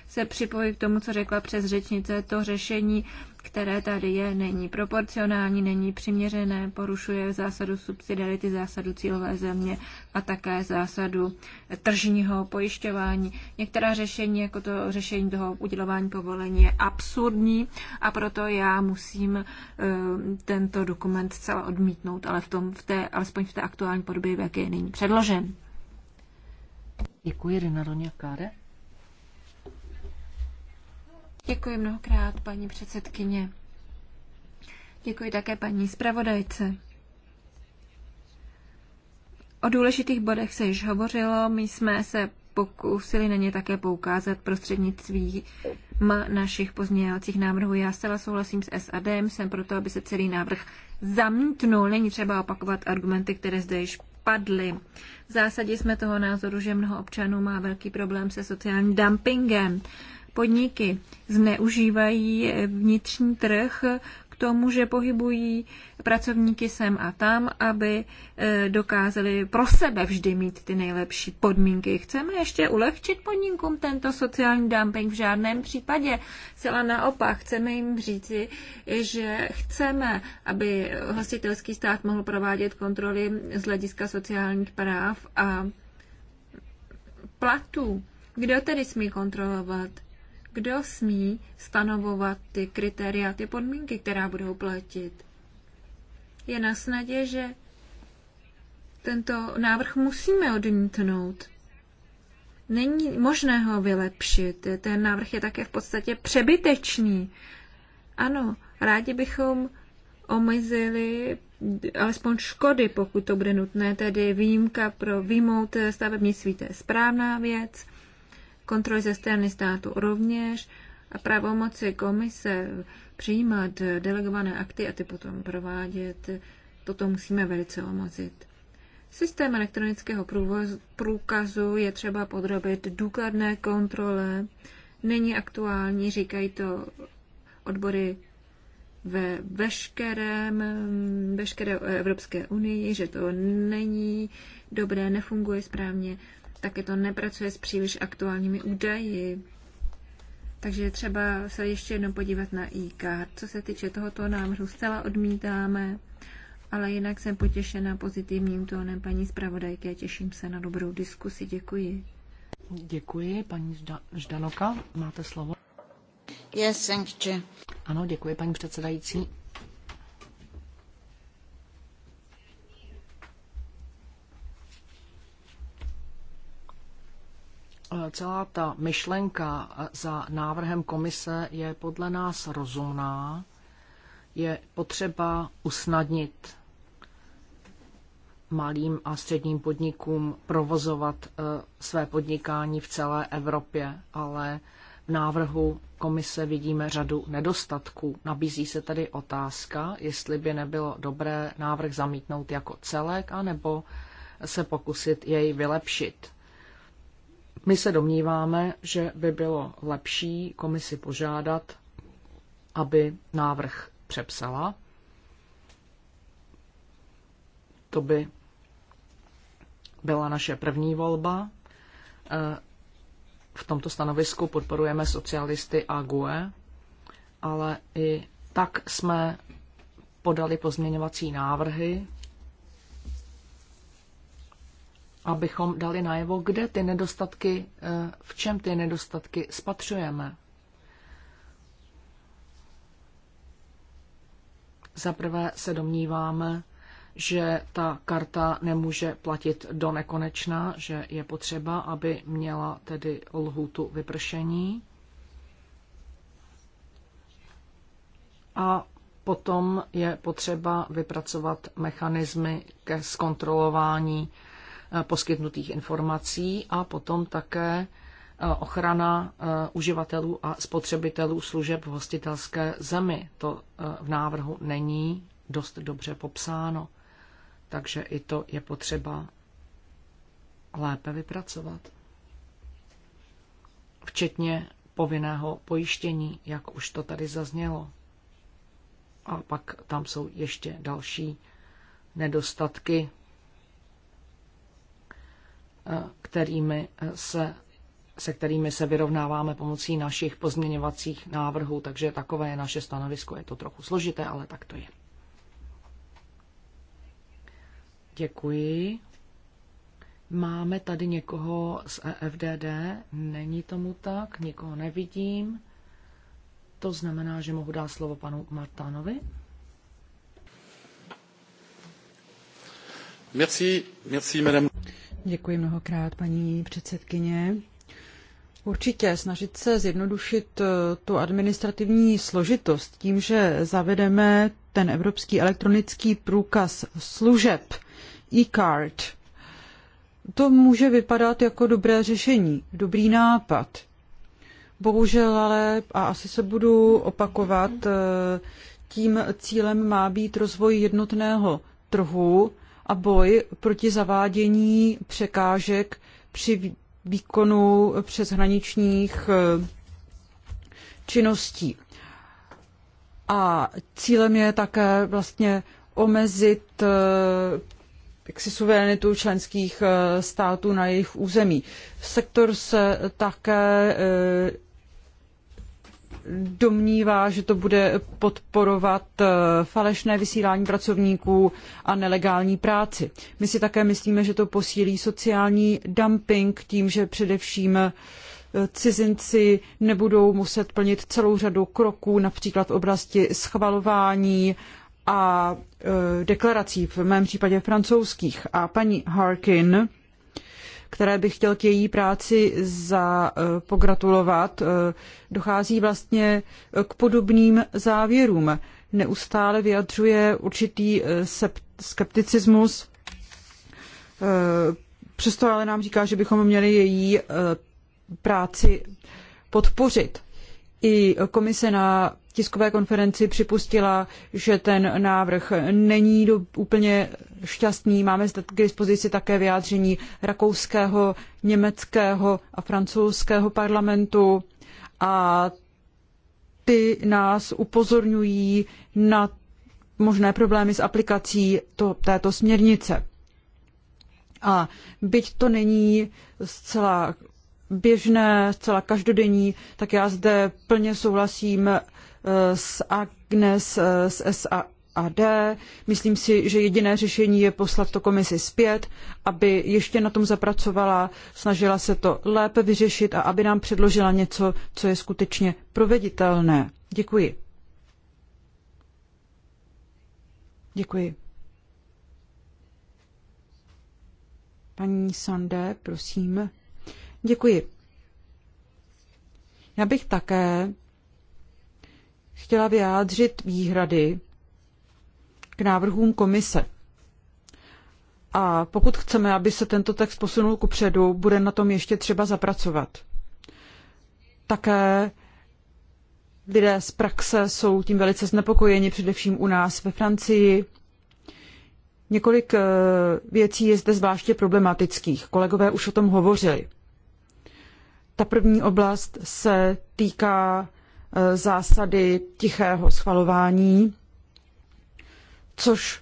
se připojí k tomu, co řekla přes řečnice, to řešení které tady je, není proporcionální, není přiměřené, porušuje zásadu subsidiarity, zásadu cílové země a také zásadu tržního pojišťování. Některá řešení, jako to řešení toho udělování povolení, je absurdní a proto já musím eh, tento dokument zcela odmítnout, ale v tom, v té, alespoň v té aktuální podobě, v jaké je nyní předložen. Děkuji, Rina Roňa Káre. Děkuji mnohokrát, paní předsedkyně. Děkuji také paní zpravodajce. O důležitých bodech se již hovořilo, my jsme se pokusili na ně také poukázat prostřednictvím našich pozměňovacích návrhů. Já zcela souhlasím s SAD, jsem proto, aby se celý návrh zamítnul. Není třeba opakovat argumenty, které zde již padly. V zásadě jsme toho názoru, že mnoho občanů má velký problém se sociálním dumpingem podniky zneužívají eh, vnitřní trh k tomu, že pohybují pracovníky sem a tam, aby eh, dokázali pro sebe vždy mít ty nejlepší podmínky. Chceme ještě ulehčit podnikům tento sociální dumping v žádném případě. Celá naopak, chceme jim říci, že chceme, aby hostitelský stát mohl provádět kontroly z hlediska sociálních práv a platů. Kdo tedy smí kontrolovat? kdo smí stanovovat ty kritéria, ty podmínky, která budou platit. Je na snadě, že tento návrh musíme odmítnout. Není možné ho vylepšit. Ten návrh je také v podstatě přebytečný. Ano, rádi bychom omezili alespoň škody, pokud to bude nutné, tedy výjimka pro výmout stavebnictví, to je správná věc kontroly ze strany státu rovněž a pravomoci komise přijímat delegované akty a ty potom provádět, toto musíme velice omozit. Systém elektronického průkazu je třeba podrobit důkladné kontrole. Není aktuální, říkají to odbory ve veškerém, veškeré Evropské unii, že to není dobré, nefunguje správně taky to nepracuje s příliš aktuálními údaji. Takže je třeba se ještě jednou podívat na e-card. Co se týče tohoto návrhu, zcela odmítáme, ale jinak jsem potěšena pozitivním tónem paní zpravodajky a těším se na dobrou diskusi. Děkuji. Děkuji, paní Ždanoka. Máte slovo. Yes, thank you. Ano, děkuji, paní předsedající. Eh, celá ta myšlenka eh, za návrhem komise je podle nás rozumná. Je potřeba usnadnit malým a středním podnikům provozovat eh, své podnikání v celé Evropě, ale v návrhu komise vidíme řadu nedostatků. Nabízí se tady otázka, jestli by nebylo dobré návrh zamítnout jako celek, anebo se pokusit jej vylepšit. My se domníváme, že by bylo lepší komisi požádat, aby návrh přepsala. To by byla naše první volba. Eh, v tomto stanovisku podporujeme socialisty a GUE, ale i tak jsme podali pozměňovací návrhy abychom dali najevo, kde ty nedostatky, eh, v čem ty nedostatky spatřujeme. Za prvé se domníváme, že ta karta nemůže platit do nekonečna, že je potřeba, aby měla tedy lhůtu vypršení. A potom je potřeba vypracovat mechanismy ke zkontrolování Eh, poskytnutých informací a potom také eh, ochrana eh, uživatelů a spotřebitelů služeb v hostitelské zemi. To v návrhu není dost dobře popsáno, takže i to je potřeba lépe vypracovat. Včetně povinného pojištění, jak už to tady zaznělo. A pak tam jsou ještě další nedostatky Eh, kterými eh, se, se kterými se vyrovnáváme pomocí našich pozměňovacích návrhů, takže takové je naše stanovisko. Je to trochu složité, ale tak to je. Děkuji. Máme tady někoho z EFDD? Není tomu tak, nikoho nevidím. To znamená, že mohu dát slovo panu Martánovi. Merci, merci, madame. Děkuji mnohokrát, paní předsedkyně. Určitě snažit se zjednodušit eh, tu administrativní složitost tím, že zavedeme ten evropský elektronický průkaz služeb e-card. To může vypadat jako dobré řešení, dobrý nápad. Bohužel ale, a asi se budu opakovat, eh, tím cílem má být rozvoj jednotného trhu a boj proti zavádění překážek při výkonu přeshraničních eh, činností. A cílem je také vlastně omezit eh, jaksi suverenitu členských eh, států na jejich území. Sektor se také domnívá, že to bude podporovat eh, falešné vysílání pracovníků a nelegální práci. My si také myslíme, že to posílí sociální dumping tím, že především eh, cizinci nebudou muset plnit celou řadu kroků, například v oblasti schvalování a eh, deklarací, v mém případě francouzských. A paní Harkin které bych chtěl k její práci za eh, pogratulovat, eh, dochází vlastně eh, k podobným závěrům. Neustále vyjadřuje určitý skepticismus, přesto ale nám říká, že bychom měli její práci podpořit. I komise na tiskové konferenci připustila, že ten návrh není do, úplně šťastný. Máme k dispozici také vyjádření rakouského, německého a francouzského parlamentu a ty nás upozorňují na možné problémy s aplikací to, této směrnice. A byť to není zcela běžné, zcela každodenní, tak já zde plně souhlasím Eh, s Agnes, eh, s SA, a D. Myslím si, že jediné řešení je poslat to komisi zpět, aby ještě na tom zapracovala, snažila se to lépe vyřešit a aby nám předložila něco, co je skutečně proveditelné. Děkuji. Děkuji. Paní Sande, prosím. Děkuji. Já bych také chtěla vyjádřit výhrady k návrhům komise. A pokud chceme, aby se tento text posunul kupředu, bude na tom ještě třeba zapracovat. Také lidé z praxe jsou tím velice znepokojeni, především u nás ve Francii. Několik eh, věcí je zde zvláště problematických. Kolegové už o tom hovořili. Ta první oblast se týká Eh, zásady tichého schvalování, což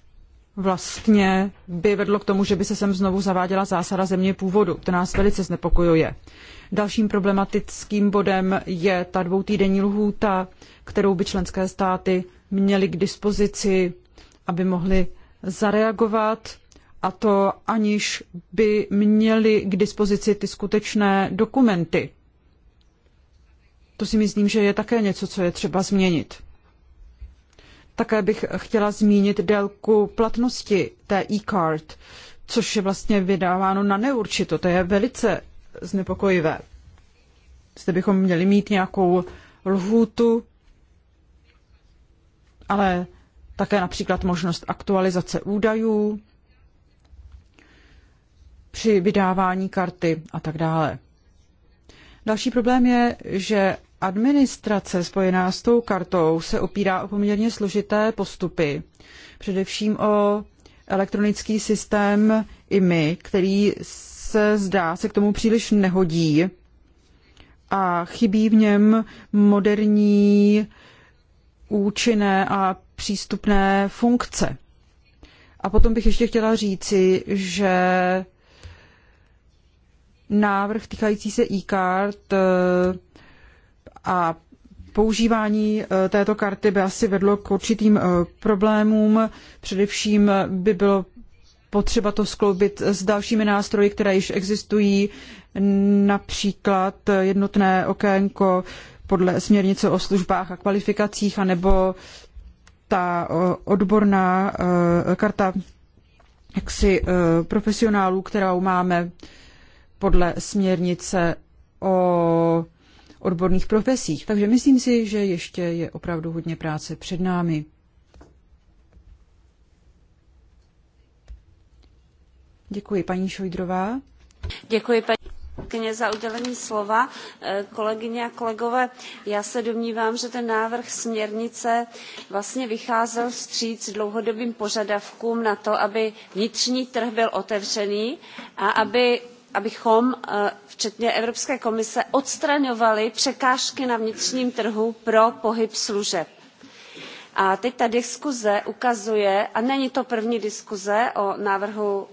vlastně by vedlo k tomu, že by se sem znovu zaváděla zásada země původu. To nás velice znepokojuje. Dalším problematickým bodem je ta dvoutýdenní lhůta, kterou by členské státy měly k dispozici, aby mohly zareagovat a to aniž by měli k dispozici ty skutečné dokumenty. To si myslím, že je také něco, co je třeba změnit. Také bych chtěla zmínit délku platnosti té e-card, což je vlastně vydáváno na neurčito. To je velice znepokojivé. Zde bychom měli mít nějakou lhůtu, ale také například možnost aktualizace údajů při vydávání karty a tak dále. Další problém je, že administrace spojená s tou kartou se opírá o poměrně složité postupy, především o elektronický systém IMI, který se zdá se k tomu příliš nehodí a chybí v něm moderní, účinné a přístupné funkce. A potom bych ještě chtěla říci, že návrh týkající se e-card a používání e, této karty by asi vedlo k určitým e, problémům. Především by bylo potřeba to skloubit s dalšími nástroji, které již existují, například jednotné okénko podle směrnice o službách a kvalifikacích, anebo ta e, odborná karta jaksi profesionálů, kterou máme podle směrnice o odborných profesích. Takže myslím si, že ještě je opravdu hodně práce před námi. Děkuji, paní Šojdrová. Děkuji, paní předsedkyně za udělení slova. Eh, kolegyně a kolegové, já se domnívám, že ten návrh směrnice vlastně vycházel vstříc dlouhodobým požadavkům na to, aby vnitřní trh byl otevřený a aby abychom eh, včetně evropské komise odstraňovali překážky na vnitřním trhu pro pohyb služeb a teď ta diskuze ukazuje a není to první diskuze o návrhu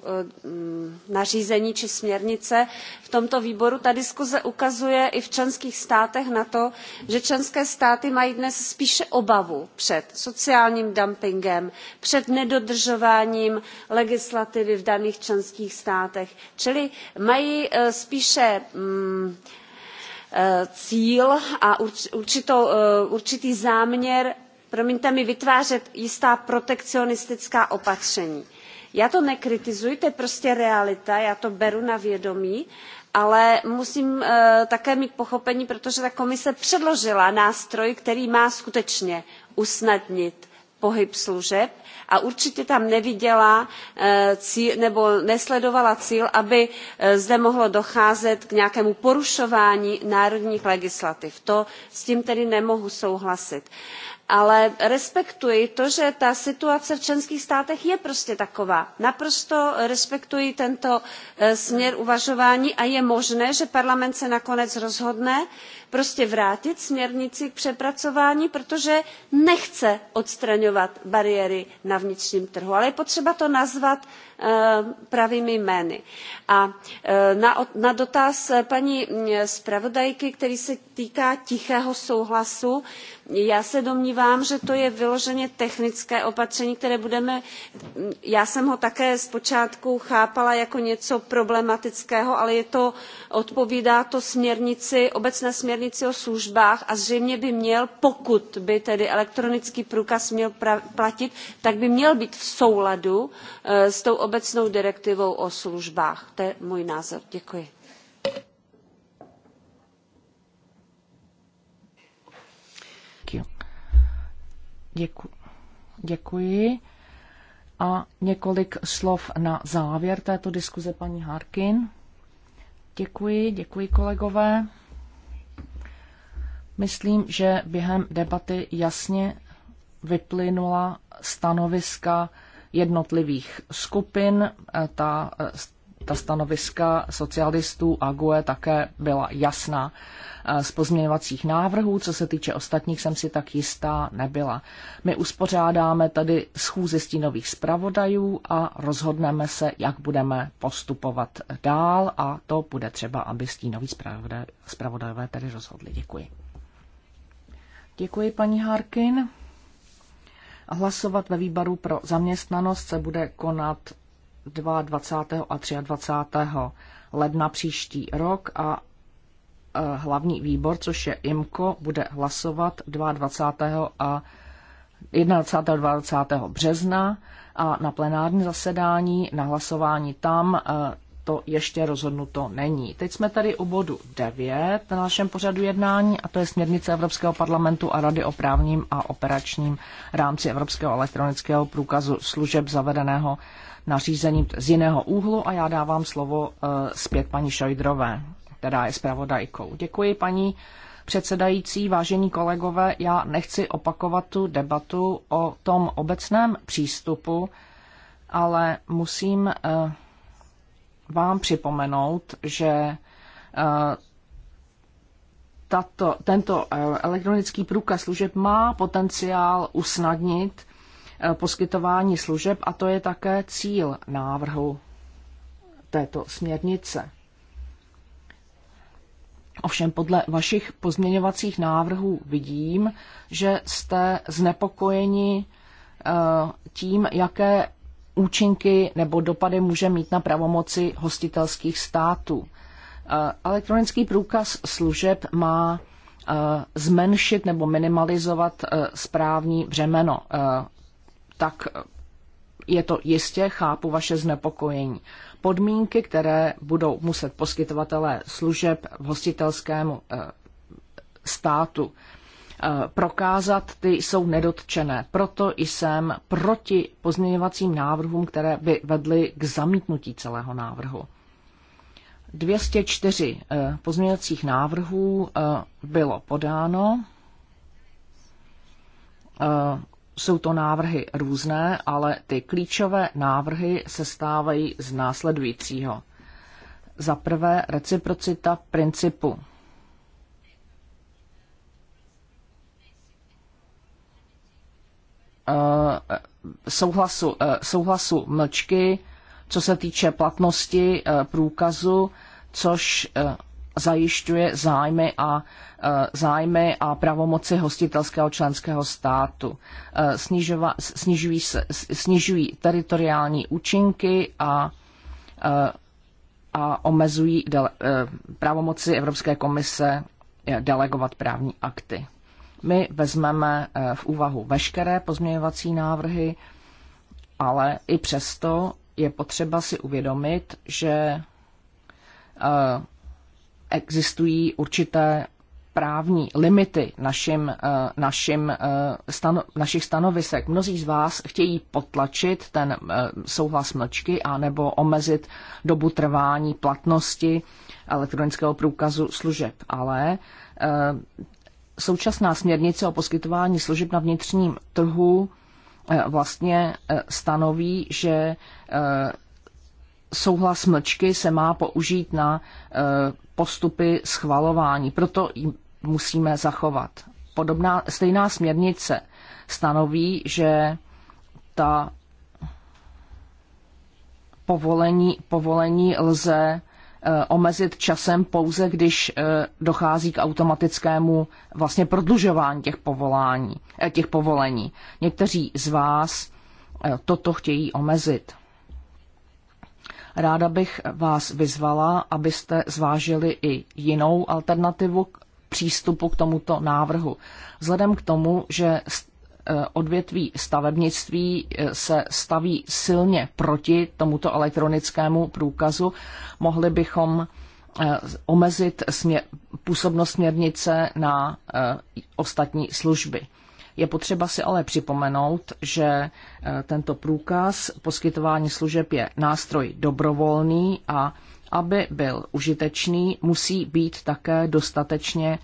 eh, mm, nařízení či směrnice v tomto výboru ta diskuze ukazuje i v členských státech na to že členské státy mají dnes spíše obavu před sociálním dumpingem před nedodržováním legislativy v daných členských státech čili mají eh, spíše mm, eh, cíl a určitý záměr promiňte mi, vytvářet jistá protekcionistická opatření. Já to nekritizuji, to je prostě realita, já to beru na vědomí, ale musím eh, také mít pochopení, protože ta komise předložila nástroj, který má skutečně usnadnit pohyb služeb a určitě tam neviděla eh, nebo nesledovala cíl, aby eh, zde mohlo docházet k nějakému porušování národních legislativ. To s tím tedy nemohu souhlasit ale respektuji to že ta situace v členských státech je prostě taková. naprosto respektuji tento eh, směr uvažování a je možné že parlament se nakonec rozhodne prostě vrátit směrnici k přepracování protože nechce odstraňovat bariéry na vnitřním trhu ale je potřeba to nazvat Eh, pravými jmény. A eh, na, na dotaz eh, paní mm, zpravodajky, který se týká tichého souhlasu, já se domnívám, že to je vyloženě technické opatření, které budeme, mm, já jsem ho také zpočátku chápala jako něco problematického, ale je to, odpovídá to směrnici, obecné směrnici o službách a zřejmě by měl, pokud by tedy elektronický průkaz měl platit, tak by měl být v souladu s tou obecnou obecnou direktivou o službách. To je můj názor. Děkuji. Děkuji. Děkuji. A několik slov na závěr této diskuze paní Harkin. Děkuji, děkuji kolegové. Myslím, že během debaty jasně vyplynula stanoviska jednotlivých skupin. E, ta, e, ta stanoviska socialistů a GUE také byla jasná. E, z pozměňovacích návrhů, co se týče ostatních, jsem si tak jistá nebyla. My uspořádáme tady schůzi stínových zpravodajů a rozhodneme se, jak budeme postupovat dál a to bude třeba, aby stínoví zpravodajové tady rozhodli. Děkuji. Děkuji, paní Harkin. Hlasovat ve výboru pro zaměstnanost se bude konat 22. a 23. ledna příští rok a eh, hlavní výbor, což je IMKO, bude hlasovat 22. a 21. a 20. března a na plenární zasedání, na hlasování tam eh, to ještě rozhodnuto není. Teď jsme tady u bodu 9 na našem pořadu jednání a to je směrnice Evropského parlamentu a Rady o právním a operačním rámci Evropského elektronického průkazu služeb zavedeného nařízením z jiného úhlu a já dávám slovo eh, zpět paní Šojdrové, která je zpravodajkou. Děkuji paní předsedající, vážení kolegové, já nechci opakovat tu debatu o tom obecném přístupu, ale musím eh, vám připomenout, že eh, tato, tento eh, elektronický průkaz služeb má potenciál usnadnit eh, poskytování služeb a to je také cíl návrhu této směrnice. Ovšem podle vašich pozměňovacích návrhů vidím, že jste znepokojeni tím, jaké účinky nebo dopady může mít na pravomoci hostitelských států. E, elektronický průkaz služeb má e, zmenšit nebo minimalizovat e, správní břemeno. Tak je to jistě, chápu vaše znepokojení. Podmínky, které budou muset poskytovatelé služeb v hostitelskému státu Eh, prokázat, ty jsou nedotčené. Proto jsem proti pozměňovacím návrhům, které by vedly k zamítnutí celého návrhu. 204 eh, pozměňovacích návrhů eh, bylo podáno. Jsou to návrhy různé, ale ty klíčové návrhy se stávají z následujícího. Za prvé reciprocita principu Eh, souhlasu, eh, souhlasu mlčky, co se týče platnosti eh, průkazu, což zajišťuje zájmy a, zájmy a pravomoci hostitelského členského státu. Snižova, snižují, se, snižují teritoriální účinky a, a omezují dele, pravomoci Evropské komise delegovat právní akty. My vezmeme eh, v úvahu veškeré pozměňovací návrhy, ale i přesto je potřeba si uvědomit, že eh, existují určité právní limity našim, eh, našim stano, našich stanovisek. Mnozí z vás chtějí potlačit ten souhlas mlčky a nebo omezit dobu trvání platnosti elektronického průkazu služeb, ale současná směrnice o poskytování služeb na vnitřním trhu eh, vlastně eh, stanoví, že eh, souhlas mlčky se má použít na postupy schvalování. Proto ji musíme zachovat. Podobná, stejná směrnice stanoví, že ta povolení, povolení lze Eh, omezit časem pouze, když eh, dochází k automatickému vlastně prodlužování těch, povolání, eh, těch povolení. Někteří z vás toto chtějí omezit. Ráda bych vás vyzvala, abyste zvážili i jinou alternativu k přístupu k tomuto návrhu. Vzhledem k tomu, že Eh, odvětví stavebnictví eh, se staví silně proti tomuto elektronickému průkazu. Mohli bychom eh, omezit působnost směrnice na ostatní služby. Je potřeba si ale připomenout, že tento průkaz poskytování služeb je nástroj dobrovolný a aby byl užitečný, musí být také dostatečně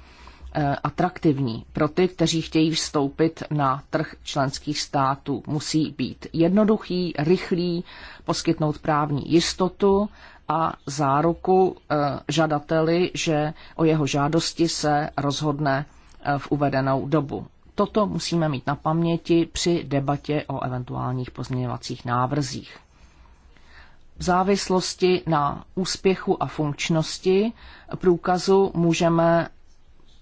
Eh, atraktivní. Pro ty, kteří chtějí vstoupit na trh členských států, musí být jednoduchý, rychlý, poskytnout právní jistotu a záruku eh, žadateli, že o jeho žádosti se rozhodne eh, v uvedenou dobu. Toto musíme mít na paměti při debatě o eventuálních pozměňovacích návrzích. V závislosti na úspěchu a funkčnosti průkazu můžeme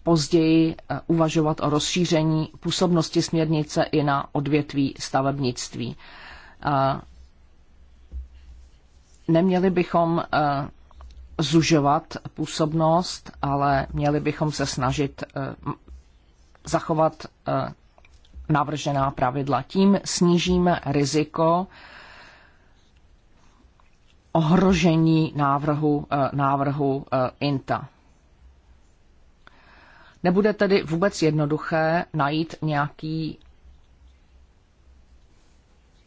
později eh, uvažovat o rozšíření působnosti směrnice i na odvětví stavebnictví. Eh, neměli bychom eh, zužovat působnost, ale měli bychom se snažit zachovat navržená pravidla. Tím snížíme riziko ohrožení návrhu, návrhu INTA. Nebude tedy vůbec jednoduché najít nějaký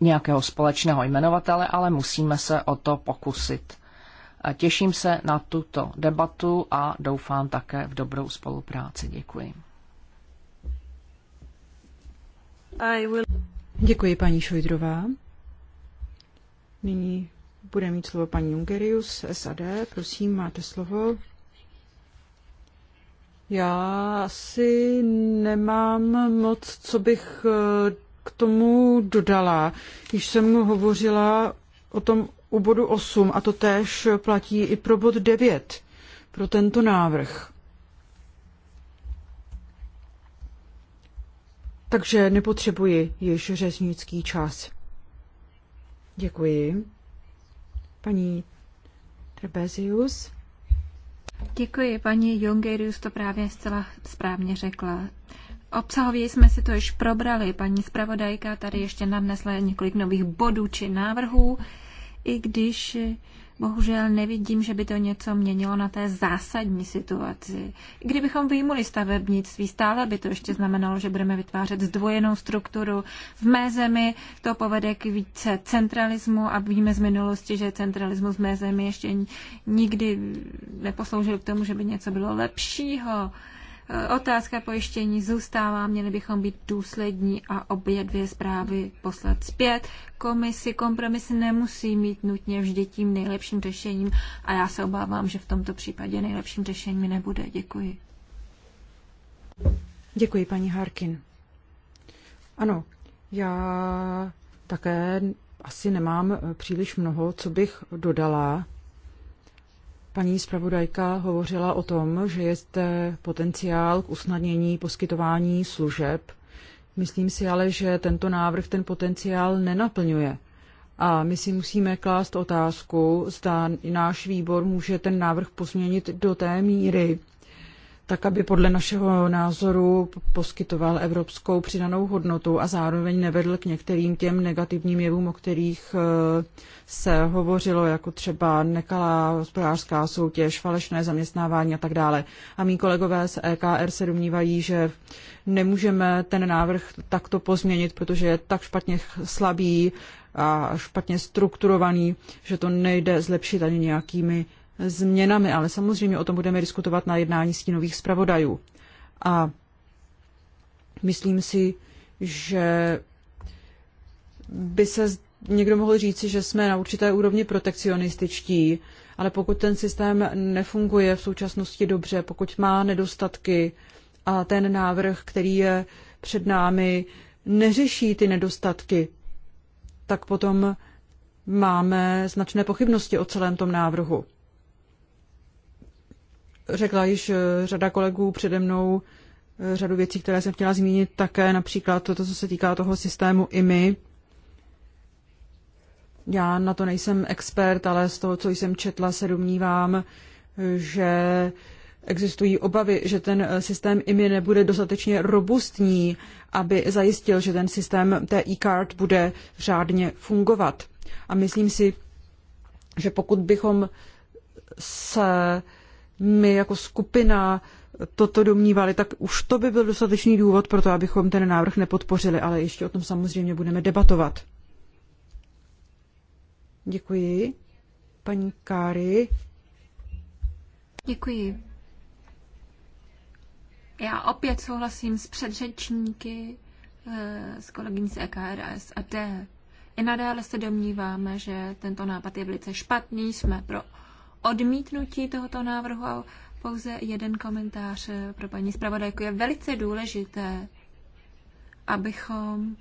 nějakého společného jmenovatele, ale musíme se o to pokusit. Těším se na tuto debatu a doufám také v dobrou spolupráci. Děkuji. Will... Děkuji, paní Šojdrová. Nyní bude mít slovo paní Jungerius, SAD. Prosím, máte slovo. Já asi nemám moc, co bych eh, k tomu dodala. Již jsem hovořila o tom u bodu 8 a to též platí i pro bod 9, pro tento návrh. Takže nepotřebuji již řeznický čas. Děkuji. Paní Trebezius. Děkuji, paní Jungerius to právě zcela správně řekla. Obsahově jsme si to již probrali. Paní zpravodajka tady ještě nadnesla několik nových bodů či návrhů, i když bohužel nevidím, že by to něco měnilo na té zásadní situaci. I kdybychom vyjmuli stavebnictví, stále by to ještě znamenalo, že budeme vytvářet zdvojenou strukturu. V mé zemi to povede k více centralismu a víme z minulosti, že centralismus v mé zemi ještě nikdy neposloužil k tomu, že by něco bylo lepšího. Otázka pojištění zůstává, měli bychom být důslední a obě dvě zprávy poslat zpět. Komisi kompromisy nemusí mít nutně vždy tím nejlepším řešením a já se obávám, že v tomto případě nejlepším řešením nebude. Děkuji. Děkuji, paní Harkin. Ano, já také asi nemám příliš mnoho, co bych dodala Paní zpravodajka hovořila o tom, že je zde potenciál k usnadnění poskytování služeb. Myslím si ale, že tento návrh ten potenciál nenaplňuje. A my si musíme klást otázku, zda náš výbor může ten návrh posměnit do té míry, tak aby podle našeho názoru poskytoval evropskou přidanou hodnotu a zároveň nevedl k některým těm negativním jevům, o kterých eh, se hovořilo, jako třeba nekalá hospodářská soutěž, falešné zaměstnávání a tak dále. A mý kolegové z EKR se domnívají, že nemůžeme ten návrh takto pozměnit, protože je tak špatně slabý a špatně strukturovaný, že to nejde zlepšit ani nějakými změnami, ale samozřejmě o tom budeme diskutovat na jednání stínových zpravodajů. A myslím si, že by se někdo mohl říci, že jsme na určité úrovni protekcionističtí, ale pokud ten systém nefunguje v současnosti dobře, pokud má nedostatky a ten návrh, který je před námi, neřeší ty nedostatky, tak potom máme značné pochybnosti o celém tom návrhu řekla již eh, řada kolegů přede mnou eh, řadu věcí, které jsem chtěla zmínit, také například to, co se týká toho systému IMI. Já na to nejsem expert, ale z toho, co jsem četla, se domnívám, že existují obavy, že ten eh, systém IMI nebude dostatečně robustní, aby zajistil, že ten systém té e-card bude řádně fungovat. A myslím si, že pokud bychom se my jako skupina toto domnívali, tak už to by byl dostatečný důvod pro to, abychom ten návrh nepodpořili, ale ještě o tom samozřejmě budeme debatovat. Děkuji. Paní Káry. Děkuji. Já opět souhlasím s předřečníky, eh, s kolegyní z EKR a SAD. I nadále se domníváme, že tento nápad je velice špatný, jsme pro odmítnutí tohoto návrhu a pouze jeden komentář eh, pro paní zpravodajku. Je velice důležité, abychom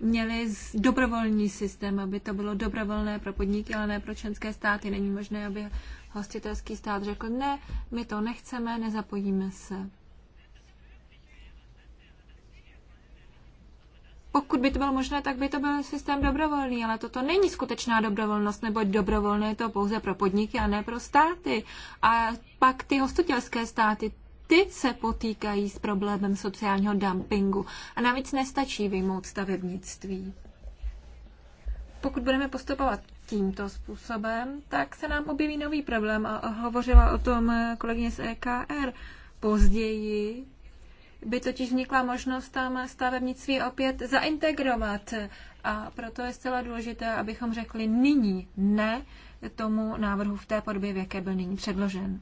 měli dobrovolný systém, aby to bylo dobrovolné pro podniky, ale ne pro členské státy. Není možné, aby hostitelský stát řekl, ne, my to nechceme, nezapojíme se. Pokud by to bylo možné, tak by to byl systém dobrovolný, ale toto není skutečná dobrovolnost, neboť dobrovolné je to pouze pro podniky a ne pro státy. A pak ty hostitelské státy, ty se potýkají s problémem sociálního dumpingu. A navíc nestačí vyjmout stavebnictví. Pokud budeme postupovat tímto způsobem, tak se nám objeví nový problém a hovořila o tom kolegyně z EKR. Později by totiž vznikla možnost tam stavebnictví opět zaintegrovat. A proto je zcela důležité, abychom řekli nyní ne tomu návrhu v té podobě, v jaké byl nyní předložen.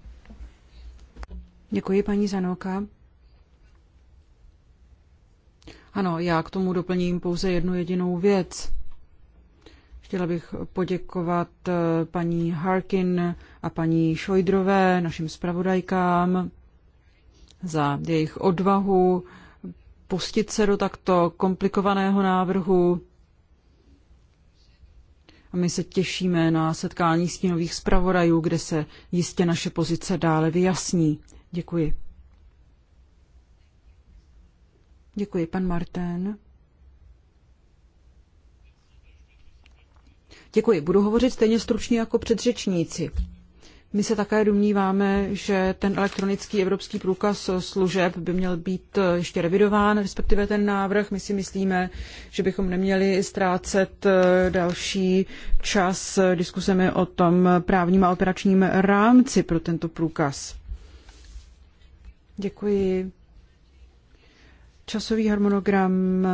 Děkuji, paní Zanoka. Ano, já k tomu doplním pouze jednu jedinou věc. Chtěla bych poděkovat eh, paní Harkin a paní Šojdrové, našim zpravodajkám, za jejich odvahu pustit se do takto komplikovaného návrhu. A my se těšíme na setkání stínových zpravodajů, kde se jistě naše pozice dále vyjasní. Děkuji. Děkuji, pan Martin. Děkuji, budu hovořit stejně stručně jako předřečníci. My se také domníváme, že ten elektronický evropský průkaz služeb by měl být eh, ještě revidován, respektive ten návrh. My si myslíme, že bychom neměli ztrácet eh, další čas eh, diskusemi o tom právním a operačním rámci pro tento průkaz. Děkuji. Časový harmonogram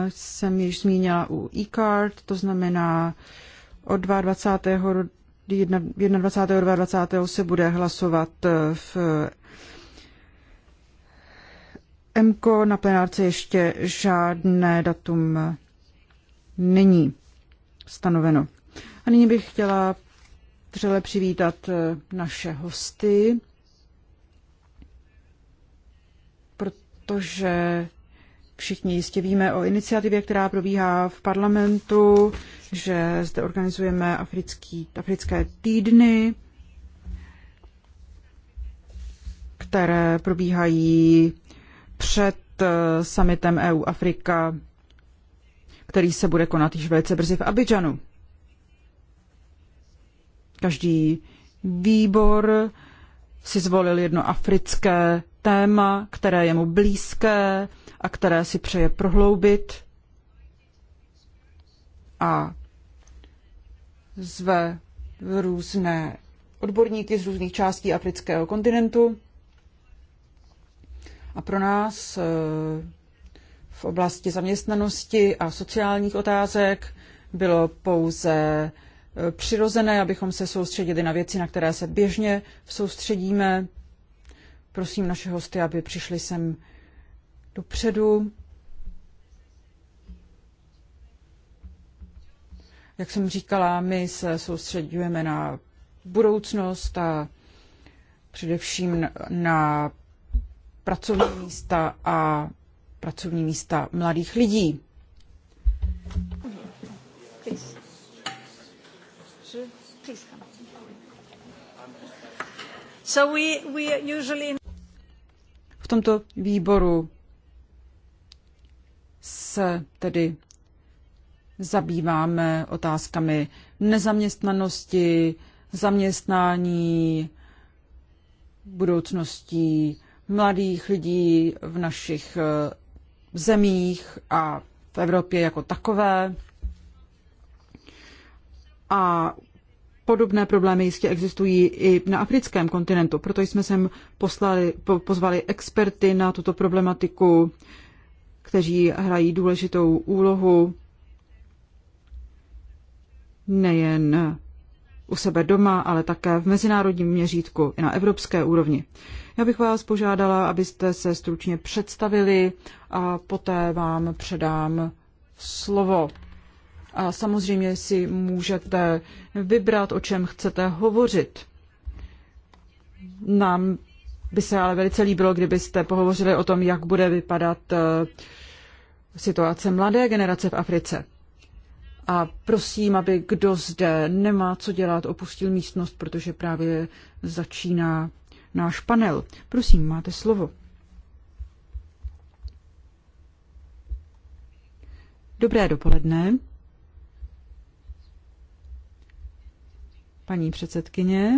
jsem již zmínila u e-card, to znamená od 22. 21. 22. se bude hlasovat eh, v eh, MKO na plenárce ještě žádné datum není stanoveno. A nyní bych chtěla vřele přivítat eh, naše hosty, protože Všichni jistě víme o iniciativě, která probíhá v parlamentu, že zde organizujeme africký, africké týdny, které probíhají před eh, summitem EU Afrika, který se bude konat již velice brzy v Abidžanu. Každý výbor si zvolil jedno africké téma, které je mu blízké, a které si přeje prohloubit a zve různé odborníky z různých částí afrického kontinentu. A pro nás eh, v oblasti zaměstnanosti a sociálních otázek bylo pouze eh, přirozené, abychom se soustředili na věci, na které se běžně soustředíme. Prosím naše hosty, aby přišli sem dopředu. Jak jsem říkala, my se soustředujeme na budoucnost a především na pracovní místa a pracovní místa mladých lidí. V tomto výboru se tedy zabýváme otázkami nezaměstnanosti, zaměstnání, budoucností mladých lidí v našich eh, zemích a v Evropě jako takové. A podobné problémy jistě existují i na africkém kontinentu, proto jsme sem poslali, po, pozvali experty na tuto problematiku kteří hrají důležitou úlohu nejen u sebe doma, ale také v mezinárodním měřítku i na evropské úrovni. Já bych vás požádala, abyste se stručně představili a poté vám předám slovo. A samozřejmě si můžete vybrat, o čem chcete hovořit. Nám by se ale velice líbilo, kdybyste pohovořili o tom, jak bude vypadat eh, situace mladé generace v Africe. A prosím, aby kdo zde nemá co dělat, opustil místnost, protože právě začíná náš panel. Prosím, máte slovo. Dobré dopoledne. Paní předsedkyně,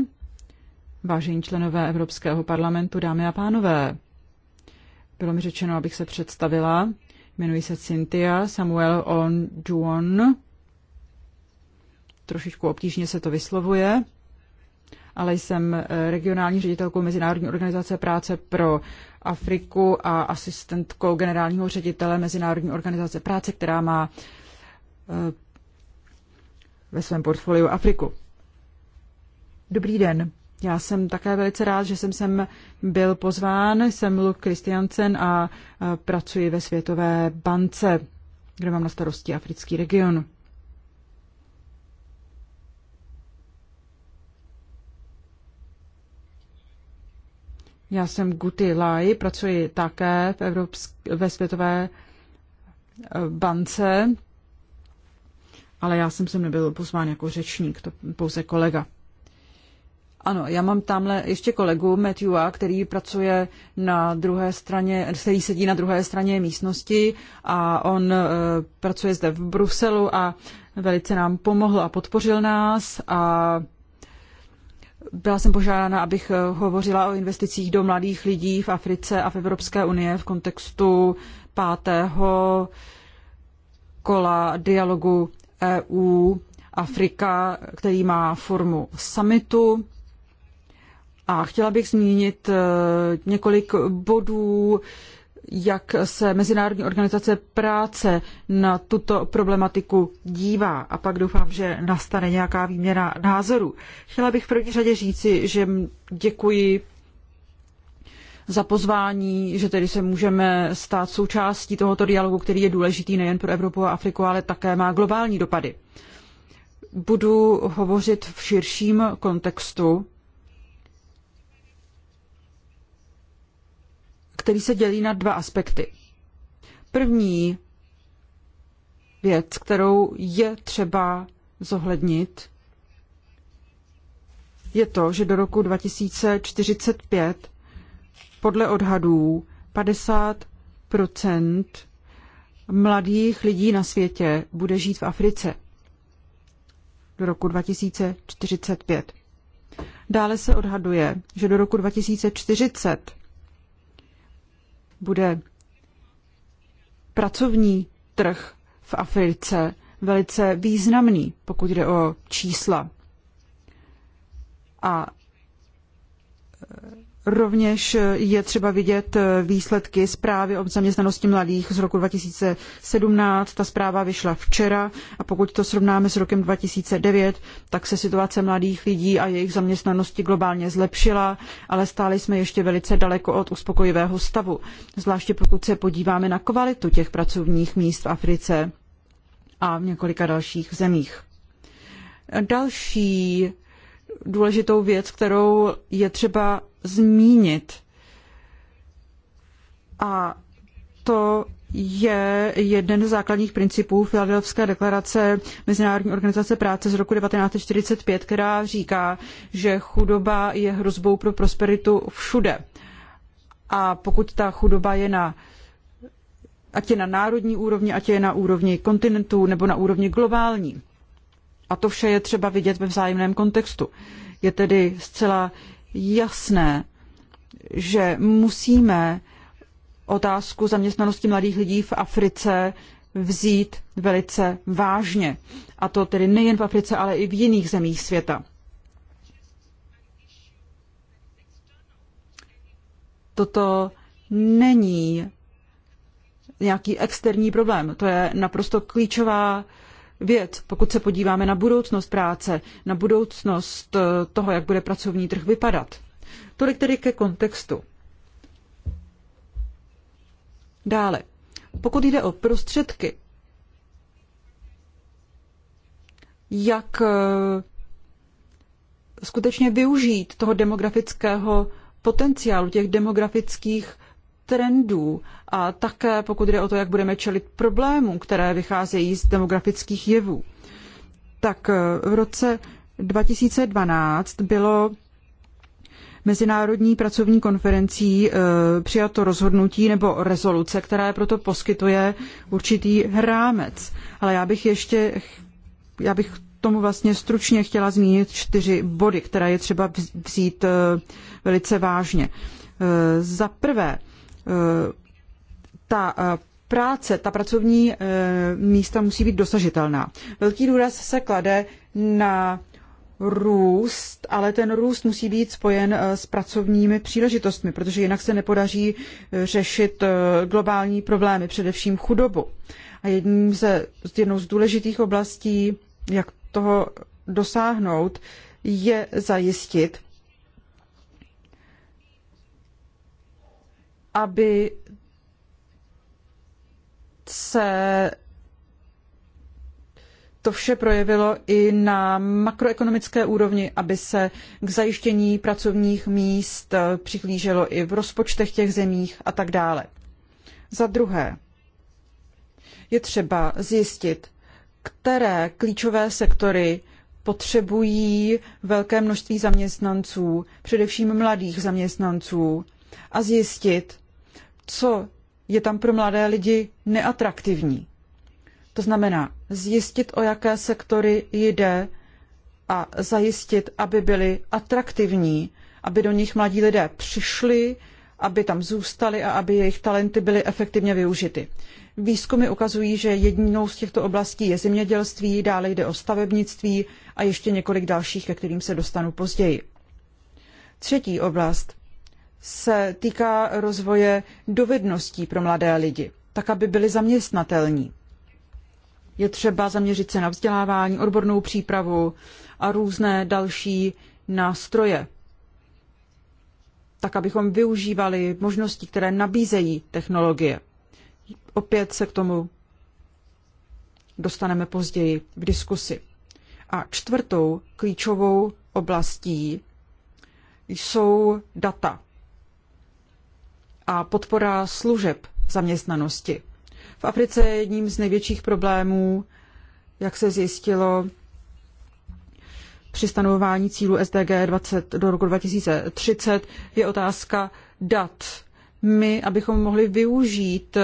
vážení členové Evropského parlamentu, dámy a pánové, bylo mi řečeno, abych se představila. Jmenuji se Cynthia Samuel On Juon. Trošičku obtížně se to vyslovuje, ale jsem eh, regionální ředitelkou Mezinárodní organizace práce pro Afriku a asistentkou generálního ředitele Mezinárodní organizace práce, která má eh, ve svém portfoliu Afriku. Dobrý den. Já jsem také velice rád, že jsem sem byl pozván. Jsem Luk Kristiansen a pracuji ve Světové bance, kde mám na starosti africký region. Já jsem Guti Lai, pracuji také v Evropsk- ve Světové e, bance, ale já jsem sem nebyl pozván jako řečník, to pouze kolega. Ano, já mám tamhle ještě kolegu Matthewa, který pracuje na druhé straně, který sedí na druhé straně místnosti a on uh, pracuje zde v Bruselu a velice nám pomohl a podpořil nás a byla jsem požádána, abych eh, hovořila o investicích do mladých lidí v Africe a v Evropské unie v kontextu pátého kola dialogu EU Afrika, který má formu summitu a chtěla bych zmínit eh, několik bodů, jak se Mezinárodní organizace práce na tuto problematiku dívá a pak doufám, že nastane nějaká výměna názorů. Chtěla bych v první řadě říci, že děkuji za pozvání, že tedy se můžeme stát součástí tohoto dialogu, který je důležitý nejen pro Evropu a Afriku, ale také má globální dopady. Budu hovořit v širším kontextu který se dělí na dva aspekty. První věc, kterou je třeba zohlednit, je to, že do roku 2045 podle odhadů 50 mladých lidí na světě bude žít v Africe do roku 2045. Dále se odhaduje, že do roku 2040 bude pracovní trh v Africe velice významný, pokud jde o čísla. A Rovněž je třeba vidět výsledky zprávy o zaměstnanosti mladých z roku 2017. Ta zpráva vyšla včera a pokud to srovnáme s rokem 2009, tak se situace mladých lidí a jejich zaměstnanosti globálně zlepšila, ale stále jsme ještě velice daleko od uspokojivého stavu. Zvláště pokud se podíváme na kvalitu těch pracovních míst v Africe a v několika dalších zemích. Další důležitou věc, kterou je třeba zmínit. A to je jeden z základních principů Filadelfské deklarace Mezinárodní organizace práce z roku 1945, která říká, že chudoba je hrozbou pro prosperitu všude. A pokud ta chudoba je na ať je na národní úrovni, ať je na úrovni kontinentu nebo na úrovni globální. A to vše je třeba vidět ve vzájemném kontextu. Je tedy zcela jasné, že musíme otázku zaměstnanosti mladých lidí v Africe vzít velice vážně. A to tedy nejen v Africe, ale i v jiných zemích světa. Toto není nějaký externí problém. To je naprosto klíčová věc. Pokud se podíváme na budoucnost práce, na budoucnost eh, toho, jak bude pracovní trh vypadat. Tolik tedy ke kontextu. Dále, pokud jde o prostředky, jak eh, skutečně využít toho demografického potenciálu, těch demografických trendů a také pokud jde o to, jak budeme čelit problémům, které vycházejí z demografických jevů. Tak eh, v roce 2012 bylo Mezinárodní pracovní konferencí eh, přijato rozhodnutí nebo rezoluce, která proto poskytuje určitý rámec. Ale já bych ještě, já bych tomu vlastně stručně chtěla zmínit čtyři body, které je třeba vzít eh, velice vážně. Za prvé, ta eh, práce, ta pracovní eh, místa musí být dosažitelná. Velký důraz se klade na růst, ale ten růst musí být spojen eh, s pracovními příležitostmi, protože jinak se nepodaří řešit globální problémy, především chudobu. A jedním ze, jednou z důležitých oblastí, jak toho dosáhnout, je zajistit, aby se to vše projevilo i na makroekonomické úrovni, aby se k zajištění pracovních míst přihlíželo i v rozpočtech těch zemích a tak dále. Za druhé, je třeba zjistit, které klíčové sektory potřebují velké množství zaměstnanců, především mladých zaměstnanců, a zjistit, co je tam pro mladé lidi neatraktivní. To znamená zjistit, o jaké sektory jde a zajistit, aby byly atraktivní, aby do nich mladí lidé přišli, aby tam zůstali a aby jejich talenty byly efektivně využity. Výzkumy ukazují, že jednou z těchto oblastí je zemědělství, dále jde o stavebnictví a ještě několik dalších, ke kterým se dostanu později. Třetí oblast se týká rozvoje dovedností pro mladé lidi, tak aby byli zaměstnatelní. Je třeba zaměřit se na vzdělávání, odbornou přípravu a různé další nástroje, tak abychom využívali možnosti, které nabízejí technologie. Opět se k tomu dostaneme později v diskusi. A čtvrtou klíčovou oblastí jsou data a podpora služeb zaměstnanosti. V Africe je jedním z největších problémů, jak se zjistilo, při stanovování cílu SDG 20 do roku 2030 je otázka dat. My, abychom mohli využít eh,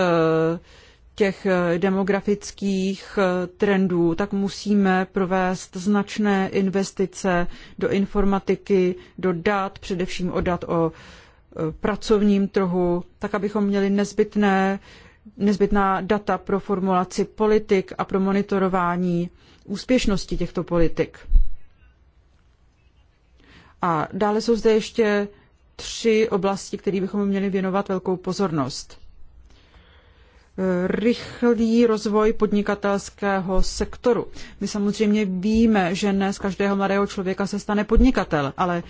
těch eh, demografických eh, trendů, tak musíme provést značné investice do informatiky, do dat, především o dat o Eh, pracovním trhu, tak abychom měli nezbytné, nezbytná data pro formulaci politik a pro monitorování úspěšnosti těchto politik. A dále jsou zde ještě tři oblasti, kterým bychom měli věnovat velkou pozornost. Eh, rychlý rozvoj podnikatelského sektoru. My samozřejmě víme, že ne z každého mladého člověka se stane podnikatel, ale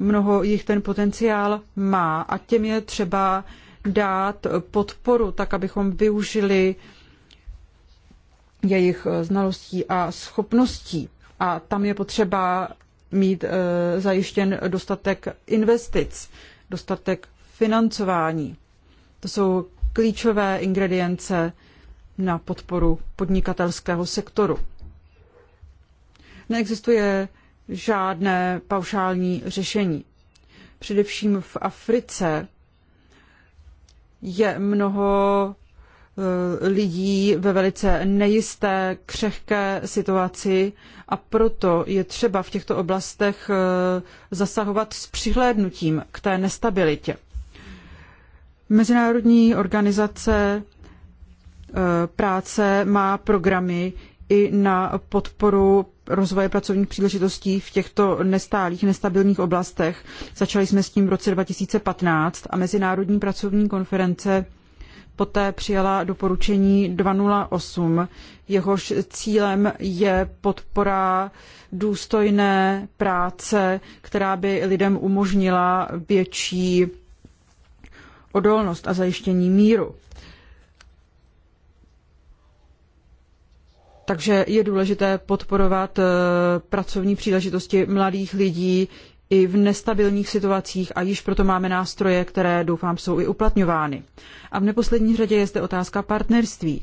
Mnoho jich ten potenciál má a těm je třeba dát podporu, tak abychom využili jejich znalostí a schopností. A tam je potřeba mít eh, zajištěn dostatek investic, dostatek financování. To jsou klíčové ingredience na podporu podnikatelského sektoru. Neexistuje žádné paušální řešení. Především v Africe je mnoho eh, lidí ve velice nejisté, křehké situaci a proto je třeba v těchto oblastech eh, zasahovat s přihlédnutím k té nestabilitě. Mezinárodní organizace eh, práce má programy i na podporu rozvoje pracovních příležitostí v těchto nestálých, nestabilních oblastech. Začali jsme s tím v roce 2015 a Mezinárodní pracovní konference poté přijala doporučení 208, jehož cílem je podpora důstojné práce, která by lidem umožnila větší odolnost a zajištění míru. Takže je důležité podporovat eh, pracovní příležitosti mladých lidí i v nestabilních situacích a již proto máme nástroje, které doufám jsou i uplatňovány. A v neposlední řadě je zde otázka partnerství.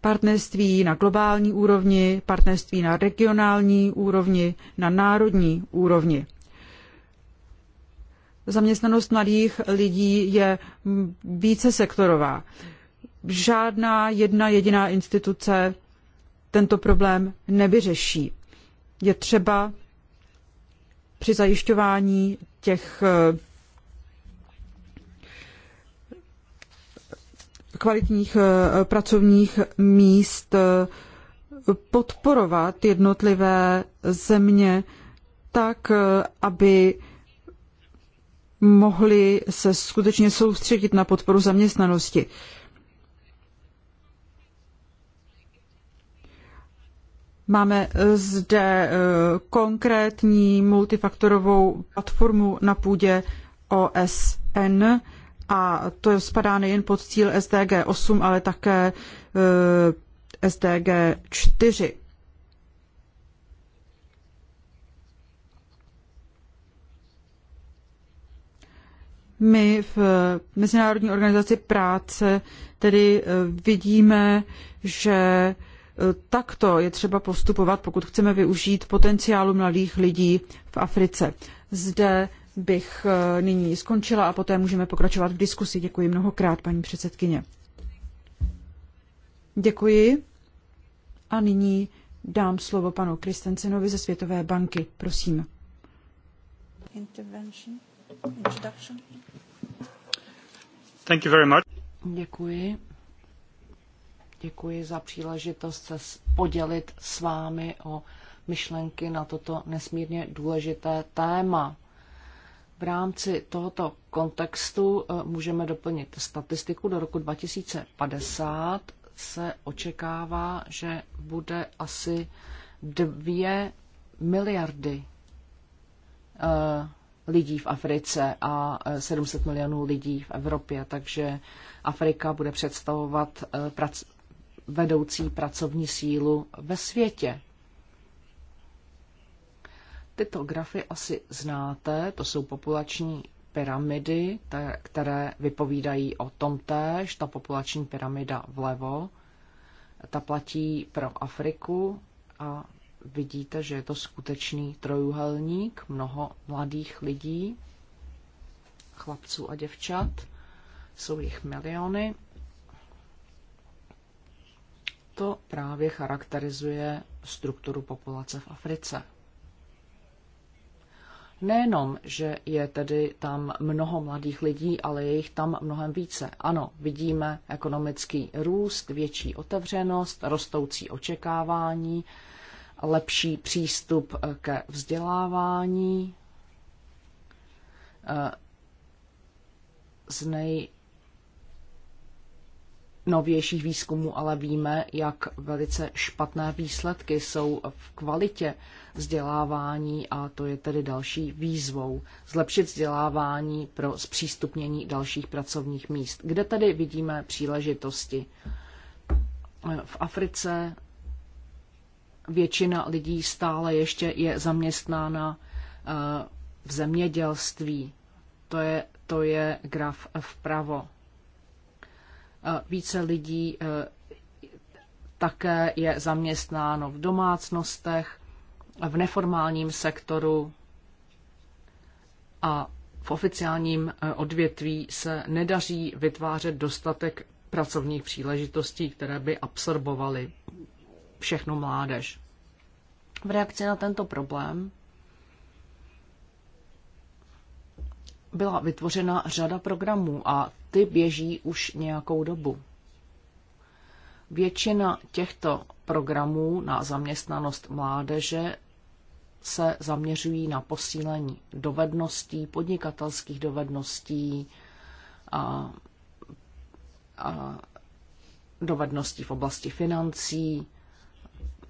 Partnerství na globální úrovni, partnerství na regionální úrovni, na národní úrovni. Zaměstnanost mladých lidí je více sektorová žádná jedna jediná instituce tento problém nevyřeší. Je třeba při zajišťování těch eh, kvalitních eh, pracovních míst eh, podporovat jednotlivé země tak, aby mohli se skutečně soustředit na podporu zaměstnanosti. Máme e, zde e, konkrétní multifaktorovou platformu na půdě OSN a to spadá nejen pod cíl SDG 8, ale také e, SDG 4. My v Mezinárodní organizaci práce tedy vidíme, že Takto je třeba postupovat, pokud chceme využít potenciálu mladých lidí v Africe. Zde bych eh, nyní skončila a poté můžeme pokračovat v diskusi. Děkuji mnohokrát, paní předsedkyně. Děkuji. A nyní dám slovo panu Kristensenovi ze Světové banky. Prosím. Thank you very much. Děkuji. Děkuji za příležitost se podělit s vámi o myšlenky na toto nesmírně důležité téma. V rámci tohoto kontextu e, můžeme doplnit statistiku. Do roku 2050 se očekává, že bude asi 2 miliardy e, lidí v Africe a 700 e, milionů lidí v Evropě, takže Afrika bude představovat vedoucí pracovní sílu ve světě. Tyto grafy asi znáte, to jsou populační pyramidy, které vypovídají o tom též, ta populační pyramida vlevo, ta platí pro Afriku a vidíte, že je to skutečný trojuhelník, mnoho mladých lidí, chlapců a děvčat, jsou jich miliony to právě charakterizuje strukturu populace v Africe. Nejenom, že je tedy tam mnoho mladých lidí, ale je jich tam mnohem více. Ano, vidíme ekonomický růst, větší otevřenost, rostoucí očekávání, lepší přístup ke vzdělávání. Eh, z nej novějších výzkumů, ale víme, jak velice špatné výsledky jsou v kvalitě vzdělávání a to je tedy další výzvou. Zlepšit vzdělávání pro zpřístupnění dalších pracovních míst. Kde tedy vidíme příležitosti? V Africe většina lidí stále ještě je zaměstnána eh, v zemědělství. To je, to je graf vpravo více lidí eh, také je zaměstnáno v domácnostech, v neformálním sektoru a v oficiálním eh, odvětví se nedaří vytvářet dostatek pracovních příležitostí, které by absorbovaly všechnu mládež. V reakci na tento problém byla vytvořena řada programů a ty běží už nějakou dobu. Většina těchto programů na zaměstnanost mládeže se zaměřují na posílení dovedností, podnikatelských dovedností, a, a dovedností v oblasti financí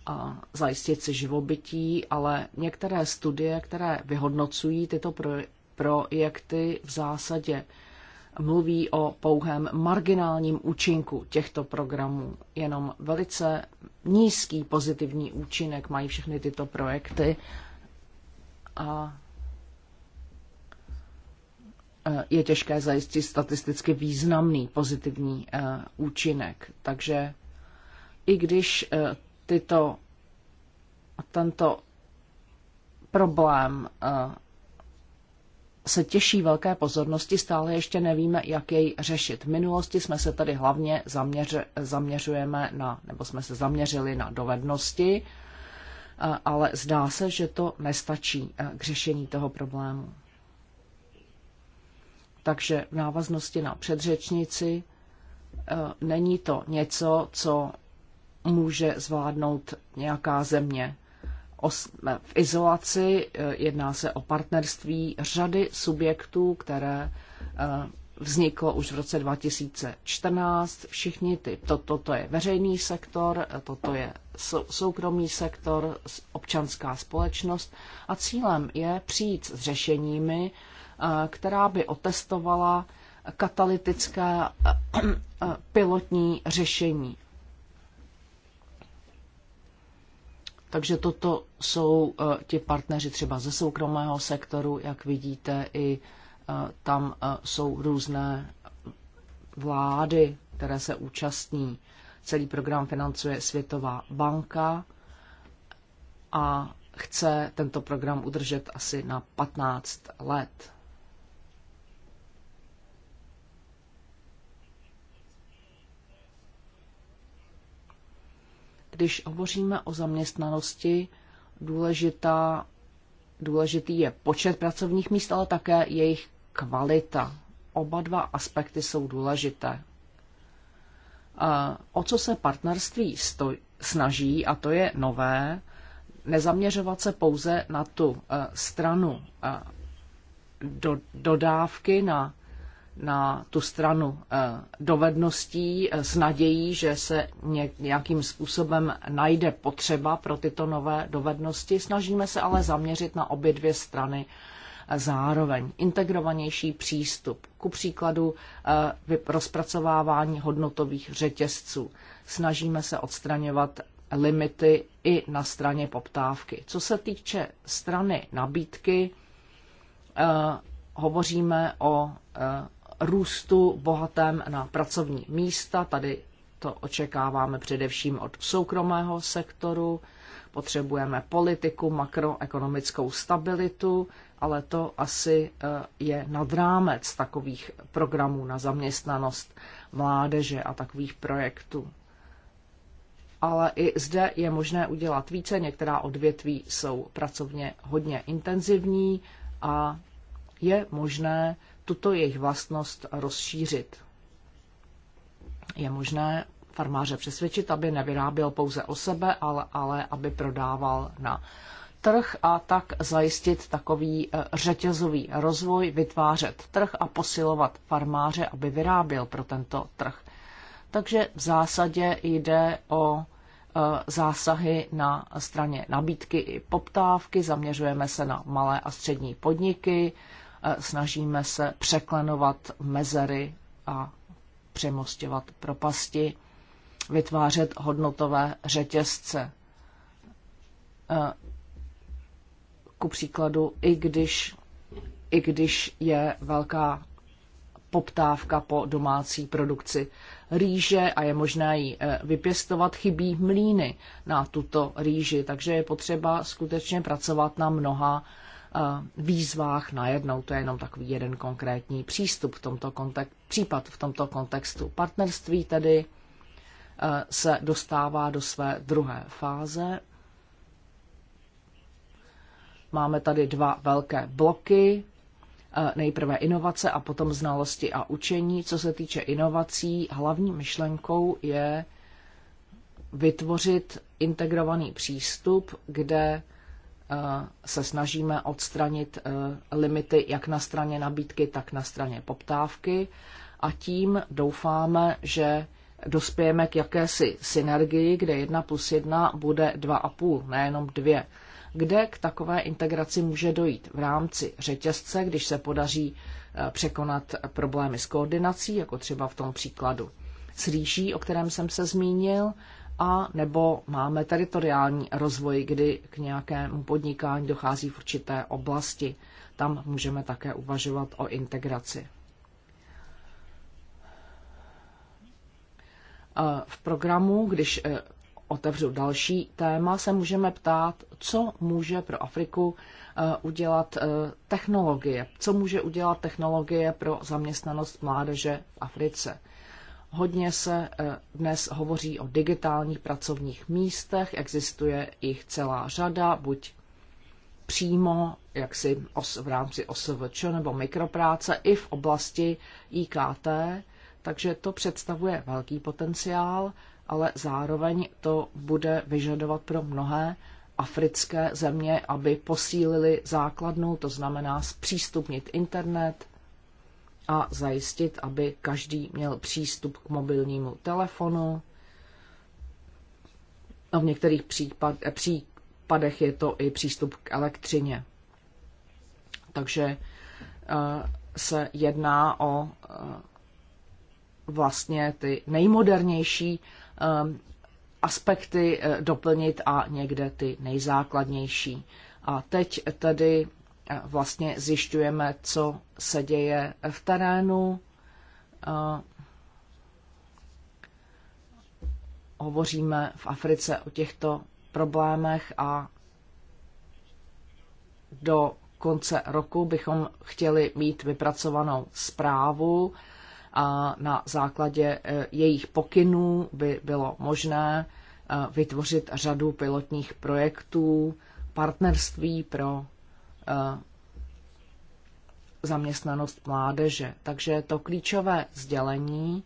a zajistit si živobytí, ale některé studie, které vyhodnocují tyto projekty, v zásadě mluví o pouhém marginálním účinku těchto programů. Jenom velice nízký pozitivní účinek mají všechny tyto projekty. A eh, je těžké zajistit statisticky významný pozitivní eh, účinek. Takže i když eh, tyto, tento problém se těší velké pozornosti, stále ještě nevíme, jak jej řešit. V minulosti jsme se tady hlavně zaměř, zaměřujeme na, nebo jsme se zaměřili na dovednosti, ale zdá se, že to nestačí k řešení toho problému. Takže v návaznosti na předřečnici není to něco, co může zvládnout nějaká země v izolaci, eh, jedná se o partnerství řady subjektů, které eh, vzniklo už v roce 2014. Všichni ty, to, toto je veřejný sektor, eh, toto je soukromý sektor, občanská společnost a cílem je přijít s řešeními, která by otestovala katalytické pilotní řešení. Takže toto jsou eh, ti partneři třeba ze soukromého sektoru, jak vidíte, i eh, tam eh, jsou různé vlády, které se účastní. Celý program financuje Světová banka a chce tento program udržet asi na 15 let. Když hovoříme o zaměstnanosti, důležitá, důležitý je počet pracovních míst, ale také jejich kvalita. Oba dva aspekty jsou důležité. O co se partnerství stoj, snaží, a to je nové, nezaměřovat se pouze na tu eh, stranu eh, do dodávky, na na tu stranu eh, dovedností eh, s nadějí, že se nějakým způsobem najde potřeba pro tyto nové dovednosti. Snažíme se ale zaměřit na obě dvě strany eh, zároveň. Integrovanější přístup, ku příkladu rozpracovávání hodnotových řetězců. Snažíme se odstraňovat limity i na straně poptávky. Co se týče strany nabídky, hovoříme o růstu bohatém na pracovní místa. Tady to očekáváme především od soukromého sektoru. Potřebujeme politiku, makroekonomickou stabilitu, ale to asi eh, je nad rámec takových programů na zaměstnanost mládeže a takových projektů. Ale i zde je možné udělat více. Některá odvětví jsou pracovně hodně intenzivní a je možné tuto jejich vlastnost rozšířit. Je možné farmáře přesvědčit, aby nevyráběl pouze o sebe, ale, ale aby prodával na trh a tak zajistit takový eh, řetězový rozvoj, vytvářet trh a posilovat farmáře, aby vyráběl pro tento trh. Takže v zásadě jde o eh, zásahy na straně nabídky i poptávky, zaměřujeme se na malé a střední podniky, snažíme se překlenovat mezery a přemostěvat propasti, vytvářet hodnotové řetězce. Ku příkladu, i když, i když je velká poptávka po domácí produkci rýže a je možné ji e, vypěstovat, chybí mlíny na tuto rýži, takže je potřeba skutečně pracovat na mnoha výzvách najednou. To je jenom takový jeden konkrétní přístup v tomto kontek- případ v tomto kontextu. Partnerství tedy se dostává do své druhé fáze. Máme tady dva velké bloky, nejprve inovace a potom znalosti a učení. Co se týče inovací, hlavní myšlenkou je vytvořit integrovaný přístup, kde Eh, se snažíme odstranit eh, limity jak na straně nabídky, tak na straně poptávky a tím doufáme, že dospějeme k jakési synergii, kde jedna plus jedna bude dva a půl, nejenom dvě. Kde k takové integraci může dojít? V rámci řetězce, když se podaří eh, překonat problémy s koordinací, jako třeba v tom příkladu s rýží, o kterém jsem se zmínil, a nebo máme teritoriální rozvoj, kdy k nějakému podnikání dochází v určité oblasti. Tam můžeme také uvažovat o integraci. V programu, když e, otevřu další téma, se můžeme ptát, co může pro Afriku e, udělat e, technologie, co může udělat technologie pro zaměstnanost mládeže v Africe. Hodně se eh, dnes hovoří o digitálních pracovních místech, existuje jich celá řada, buď přímo jaksi os, v rámci OSVČ nebo mikropráce i v oblasti IKT, takže to představuje velký potenciál, ale zároveň to bude vyžadovat pro mnohé africké země, aby posílili základnou, to znamená zpřístupnit internet, a zajistit, aby každý měl přístup k mobilnímu telefonu. A v některých případ, eh, případech je to i přístup k elektřině. Takže eh, se jedná o eh, vlastně ty nejmodernější aspekty doplnit a někde ty nejzákladnější. A teď tedy vlastně zjišťujeme, co se děje v terénu. Hovoříme v Africe o těchto problémech a do konce roku bychom chtěli mít vypracovanou zprávu a na základě e, jejich pokynů by bylo možné e, vytvořit řadu pilotních projektů, partnerství pro Eh, zaměstnanost mládeže. Takže to klíčové sdělení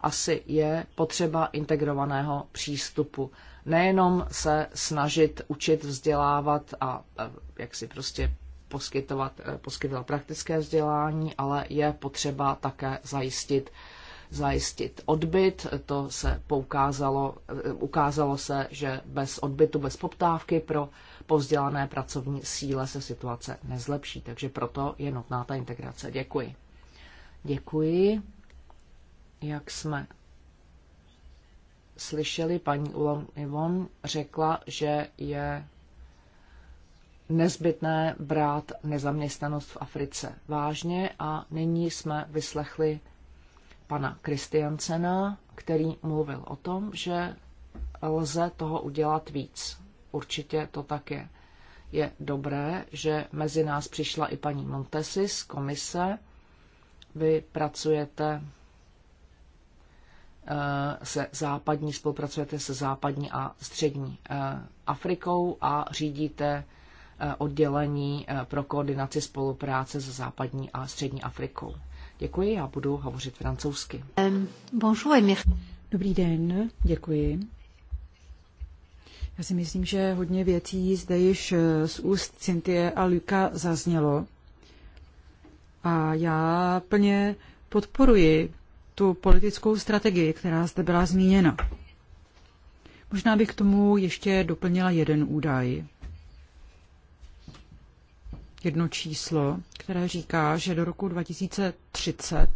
asi je potřeba integrovaného přístupu. Nejenom se snažit učit, vzdělávat a eh, jak si prostě poskytovat, eh, poskytovat praktické vzdělání, ale je potřeba také zajistit zajistit odbyt. To se poukázalo, ukázalo se, že bez odbytu, bez poptávky pro po vzdělané pracovní síle se situace nezlepší. Takže proto je nutná ta integrace. Děkuji. Děkuji. Jak jsme slyšeli, paní Ulon Ivon řekla, že je nezbytné brát nezaměstnanost v Africe vážně a nyní jsme vyslechli pana Kristiancena, který mluvil o tom, že lze toho udělat víc určitě to tak je. Je dobré, že mezi nás přišla i paní Montesi z komise. Vy pracujete eh, se západní, spolupracujete se západní a střední eh, Afrikou a řídíte eh, oddělení pro koordinaci spolupráce se západní a střední Afrikou. Děkuji, já budu hovořit francouzsky. Um, bonjour, Dobrý den, děkuji. Já si myslím, že hodně věcí zde již eh, z úst Cynthie a Luka zaznělo. A já plně podporuji tu politickou strategii, která zde byla zmíněna. Možná bych k tomu ještě doplnila jeden údaj. Jedno číslo, které říká, že do roku 2030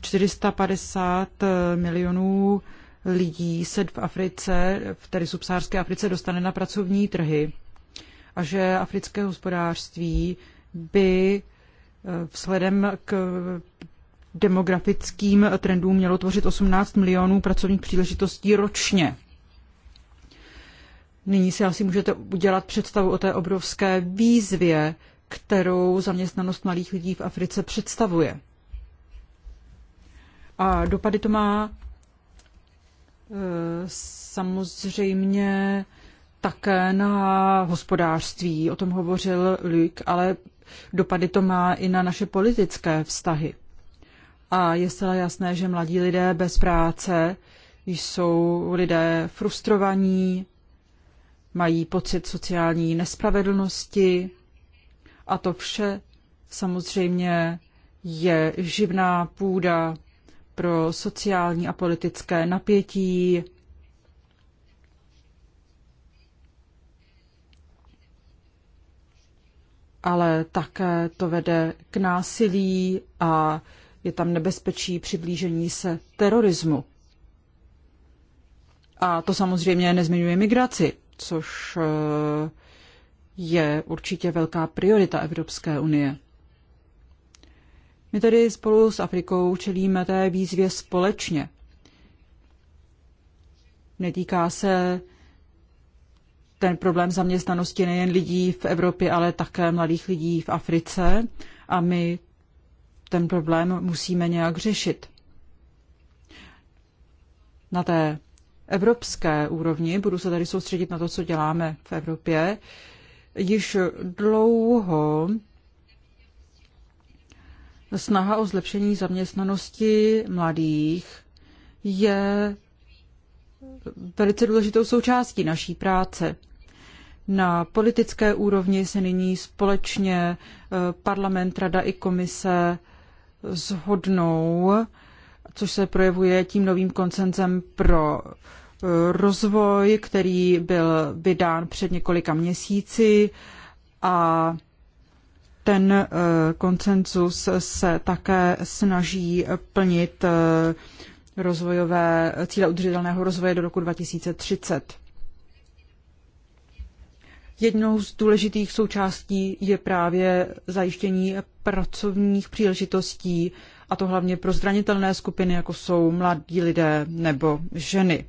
450 eh, milionů lidí se v Africe, v tedy subsárské Africe, dostane na pracovní trhy a že africké hospodářství by eh, vzhledem k demografickým trendům mělo tvořit 18 milionů pracovních příležitostí ročně. Nyní si asi můžete udělat představu o té obrovské výzvě, kterou zaměstnanost malých lidí v Africe představuje. A dopady to má Eh, samozřejmě také na hospodářství, o tom hovořil Luk, ale dopady to má i na naše politické vztahy. A je zcela jasné, že mladí lidé bez práce jsou lidé frustrovaní, mají pocit sociální nespravedlnosti a to vše samozřejmě je živná půda pro sociální a politické napětí. Ale také to vede k násilí a je tam nebezpečí přiblížení se terorismu. A to samozřejmě nezmiňuje migraci, což eh, je určitě velká priorita Evropské unie. My tedy spolu s Afrikou čelíme té výzvě společně. Netýká se ten problém zaměstnanosti nejen lidí v Evropě, ale také mladých lidí v Africe a my ten problém musíme nějak řešit. Na té evropské úrovni, budu se tady soustředit na to, co děláme v Evropě, již dlouho snaha o zlepšení zaměstnanosti mladých je velice důležitou součástí naší práce. Na politické úrovni se nyní společně eh, parlament, rada i komise zhodnou, což se projevuje tím novým koncenzem pro eh, rozvoj, který byl vydán před několika měsíci a ten eh, koncenzus se také snaží plnit eh, rozvojové cíle udržitelného rozvoje do roku 2030. Jednou z důležitých součástí je právě zajištění pracovních příležitostí, a to hlavně pro zranitelné skupiny, jako jsou mladí lidé nebo ženy.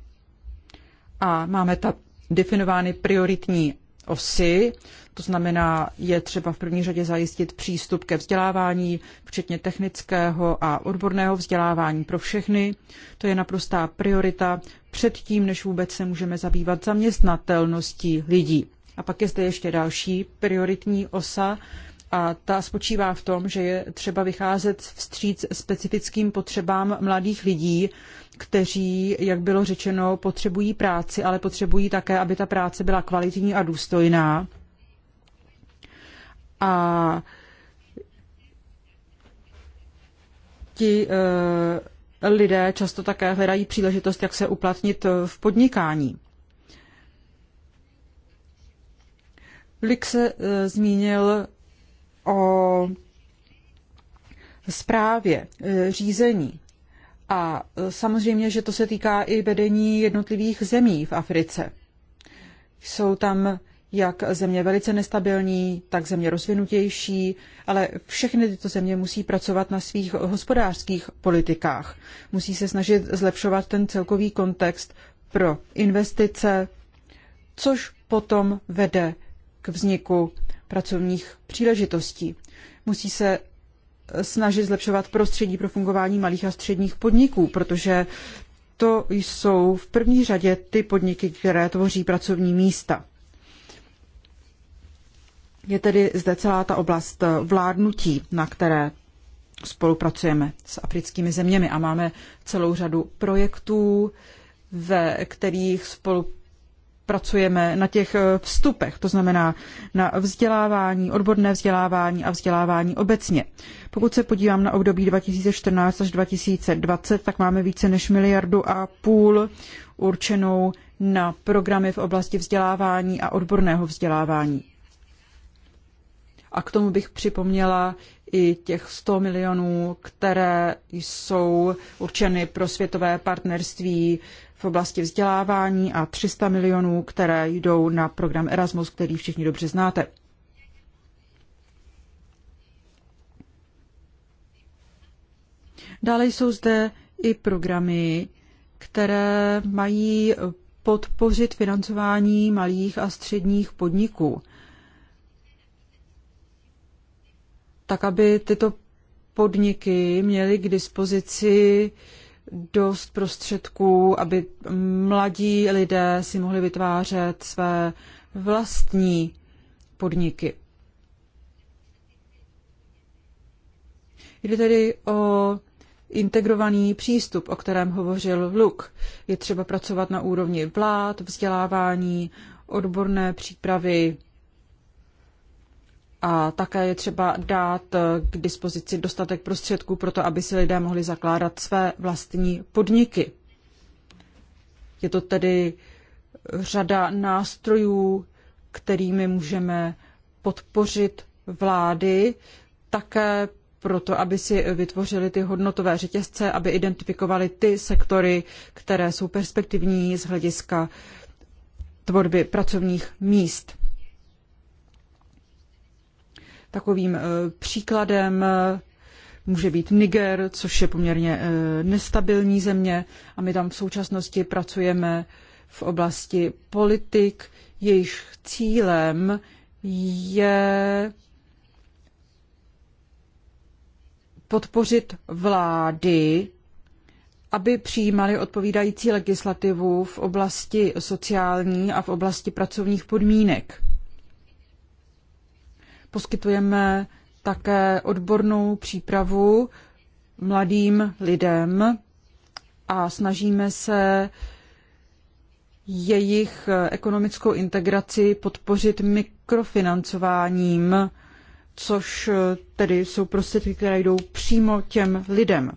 A máme ta definovány prioritní osy. To znamená, je třeba v první řadě zajistit přístup ke vzdělávání, včetně technického a odborného vzdělávání pro všechny. To je naprostá priorita předtím, než vůbec se můžeme zabývat zaměstnatelností lidí. A pak je zde ještě další prioritní osa, a ta spočívá v tom, že je třeba vycházet vstříc specifickým potřebám mladých lidí, kteří, jak bylo řečeno, potřebují práci, ale potřebují také, aby ta práce byla kvalitní a důstojná. A ti e, lidé často také hledají příležitost, jak se uplatnit eh, v podnikání. Lik se e, zmínil o zprávě e, řízení. A e, samozřejmě, že to se týká i vedení jednotlivých zemí v Africe. Jsou tam jak země velice nestabilní, tak země rozvinutější, ale všechny tyto země musí pracovat na svých hospodářských politikách. Musí se snažit zlepšovat ten celkový kontext pro investice, což potom vede k vzniku pracovních příležitostí. Musí se snažit zlepšovat prostředí pro fungování malých a středních podniků, protože to jsou v první řadě ty podniky, které tvoří pracovní místa. Je tedy zde celá ta oblast vládnutí, na které spolupracujeme s africkými zeměmi a máme celou řadu projektů, ve kterých spolupracujeme pracujeme na těch eh, vstupech, to znamená na vzdělávání, odborné vzdělávání a vzdělávání obecně. Pokud se podívám na období 2014 až 2020, tak máme více než miliardu a půl určenou na programy v oblasti vzdělávání a odborného vzdělávání. A k tomu bych připomněla i těch 100 milionů, které jsou určeny pro světové partnerství v oblasti vzdělávání a 300 milionů, které jdou na program Erasmus, který všichni dobře znáte. Dále jsou zde i programy, které mají podpořit financování malých a středních podniků. Tak, aby tyto podniky měly k dispozici dost prostředků, aby mladí lidé si mohli vytvářet své vlastní podniky. Jde tedy o integrovaný přístup, o kterém hovořil vluk. Je třeba pracovat na úrovni vlád, vzdělávání, odborné přípravy, a také je třeba dát eh, k dispozici dostatek prostředků pro to, aby si lidé mohli zakládat své vlastní podniky. Je to tedy řada nástrojů, kterými můžeme podpořit vlády, také proto, aby si vytvořili ty hodnotové řetězce, aby identifikovali ty sektory, které jsou perspektivní z hlediska tvorby pracovních míst. Takovým eh, příkladem eh, může být Niger, což je poměrně eh, nestabilní země a my tam v současnosti pracujeme v oblasti politik, jejich cílem je podpořit vlády, aby přijímali odpovídající legislativu v oblasti sociální a v oblasti pracovních podmínek. Poskytujeme také odbornou přípravu mladým lidem a snažíme se jejich ekonomickou integraci podpořit mikrofinancováním, což tedy jsou prostředky, které jdou přímo těm lidem.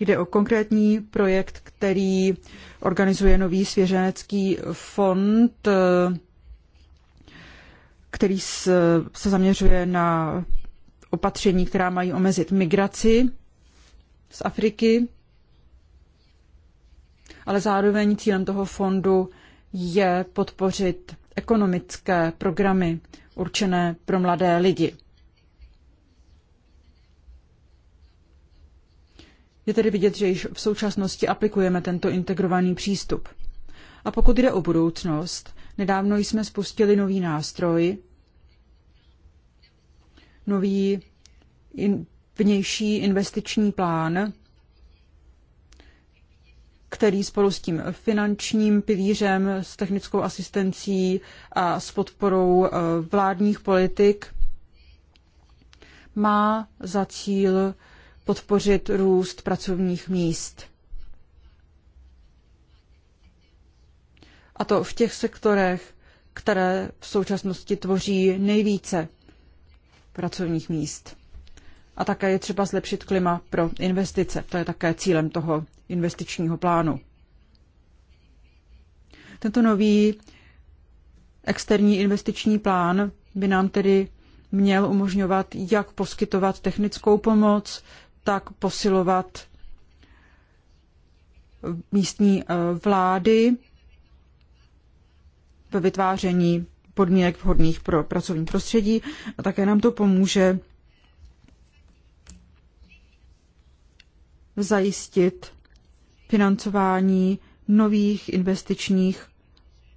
Jde o konkrétní projekt, který organizuje nový svěřenecký fond který se zaměřuje na opatření, která mají omezit migraci z Afriky, ale zároveň cílem toho fondu je podpořit ekonomické programy určené pro mladé lidi. Je tedy vidět, že již v současnosti aplikujeme tento integrovaný přístup. A pokud jde o budoucnost, Nedávno jsme spustili nový nástroj, nový in, vnější investiční plán, který spolu s tím finančním pilířem, s technickou asistencí a s podporou eh, vládních politik má za cíl podpořit růst pracovních míst. a to v těch sektorech, které v současnosti tvoří nejvíce pracovních míst. A také je třeba zlepšit klima pro investice. To je také cílem toho investičního plánu. Tento nový externí investiční plán by nám tedy měl umožňovat jak poskytovat technickou pomoc, tak posilovat místní eh, vlády ve vytváření podmínek vhodných pro pracovní prostředí a také nám to pomůže zajistit financování nových investičních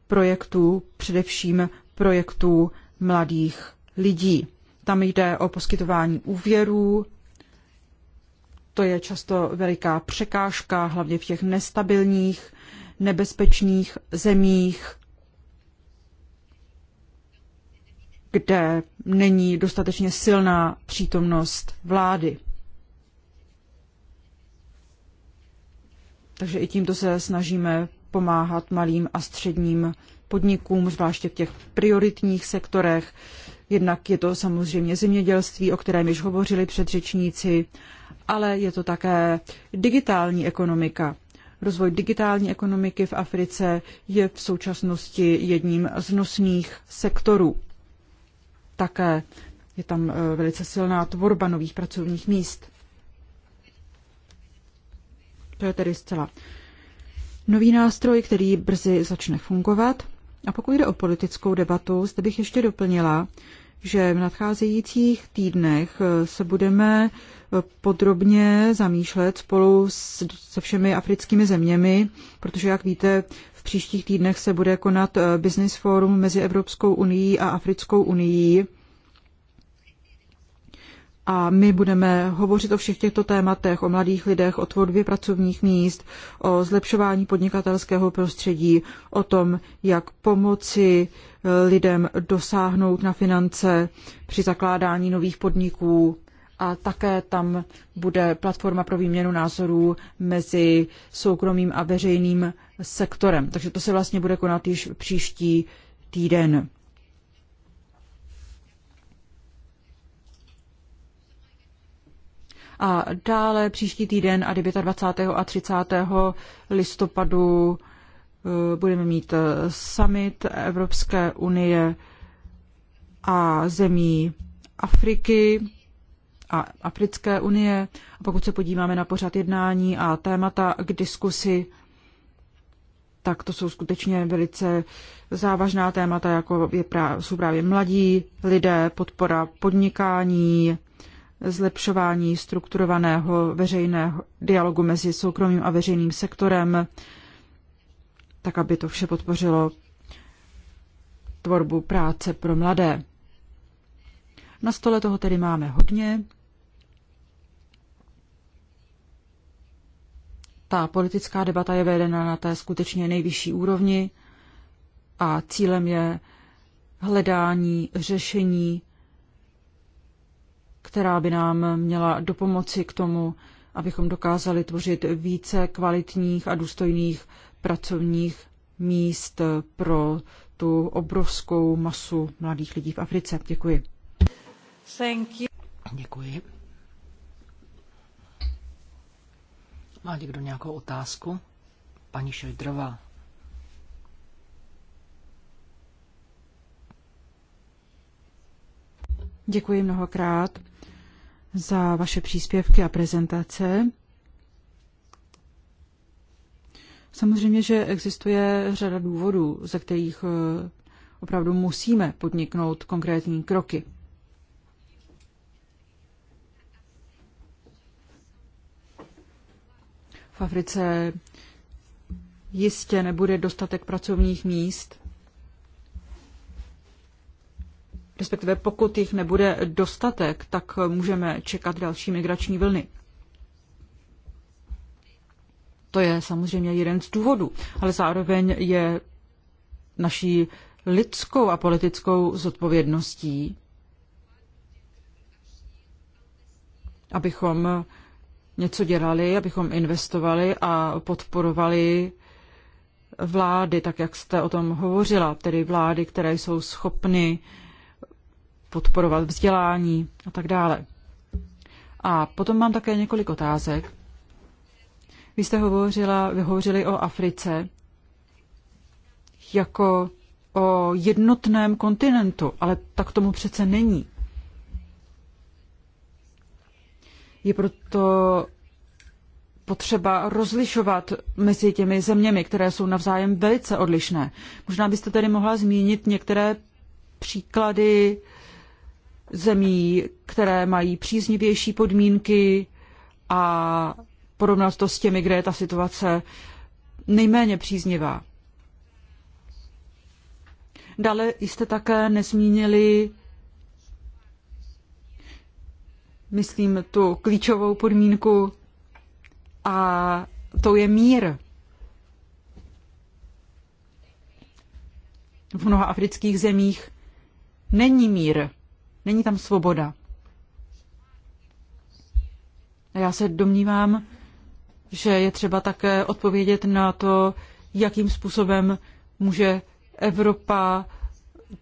projektů, především projektů mladých lidí. Tam jde o poskytování úvěrů, to je často veliká překážka, hlavně v těch nestabilních, nebezpečných zemích. kde není dostatečně silná přítomnost vlády. Takže i tímto se snažíme pomáhat malým a středním podnikům, zvláště v těch prioritních sektorech. Jednak je to samozřejmě zemědělství, o kterém již hovořili předřečníci, ale je to také digitální ekonomika. Rozvoj digitální ekonomiky v Africe je v současnosti jedním z nosných sektorů také je tam eh, velice silná tvorba nových pracovních míst. To je tedy zcela nový nástroj, který brzy začne fungovat. A pokud jde o politickou debatu, zde bych ještě doplnila, že v nadcházejících týdnech eh, se budeme eh, podrobně zamýšlet spolu se všemi africkými zeměmi, protože, jak víte, v příštích týdnech se bude konat eh, Business Forum mezi Evropskou unii a Africkou unii a my budeme hovořit o všech těchto tématech, o mladých lidech, o tvorbě pracovních míst, o zlepšování podnikatelského prostředí, o tom, jak pomoci eh, lidem dosáhnout na finance při zakládání nových podniků. A také tam bude platforma pro výměnu názorů mezi soukromým a veřejným sektorem. Takže to se vlastně bude konat již příští týden. A dále příští týden a 29. a 30. listopadu eh, budeme mít eh, summit Evropské unie a zemí Afriky a Africké unie. A pokud se podíváme na pořad jednání a témata k diskusi, tak to jsou skutečně velice závažná témata, jako je právě, jsou právě mladí lidé, podpora podnikání, zlepšování strukturovaného veřejného dialogu mezi soukromým a veřejným sektorem, tak aby to vše podpořilo tvorbu práce pro mladé. Na stole toho tedy máme hodně. Ta politická debata je vedena na té skutečně nejvyšší úrovni a cílem je hledání řešení která by nám měla dopomoci k tomu, abychom dokázali tvořit více kvalitních a důstojných pracovních míst pro tu obrovskou masu mladých lidí v Africe. Děkuji. Thank you. Děkuji. Má někdo nějakou otázku? Paní Šejdrová. Děkuji mnohokrát za vaše příspěvky a prezentace. Samozřejmě, že existuje řada důvodů, ze kterých eh, opravdu musíme podniknout konkrétní kroky. V Africe jistě nebude dostatek pracovních míst, respektive pokud jich nebude dostatek, tak můžeme čekat další migrační vlny. To je samozřejmě jeden z důvodů, ale zároveň je naší lidskou a politickou zodpovědností, abychom něco dělali, abychom investovali a podporovali vlády, tak jak jste o tom hovořila, tedy vlády, které jsou schopny uh, podporovat vzdělání a tak dále. A potom mám také několik otázek. Vy jste hovořila, hovořili o Africe jako o jednotném kontinentu, ale tak tomu přece není. Je proto potřeba rozlišovat mezi těmi zeměmi, které jsou navzájem velice odlišné. Možná byste tedy mohla zmínit některé příklady zemí, které mají příznivější podmínky a porovnat to s těmi, kde je ta situace nejméně příznivá. Dále jste také nezmínili, myslím, tu klíčovou podmínku a to je mír. V mnoha afrických zemích není mír. Není tam svoboda. A já se domnívám, že je třeba také odpovědět na to, jakým způsobem může Evropa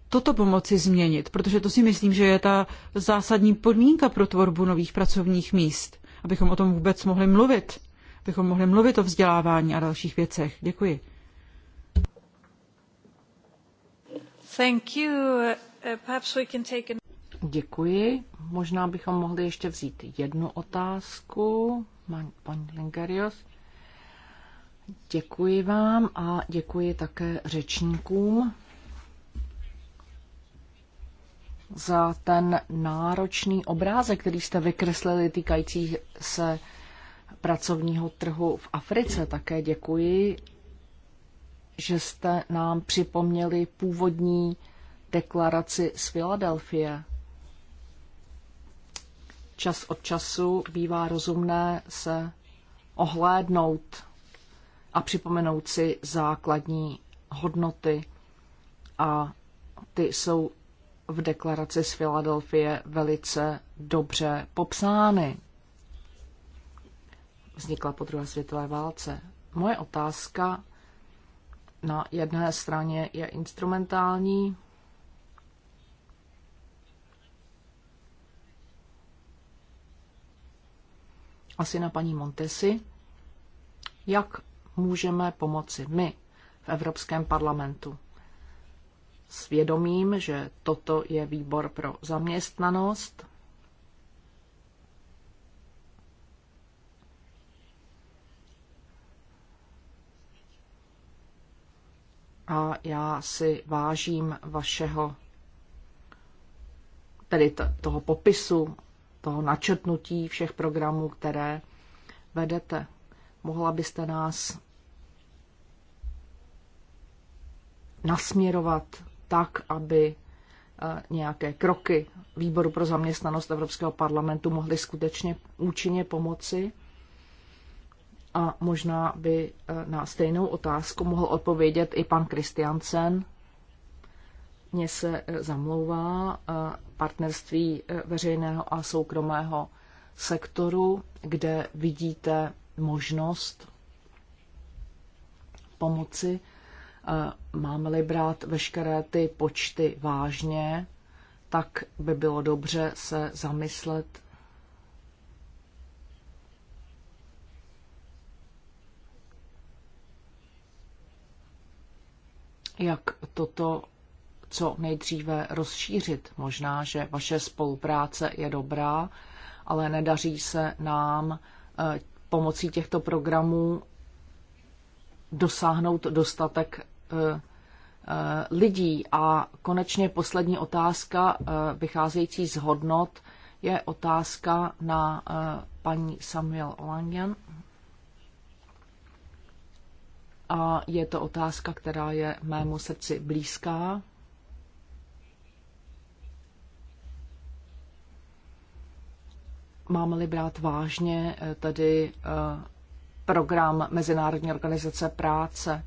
toto pomoci změnit, protože to si myslím, že je ta zásadní podmínka pro tvorbu nových pracovních míst, abychom o tom vůbec mohli mluvit, abychom mohli mluvit o vzdělávání a dalších věcech. Děkuji. Thank you. Uh, perhaps we can take Děkuji. Možná bychom mohli ještě vzít jednu otázku. Pan Lingerios. Děkuji vám a děkuji také řečníkům za ten náročný obrázek, který jste vykreslili týkající se pracovního trhu v Africe. Také děkuji, že jste nám připomněli původní deklaraci z Filadelfie čas od času bývá rozumné se ohlédnout a připomenout si základní hodnoty a ty jsou v deklaraci z Filadelfie velice dobře popsány. Vznikla po druhé světové válce. Moje otázka na jedné straně je instrumentální, asi na paní Montesi, jak můžeme pomoci my v Evropském parlamentu. Svědomím, že toto je výbor pro zaměstnanost, a já si vážím vašeho, tedy toho popisu toho načrtnutí všech programů, které vedete. Mohla byste nás nasměrovat tak, aby eh, nějaké kroky Výboru pro zaměstnanost Evropského parlamentu mohly skutečně účinně pomoci? A možná by eh, na stejnou otázku mohl odpovědět i pan Kristiansen, mně vlastně se eh, zamlouvá eh, partnerství eh, veřejného a soukromého sektoru, kde vidíte možnost pomoci. Máme-li brát veškeré ty počty vážně, tak by bylo dobře se zamyslet jak toto co nejdříve rozšířit. Možná, že vaše spolupráce je dobrá, ale nedaří se nám eh, pomocí těchto programů dosáhnout dostatek eh, eh, lidí. A konečně poslední otázka, vycházející z hodnot, je otázka na paní Samuel Langen. A je to otázka, která je mému srdci blízká. máme-li brát vážně eh, tedy eh, program Mezinárodní organizace práce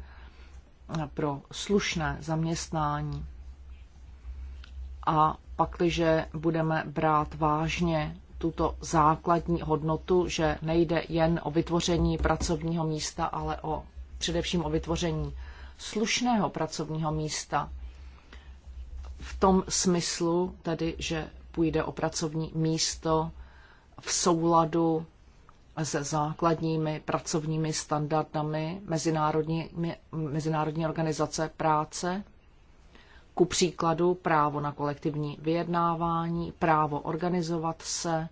eh, pro slušné zaměstnání. A pakliže budeme brát vážně tuto základní hodnotu, že nejde jen o vytvoření pracovního místa, ale o především o vytvoření slušného pracovního místa. V tom smyslu tedy, že půjde o pracovní místo, v souladu se základními pracovními standardami mezinárodní, mezinárodní organizace práce, ku příkladu právo na kolektivní vyjednávání, právo organizovat se,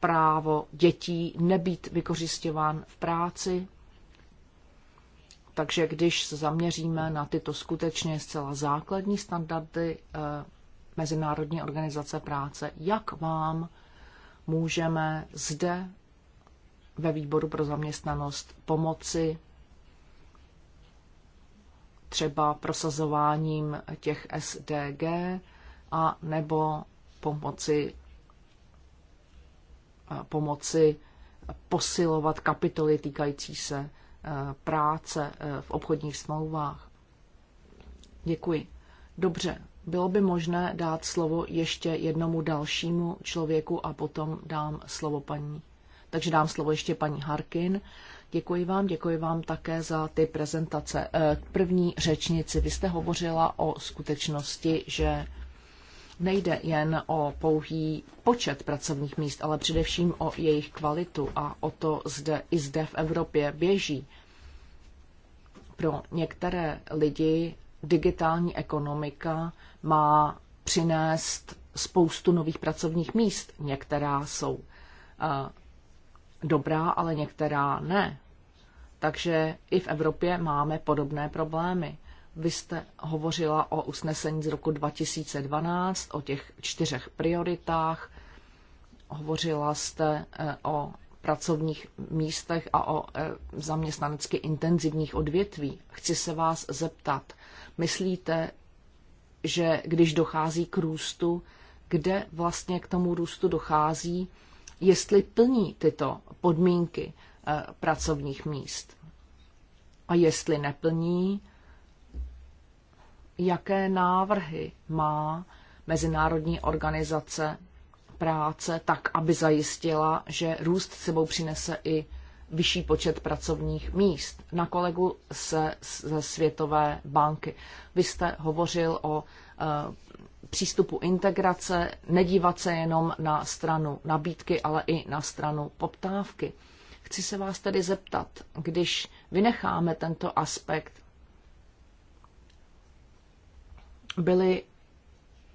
právo dětí nebýt vykořišťován v práci. Takže když se zaměříme na tyto skutečně zcela základní standardy eh, Mezinárodní organizace práce, jak vám můžeme zde ve výboru pro zaměstnanost pomoci třeba prosazováním těch SDG a nebo pomoci, pomoci posilovat kapitoly týkající se e, práce e, v obchodních smlouvách. Děkuji. Dobře, bylo by možné dát slovo ještě jednomu dalšímu člověku a potom dám slovo paní. Takže dám slovo ještě paní Harkin. Děkuji vám, děkuji vám také za ty prezentace. K eh, první řečnici, vy jste hovořila o skutečnosti, že nejde jen o pouhý počet pracovních míst, ale především o jejich kvalitu a o to zde i zde v Evropě běží. Pro některé lidi digitální ekonomika má přinést spoustu nových pracovních míst. Některá jsou eh, dobrá, ale některá ne. Takže i v Evropě máme podobné problémy. Vy jste hovořila o usnesení z roku 2012, o těch čtyřech prioritách. Hovořila jste eh, o pracovních místech a o eh, zaměstnanecky intenzivních odvětví. Chci se vás zeptat, Myslíte, že když dochází k růstu, kde vlastně k tomu růstu dochází, jestli plní tyto podmínky eh, pracovních míst? A jestli neplní, jaké návrhy má Mezinárodní organizace práce tak, aby zajistila, že růst sebou přinese i vyšší počet pracovních míst. Na kolegu se, ze Světové banky. Vy jste hovořil o eh, přístupu integrace, nedívat se jenom na stranu nabídky, ale i na stranu poptávky. Chci se vás tedy zeptat, když vynecháme tento aspekt, byly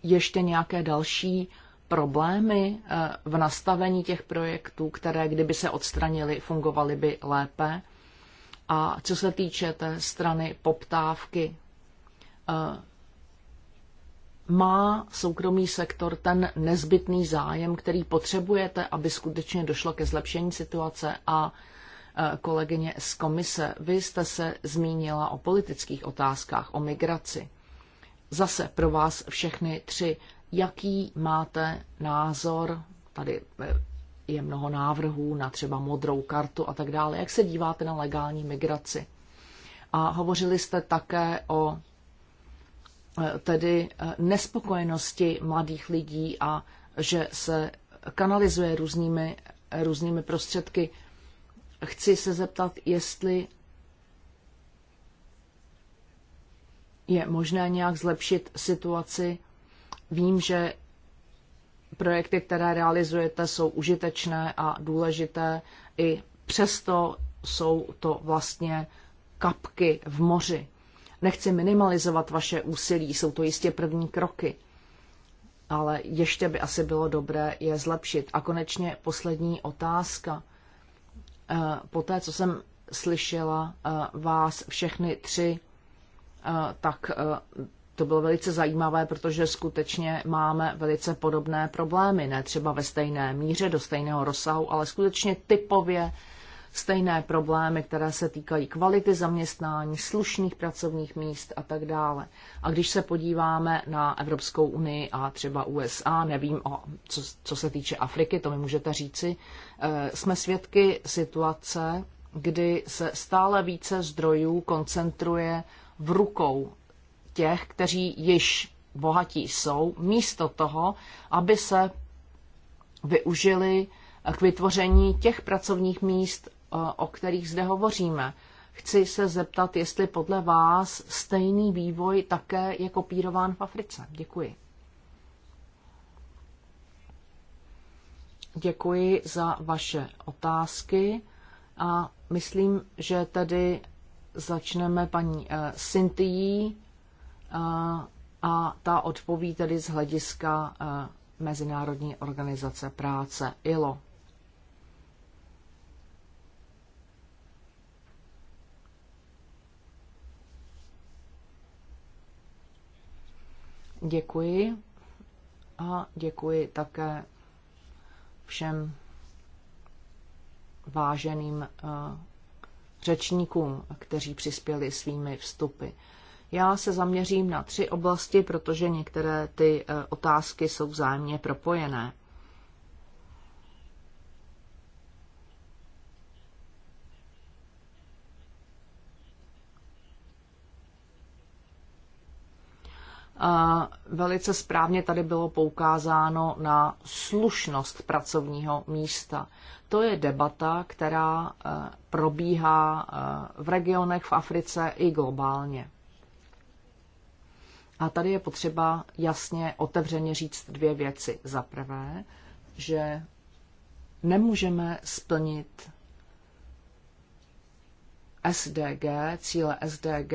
ještě nějaké další problémy eh, v nastavení těch projektů, které kdyby se odstranily, fungovaly by lépe. A co se týče té strany poptávky, eh, má soukromý sektor ten nezbytný zájem, který potřebujete, aby skutečně došlo ke zlepšení situace a eh, kolegyně z komise, vy jste se zmínila o politických otázkách, o migraci. Zase pro vás všechny tři Jaký máte názor, tady eh, je mnoho návrhů na třeba modrou kartu a tak dále, jak se díváte na legální migraci? A hovořili jste také o eh, tedy eh, nespokojenosti mladých lidí a že se kanalizuje různými, různými prostředky. Chci se zeptat, jestli je možné nějak zlepšit situaci Vím, že projekty, které realizujete, jsou užitečné a důležité. I přesto jsou to vlastně kapky v moři. Nechci minimalizovat vaše úsilí, jsou to jistě první kroky, ale ještě by asi bylo dobré je zlepšit. A konečně poslední otázka. Eh, po té, co jsem slyšela eh, vás všechny tři, eh, tak to bylo velice zajímavé, protože skutečně máme velice podobné problémy, ne třeba ve stejné míře, do stejného rozsahu, ale skutečně typově stejné problémy, které se týkají kvality zaměstnání, slušných pracovních míst a tak dále. A když se podíváme na Evropskou unii a třeba USA, nevím, o, co, co se týče Afriky, to mi můžete říci, eh, jsme svědky situace, kdy se stále více zdrojů koncentruje v rukou těch, kteří již bohatí jsou, místo toho, aby se využili k vytvoření těch pracovních míst, eh, o kterých zde hovoříme. Chci se zeptat, jestli podle vás stejný vývoj také je kopírován v Africe. Děkuji. Děkuji za vaše otázky a myslím, že tedy začneme paní Sintií eh, a ta odpoví tedy z hlediska e, Mezinárodní organizace práce ILO. Děkuji a děkuji také všem váženým e, řečníkům, kteří přispěli svými vstupy. Já se zaměřím na tři oblasti, protože některé ty eh, otázky jsou vzájemně propojené. Eh, velice správně tady bylo poukázáno na slušnost pracovního místa. To je debata, která eh, probíhá v regionech v Africe i globálně. A tady je potřeba jasně, otevřeně říct dvě věci. Za prvé, že nemůžeme splnit SDG, cíle SDG,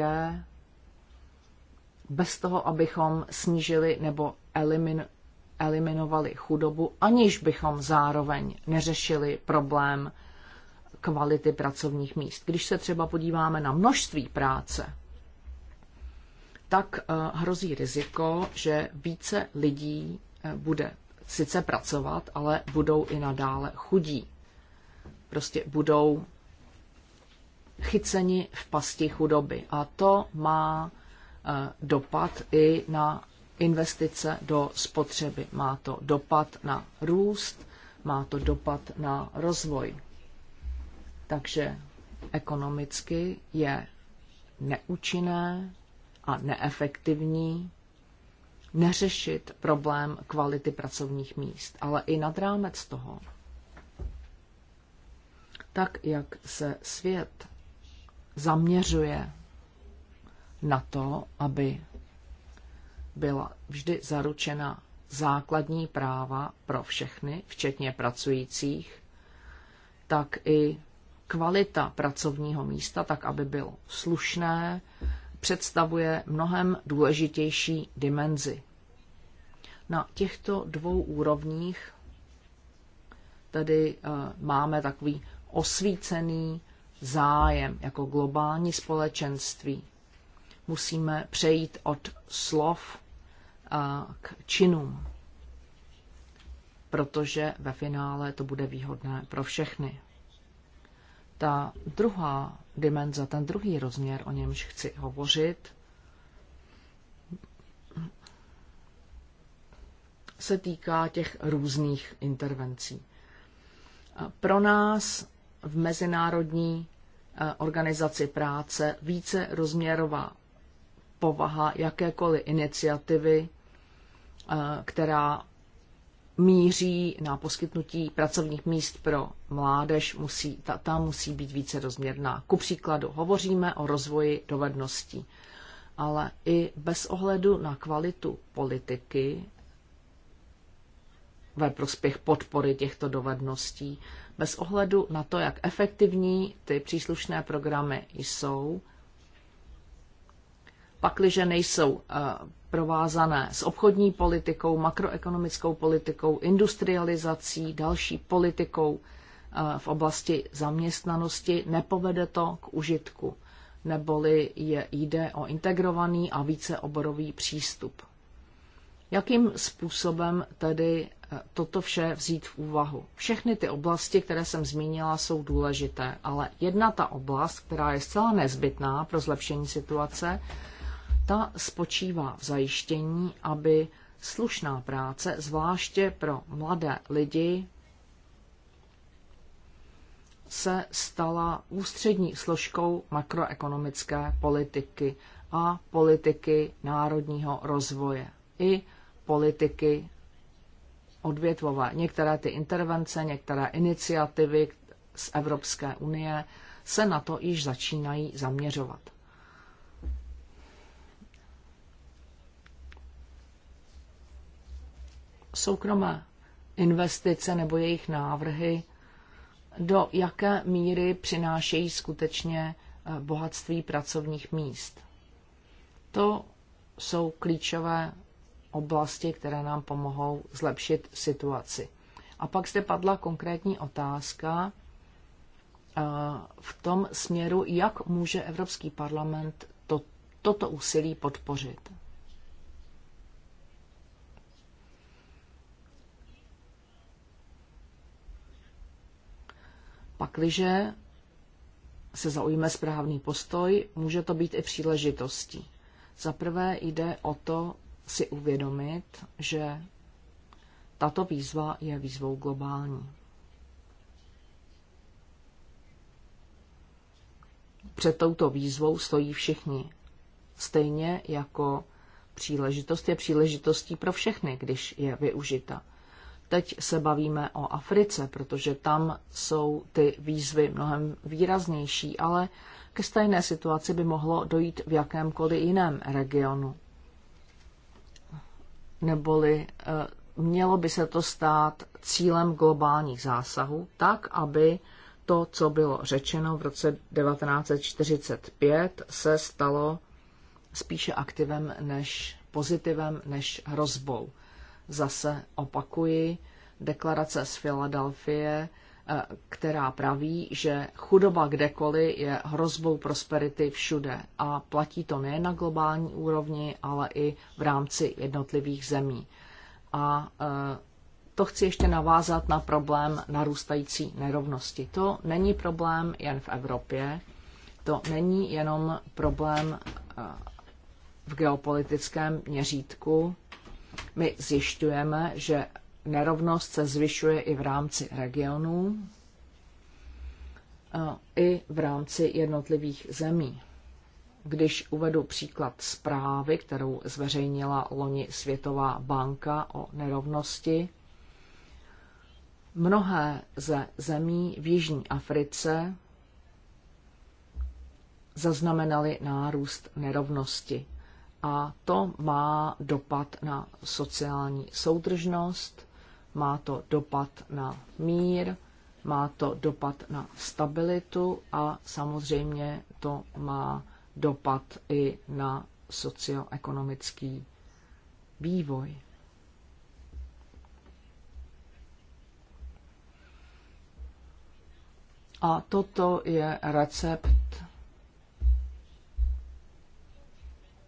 bez toho, abychom snížili nebo elimin, eliminovali chudobu, aniž bychom zároveň neřešili problém kvality pracovních míst. Když se třeba podíváme na množství práce, tak eh, hrozí riziko, že více lidí eh, bude sice pracovat, ale budou i nadále chudí. Prostě budou chyceni v pasti chudoby. A to má eh, dopad i na investice do spotřeby. Má to dopad na růst, má to dopad na rozvoj. Takže ekonomicky je neúčinné a neefektivní, neřešit problém kvality pracovních míst, ale i nad rámec toho. Tak, jak se svět zaměřuje na to, aby byla vždy zaručena základní práva pro všechny, včetně pracujících, tak i kvalita pracovního místa, tak aby bylo slušné, představuje mnohem důležitější dimenzi. Na těchto dvou úrovních tedy eh, máme takový osvícený zájem jako globální společenství. Musíme přejít od slov eh, k činům, protože ve finále to bude výhodné pro všechny. Ta druhá dimenze, ten druhý rozměr, o němž chci hovořit, se týká těch různých intervencí. Pro nás v Mezinárodní eh, organizaci práce více rozměrová povaha jakékoliv iniciativy, eh, která míří na poskytnutí pracovních míst pro mládež, musí, ta, ta musí být více rozměrná. Ku příkladu, hovoříme o rozvoji dovedností, ale i bez ohledu na kvalitu politiky ve prospěch podpory těchto dovedností, bez ohledu na to, jak efektivní ty příslušné programy jsou, pakliže nejsou eh, provázané s obchodní politikou, makroekonomickou politikou, industrializací, další politikou eh, v oblasti zaměstnanosti, nepovede to k užitku, neboli je, jde o integrovaný a víceoborový přístup. Jakým způsobem tedy eh, toto vše vzít v úvahu? Všechny ty oblasti, které jsem zmínila, jsou důležité, ale jedna ta oblast, která je zcela nezbytná pro zlepšení situace, ta spočívá v zajištění, aby slušná práce, zvláště pro mladé lidi, se stala ústřední složkou makroekonomické politiky a politiky národního rozvoje i politiky odvětvové. Některé ty intervence, některé iniciativy z Evropské unie se na to již začínají zaměřovat. soukromé investice nebo jejich návrhy, do jaké míry přinášejí skutečně eh, bohatství pracovních míst. To jsou klíčové oblasti, které nám pomohou zlepšit situaci. A pak zde padla konkrétní otázka eh, v tom směru, jak může Evropský parlament to, toto úsilí podpořit. Pakliže se zaujme správný postoj, může to být i příležitostí. Za prvé jde o to si uvědomit, že tato výzva je výzvou globální. Před touto výzvou stojí všichni. Stejně jako příležitost je příležitostí pro všechny, když je využita. Teď se bavíme o Africe, protože tam jsou ty výzvy mnohem výraznější, ale ke stejné situaci by mohlo dojít v jakémkoliv jiném regionu. Neboli eh, mělo by se to stát cílem globálních zásahů, tak aby to, co bylo řečeno v roce 1945, se stalo spíše aktivem než pozitivem než hrozbou. Zase opakuji, deklarace z Filadelfie, eh, která praví, že chudoba kdekoliv je hrozbou prosperity všude. A platí to nejen na globální úrovni, ale i v rámci jednotlivých zemí. A eh, to chci ještě navázat na problém narůstající nerovnosti. To není problém jen v Evropě, to není jenom problém eh, v geopolitickém měřítku, my zjišťujeme, že nerovnost se zvyšuje i v rámci regionů, i v rámci jednotlivých zemí. Když uvedu příklad zprávy, kterou zveřejnila loni Světová banka o nerovnosti, mnohé ze zemí v Jižní Africe zaznamenaly nárůst nerovnosti a to má dopad na sociální soudržnost, má to dopad na mír, má to dopad na stabilitu a samozřejmě to má dopad i na socioekonomický vývoj. A toto je recept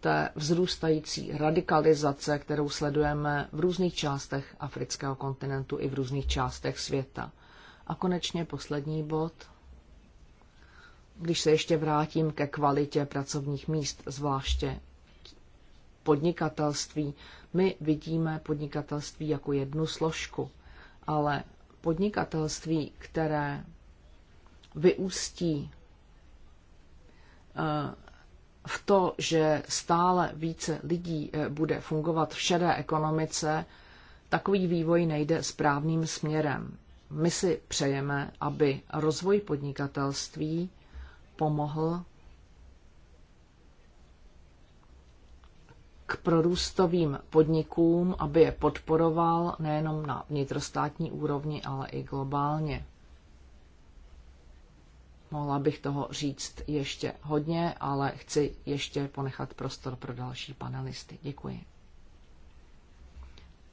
té vzrůstající radikalizace, kterou sledujeme v různých částech afrického kontinentu i v různých částech světa. A konečně poslední bod. Když se ještě vrátím ke kvalitě pracovních míst, zvláště podnikatelství, my vidíme podnikatelství jako jednu složku, ale podnikatelství, které vyústí eh, v to, že stále více lidí eh, bude fungovat v šedé ekonomice, takový vývoj nejde správným směrem. My si přejeme, aby rozvoj podnikatelství pomohl k prorůstovým podnikům, aby je podporoval nejenom na vnitrostátní úrovni, ale i globálně. Mohla bych toho říct ještě hodně, ale chci ještě ponechat prostor pro další panelisty. Děkuji.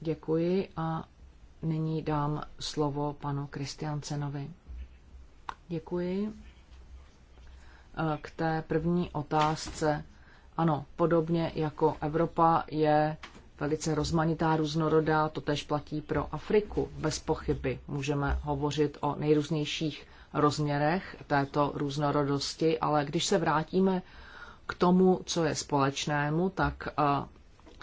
Děkuji a nyní dám slovo panu Kristiancenovi. Děkuji. E, k té první otázce. Ano, podobně jako Evropa je velice rozmanitá, různorodá, to tež platí pro Afriku. Bez pochyby můžeme hovořit o nejrůznějších rozměrech této různorodosti, ale když se vrátíme k tomu, co je společnému, tak eh,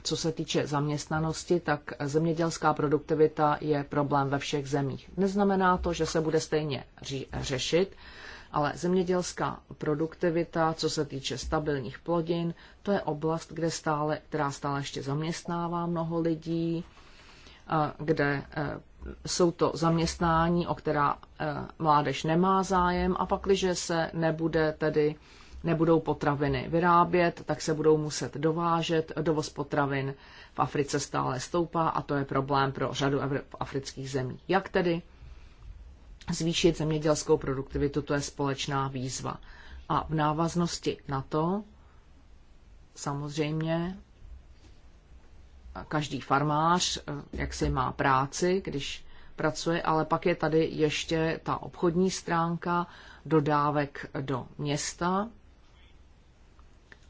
co se týče zaměstnanosti, tak zemědělská produktivita je problém ve všech zemích. Neznamená to, že se bude stejně řešit, ale zemědělská produktivita, co se týče stabilních plodin, to je oblast, kde stále, která stále ještě zaměstnává mnoho lidí, eh, kde eh, jsou to zaměstnání, o která eh, mládež nemá zájem a pak, když se nebude tedy nebudou potraviny vyrábět, tak se budou muset dovážet. Dovoz potravin v Africe stále stoupá a to je problém pro řadu afrických zemí. Jak tedy zvýšit zemědělskou produktivitu, to je společná výzva. A v návaznosti na to samozřejmě každý farmář, eh, jak si má práci, když pracuje, ale pak je tady ještě ta obchodní stránka dodávek do města,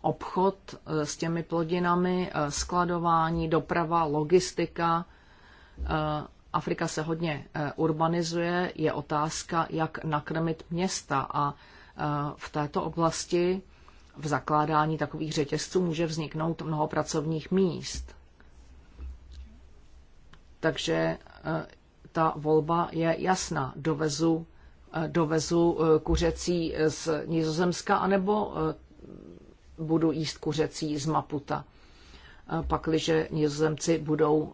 obchod eh, s těmi plodinami, eh, skladování, doprava, logistika. Afrika se hodně urbanizuje, je otázka, jak nakrmit města a v této oblasti v zakládání takových řetězců může vzniknout mnoho pracovních míst. Takže eh, ta volba je jasná. Dovezu, eh, dovezu eh, kuřecí z Nizozemska anebo budu jíst kuřecí z Maputa. Pakliže Nizozemci budou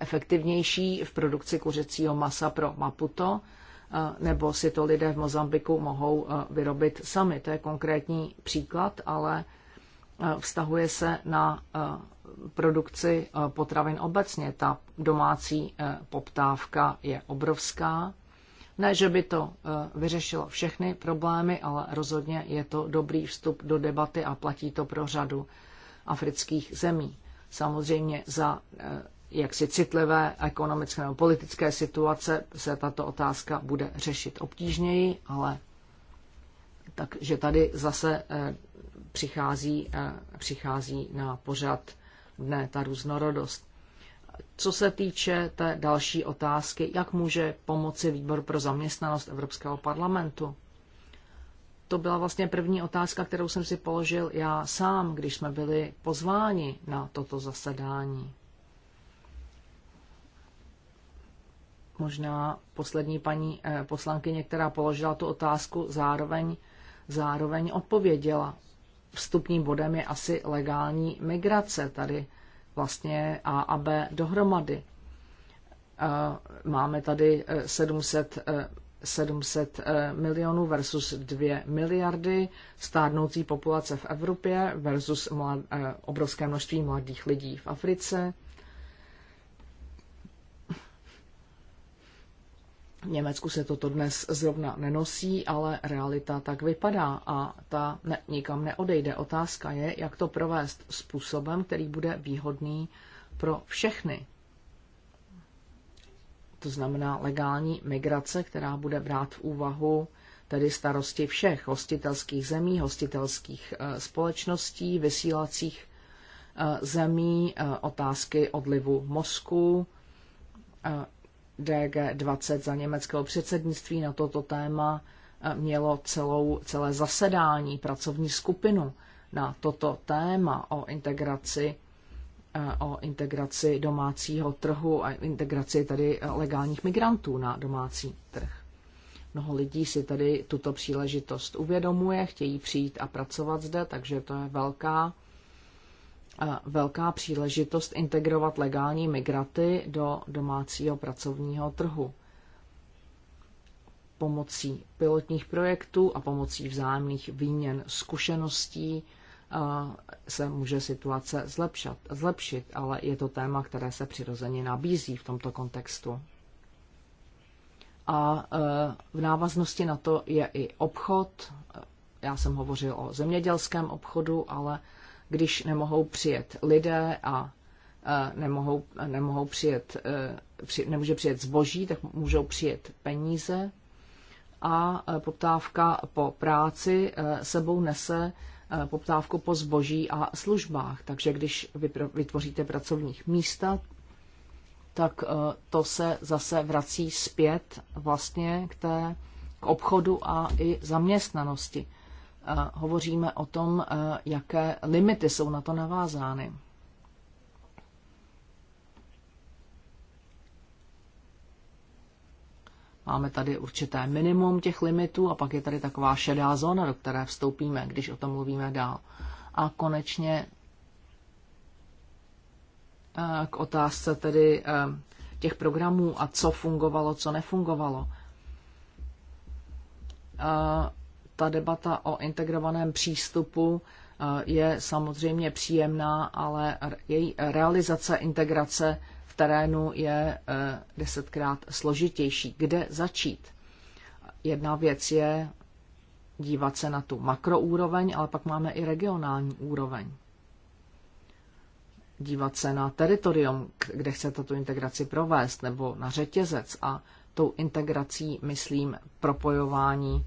efektivnější v produkci kuřecího masa pro Maputo, nebo si to lidé v Mozambiku mohou vyrobit sami. To je konkrétní příklad, ale vztahuje se na produkci eh, potravin obecně. Ta domácí eh, poptávka je obrovská. Ne, že by to eh, vyřešilo všechny problémy, ale rozhodně je to dobrý vstup do debaty a platí to pro řadu afrických zemí. Samozřejmě za jaksi citlivé ekonomické nebo politické situace se tato otázka bude řešit obtížněji, ale takže tady zase přichází, přichází na pořad dne, ta různorodost. Co se týče té další otázky, jak může pomoci výbor pro zaměstnanost Evropského parlamentu? To byla vlastně první otázka, kterou jsem si položil já sám, když jsme byli pozváni na toto zasedání. Možná poslední paní eh, poslankyně, která položila tu otázku, zároveň, zároveň odpověděla vstupním bodem je asi legální migrace tady vlastně A a B dohromady. Máme tady 700, e, 700 e, e, milionů versus 2 miliardy stárnoucí populace v Evropě versus obrovské množství mladých lidí v Africe. V Německu se toto dnes zrovna nenosí, ale realita tak vypadá a ta ne, nikam neodejde. Otázka je, jak to provést způsobem, který bude výhodný pro všechny. To znamená legální migrace, která bude brát v úvahu tedy starosti všech hostitelských zemí, hostitelských eh, společností, vysílacích eh, zemí, eh, otázky odlivu mozku, DG20 za německého předsednictví na toto téma eh, mělo celou, celé zasedání, pracovní skupinu na toto téma o integraci eh, o integraci domácího trhu a integraci tady eh, legálních migrantů na domácí trh. Mnoho lidí si tady tuto příležitost uvědomuje, chtějí přijít a pracovat zde, takže to je velká velká příležitost integrovat legální migraty do domácího pracovního trhu. Pomocí pilotních projektů a pomocí vzájemných výměn zkušeností eh, se může situace zlepšat, zlepšit, ale je to téma, které se přirozeně nabízí v tomto kontextu. A eh, v návaznosti na to je i obchod. Já jsem hovořil o zemědělském obchodu, ale když nemohou přijet lidé a nemohou, nemohou přijet, e, nemůže přijet zboží, tak můžou přijet peníze a e, poptávka po práci e, sebou nese poptávku po zboží a službách. Takže když vytvoříte pracovních místa, tak to se zase vrací zpět vlastně k té k obchodu a i zaměstnanosti hovoříme o tom, eh, jaké limity jsou na to navázány. Máme tady určité minimum těch limitů a pak je tady taková šedá zóna, do které vstoupíme, když o tom mluvíme dál. A konečně eh, k otázce tedy eh, těch programů a co fungovalo, co nefungovalo ta debata o integrovaném přístupu eh, je samozřejmě příjemná, ale její realizace integrace v terénu je eh, desetkrát složitější. Kde začít? Jedna věc je dívat se na tu makroúroveň, ale pak máme i regionální úroveň. Dívat se na teritorium, kde chcete tu integraci provést, nebo na řetězec a tou integrací myslím propojování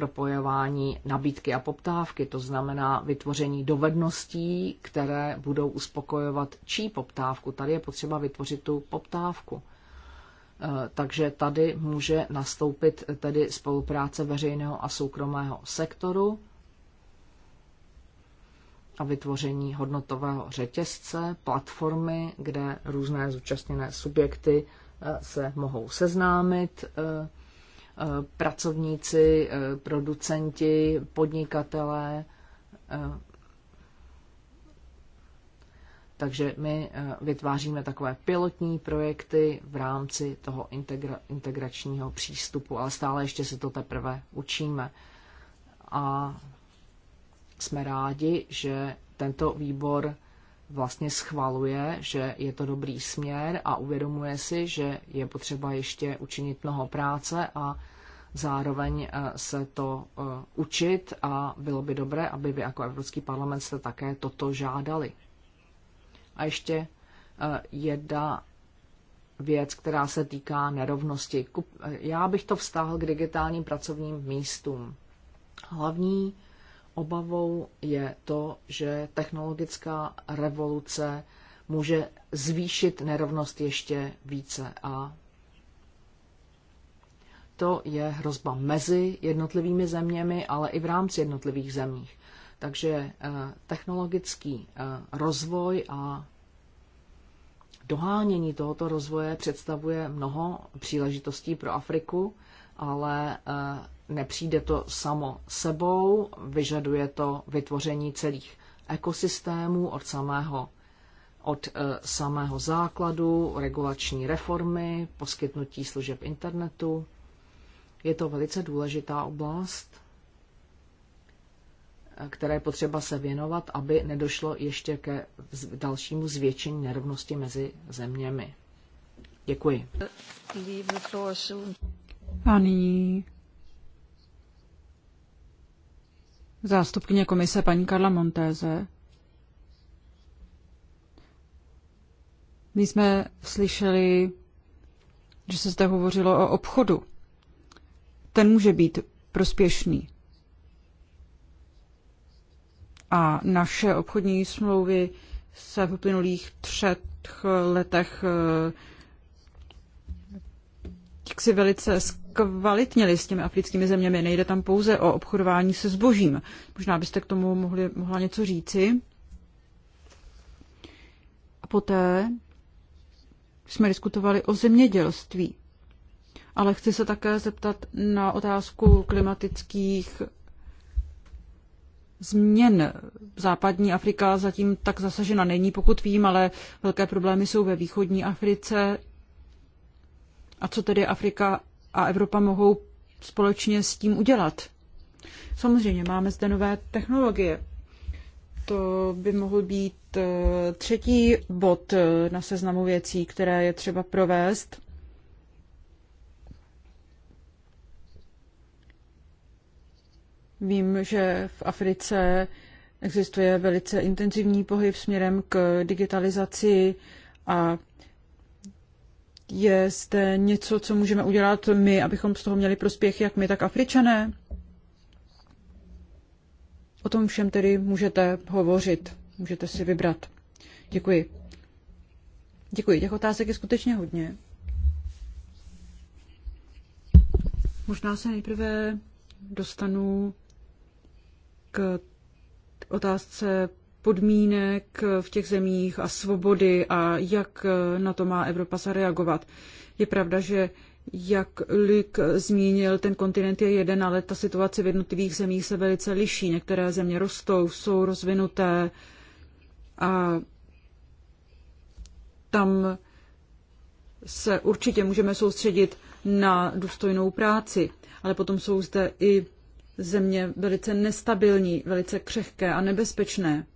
propojování nabídky a poptávky, to znamená vytvoření dovedností, které budou uspokojovat čí poptávku. Tady je potřeba vytvořit tu poptávku. E, takže tady může nastoupit tedy spolupráce veřejného a soukromého sektoru a vytvoření hodnotového řetězce, platformy, kde různé zúčastněné subjekty e, se mohou seznámit e, Eh, pracovníci, eh, producenti, podnikatelé. Eh. Takže my vytváříme takové pilotní projekty v rámci toho integra- integračního přístupu, ale stále ještě se to teprve učíme. A jsme rádi, že tento výbor vlastně schvaluje, že je to dobrý směr a uvědomuje si, že je potřeba ještě učinit mnoho práce a zároveň eh, se to eh, učit a bylo by dobré, aby vy jako Evropský parlament jste také toto žádali. A ještě eh, jedna věc, která se týká nerovnosti. Já bych to vztáhl k digitálním pracovním místům. Hlavní obavou je to, že technologická revoluce může zvýšit nerovnost ještě více a to je hrozba mezi jednotlivými zeměmi, ale i v rámci jednotlivých zemích. Takže eh, technologický eh, rozvoj a dohánění tohoto rozvoje představuje mnoho příležitostí pro Afriku, ale eh, nepřijde to samo sebou, vyžaduje to vytvoření celých ekosystémů od samého od samého základu, regulační reformy, poskytnutí služeb internetu, je to velice důležitá oblast, eh, které je potřeba se věnovat, aby nedošlo ještě ke dalšímu zvětšení nerovnosti mezi zeměmi. Děkuji. A nyní zástupkyně komise paní Karla Montéze. My jsme slyšeli, že se zde hovořilo o obchodu ten může být prospěšný. A naše obchodní smlouvy se v uplynulých třech letech eh, jak si velice zkvalitnili s těmi africkými zeměmi. Nejde tam pouze o obchodování se zbožím. Možná byste k tomu mohli, mohla něco říci. A poté jsme diskutovali o zemědělství ale chci se také zeptat na otázku klimatických změn. Západní Afrika zatím tak zasažena není, pokud vím, ale velké problémy jsou ve východní Africe. A co tedy Afrika a Evropa mohou společně s tím udělat? Samozřejmě máme zde nové technologie. To by mohl být eh, třetí bod eh, na seznamu věcí, které je třeba provést. Vím, že v Africe existuje velice intenzivní pohyb směrem k digitalizaci a je zde něco, co můžeme udělat my, abychom z toho měli prospěch jak my, tak Afričané? O tom všem tedy můžete hovořit, můžete si vybrat. Děkuji. Děkuji, těch otázek je skutečně hodně. Možná se nejprve dostanu k otázce podmínek v těch zemích a svobody a jak na to má Evropa zareagovat. Je pravda, že jak Luk zmínil, ten kontinent je jeden, ale ta situace v jednotlivých zemích se velice liší. Některé země rostou, jsou rozvinuté a tam se určitě můžeme soustředit na důstojnou práci. Ale potom jsou zde i země velice nestabilní, velice křehké a nebezpečné.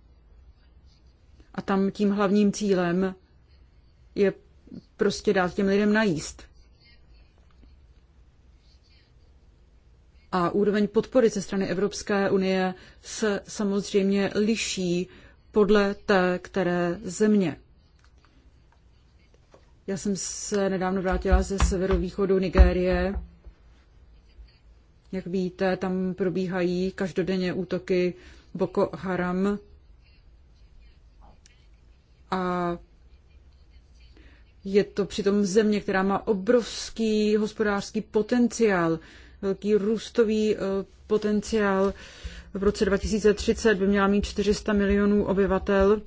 A tam tím hlavním cílem je prostě dát těm lidem najíst. A úroveň podpory ze strany Evropské unie se samozřejmě liší podle té, které země. Já jsem se nedávno vrátila ze severovýchodu Nigérie, jak víte, tam probíhají každodenně útoky Boko Haram a je to přitom země, která má obrovský hospodářský potenciál, velký růstový eh, potenciál. V roce 2030 by měla mít 400 milionů obyvatel,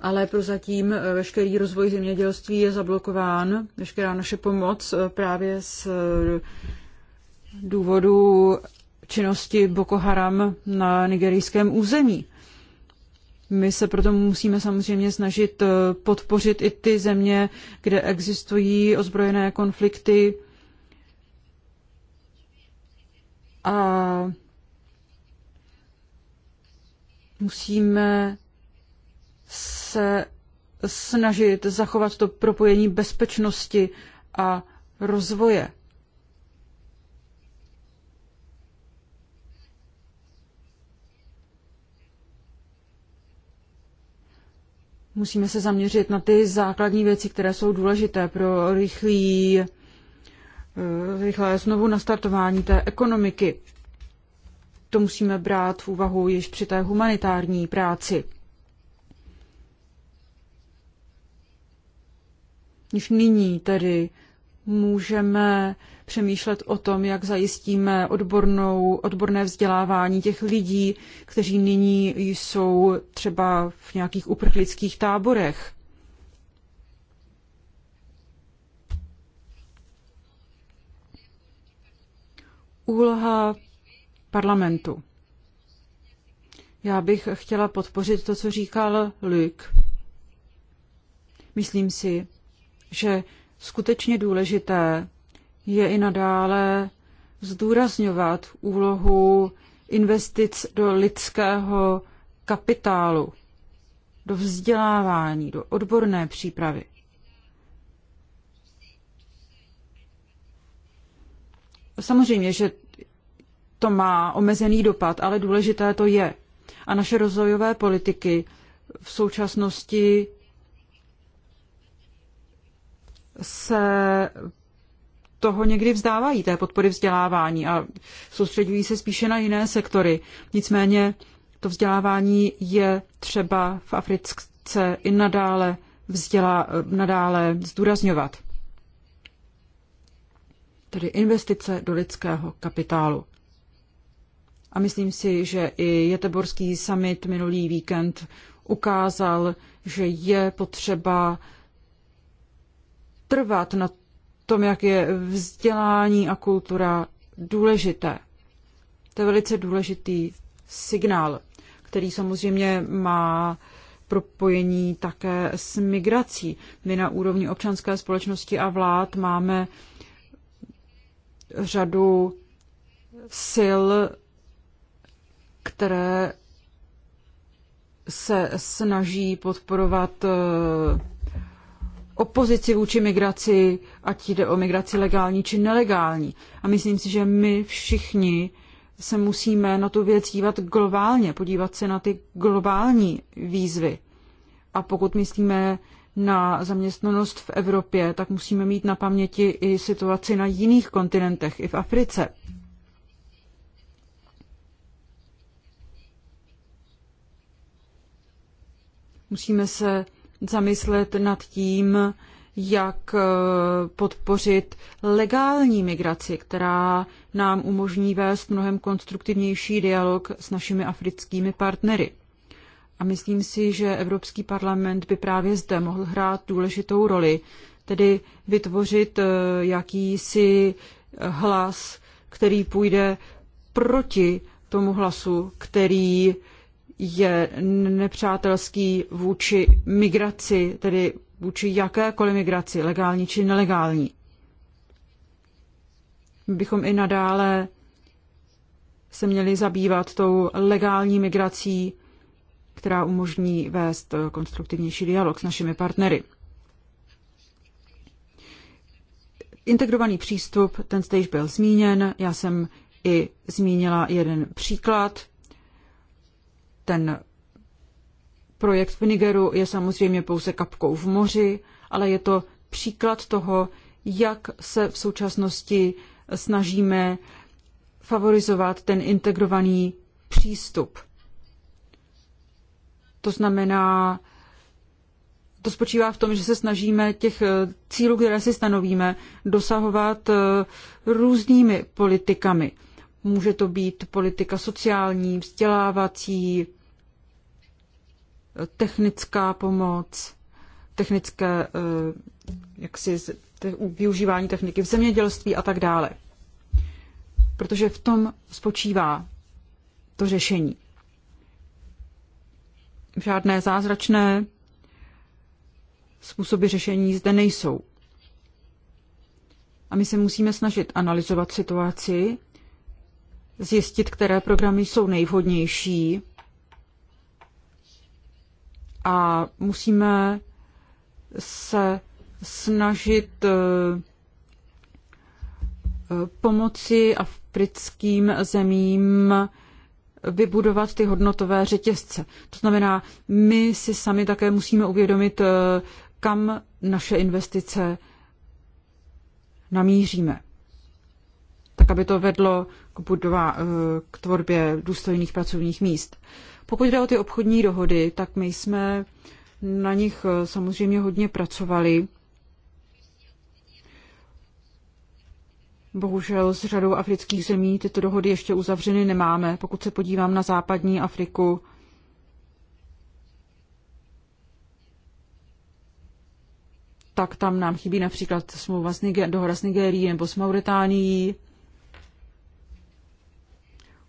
ale prozatím eh, veškerý rozvoj zemědělství je zablokován, veškerá naše pomoc eh, právě z důvodu činnosti Boko Haram na nigerijském území. My se proto musíme samozřejmě snažit eh, podpořit i ty země, kde existují ozbrojené konflikty a musíme se snažit zachovat to propojení bezpečnosti a rozvoje. Musíme se zaměřit na ty základní věci, které jsou důležité pro rychlý, eh, rychlé znovu nastartování té ekonomiky. To musíme brát v úvahu již při té humanitární práci. Již nyní tedy můžeme přemýšlet o tom, jak zajistíme odbornou, odborné vzdělávání těch lidí, kteří nyní jsou třeba v nějakých uprchlických táborech. Úloha parlamentu. Já bych chtěla podpořit to, co říkal Luke. Myslím si, že skutečně důležité je i nadále zdůrazňovat úlohu investic do lidského kapitálu, do vzdělávání, do odborné přípravy. Samozřejmě, že to má omezený dopad, ale důležité to je. A naše rozvojové politiky v současnosti se toho někdy vzdávají, té podpory vzdělávání a soustředují se spíše na jiné sektory. Nicméně to vzdělávání je třeba v Africe i nadále, vzdělá, nadále zdůrazňovat. Tedy investice do lidského kapitálu. A myslím si, že i Jeteborský summit minulý víkend ukázal, že je potřeba trvat na tom, jak je vzdělání a kultura důležité. To je velice důležitý signál, který samozřejmě má propojení také s migrací. My na úrovni občanské společnosti a vlád máme řadu sil, které se snaží podporovat eh, opozici vůči migraci, ať jde o migraci legální či nelegální. A myslím si, že my všichni se musíme na tu věc dívat globálně, podívat se na ty globální výzvy. A pokud myslíme na zaměstnanost v Evropě, tak musíme mít na paměti i situaci na jiných kontinentech, i v Africe. Musíme se zamyslet nad tím, jak eh, podpořit legální migraci, která nám umožní vést mnohem konstruktivnější dialog s našimi africkými partnery. A myslím si, že Evropský parlament by právě zde mohl hrát důležitou roli, tedy vytvořit eh, jakýsi hlas, který půjde proti tomu hlasu, který je nepřátelský vůči migraci, tedy vůči jakékoliv migraci, legální či nelegální. Bychom i nadále se měli zabývat tou legální migrací, která umožní vést konstruktivnější dialog s našimi partnery. Integrovaný přístup, ten zde již byl zmíněn, já jsem i zmínila jeden příklad, ten projekt v Nigeru je samozřejmě pouze kapkou v moři, ale je to příklad toho, jak se v současnosti snažíme favorizovat ten integrovaný přístup. To znamená, to spočívá v tom, že se snažíme těch eh, cílů, které si stanovíme, dosahovat eh, různými politikami. Může to být politika sociální, vzdělávací, technická pomoc, technické eh, jaksi, využívání techniky v zemědělství a tak dále. Protože v tom spočívá to řešení. Žádné zázračné způsoby řešení zde nejsou. A my se musíme snažit analyzovat situaci zjistit, které programy jsou nejvhodnější a musíme se snažit eh, eh, pomoci africkým zemím vybudovat ty hodnotové řetězce. To znamená, my si sami také musíme uvědomit, eh, kam naše investice namíříme tak aby to vedlo k, budova, eh, k tvorbě důstojných pracovních míst. Pokud jde o ty obchodní dohody, tak my jsme na nich eh, samozřejmě hodně pracovali. Bohužel s řadou afrických zemí tyto dohody ještě uzavřeny nemáme. Pokud se podívám na západní Afriku, tak tam nám chybí například smlouva s Niger, dohoda s Nigerií nebo s Mauritánií.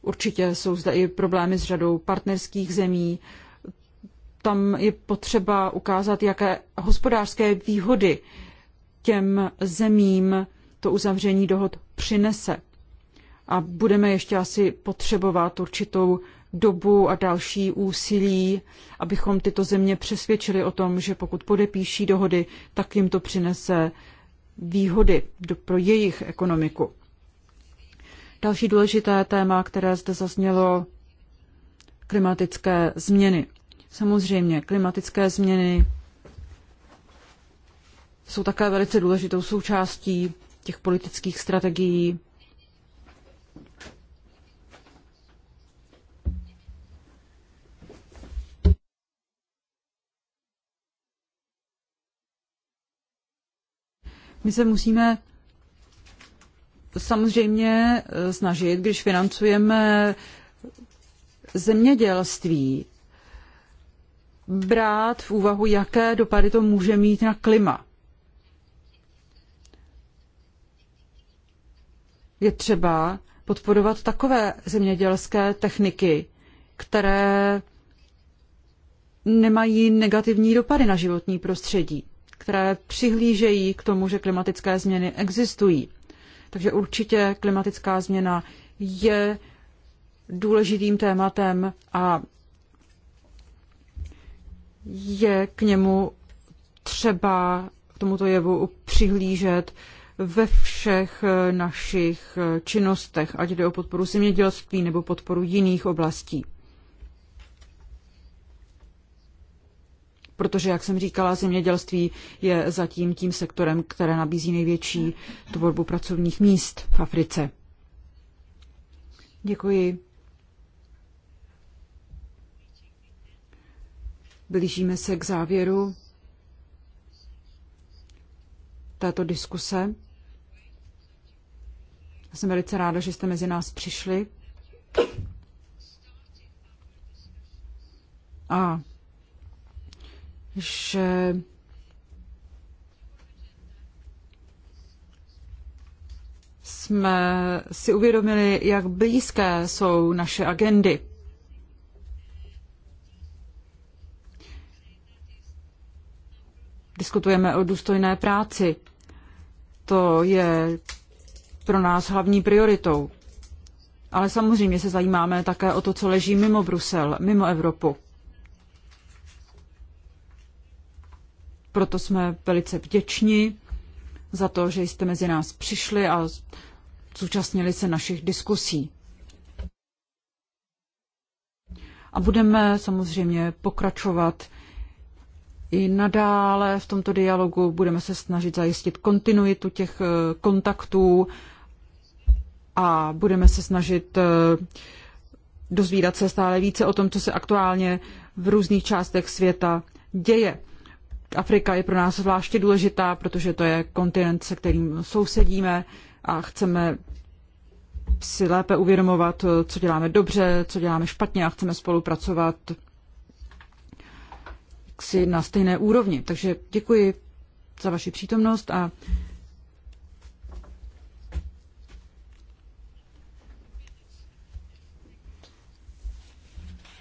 Určitě jsou zde i problémy s řadou partnerských zemí. Tam je potřeba ukázat, jaké hospodářské výhody těm zemím to uzavření dohod přinese. A budeme ještě asi potřebovat určitou dobu a další úsilí, abychom tyto země přesvědčili o tom, že pokud podepíší dohody, tak jim to přinese výhody pro jejich ekonomiku. Další důležité téma, které zde zaznělo, klimatické změny. Samozřejmě, klimatické změny jsou také velice důležitou součástí těch politických strategií. My se musíme samozřejmě eh, snažit, když financujeme zemědělství, brát v úvahu, jaké dopady to může mít na klima. Je třeba podporovat takové zemědělské techniky, které nemají negativní dopady na životní prostředí, které přihlížejí k tomu, že klimatické změny existují. Takže určitě klimatická změna je důležitým tématem a je k němu třeba k tomuto jevu přihlížet ve všech našich činnostech, ať jde o podporu zemědělství nebo podporu jiných oblastí. protože, jak jsem říkala, zemědělství je zatím tím sektorem, které nabízí největší tvorbu pracovních míst v Africe. Děkuji. Blížíme se k závěru této diskuse. Já jsem velice ráda, že jste mezi nás přišli. A že jsme si uvědomili, jak blízké jsou naše agendy. Diskutujeme o důstojné práci. To je pro nás hlavní prioritou. Ale samozřejmě se zajímáme také o to, co leží mimo Brusel, mimo Evropu. Proto jsme velice vděční za to, že jste mezi nás přišli a zúčastnili se našich diskusí. A budeme samozřejmě pokračovat i nadále v tomto dialogu. Budeme se snažit zajistit kontinuitu těch eh, kontaktů a budeme se snažit eh, dozvídat se stále více o tom, co se aktuálně v různých částech světa děje. Afrika je pro nás zvláště důležitá, protože to je kontinent, se kterým sousedíme a chceme si lépe uvědomovat, co děláme dobře, co děláme špatně a chceme spolupracovat si na stejné úrovni. Takže děkuji za vaši přítomnost a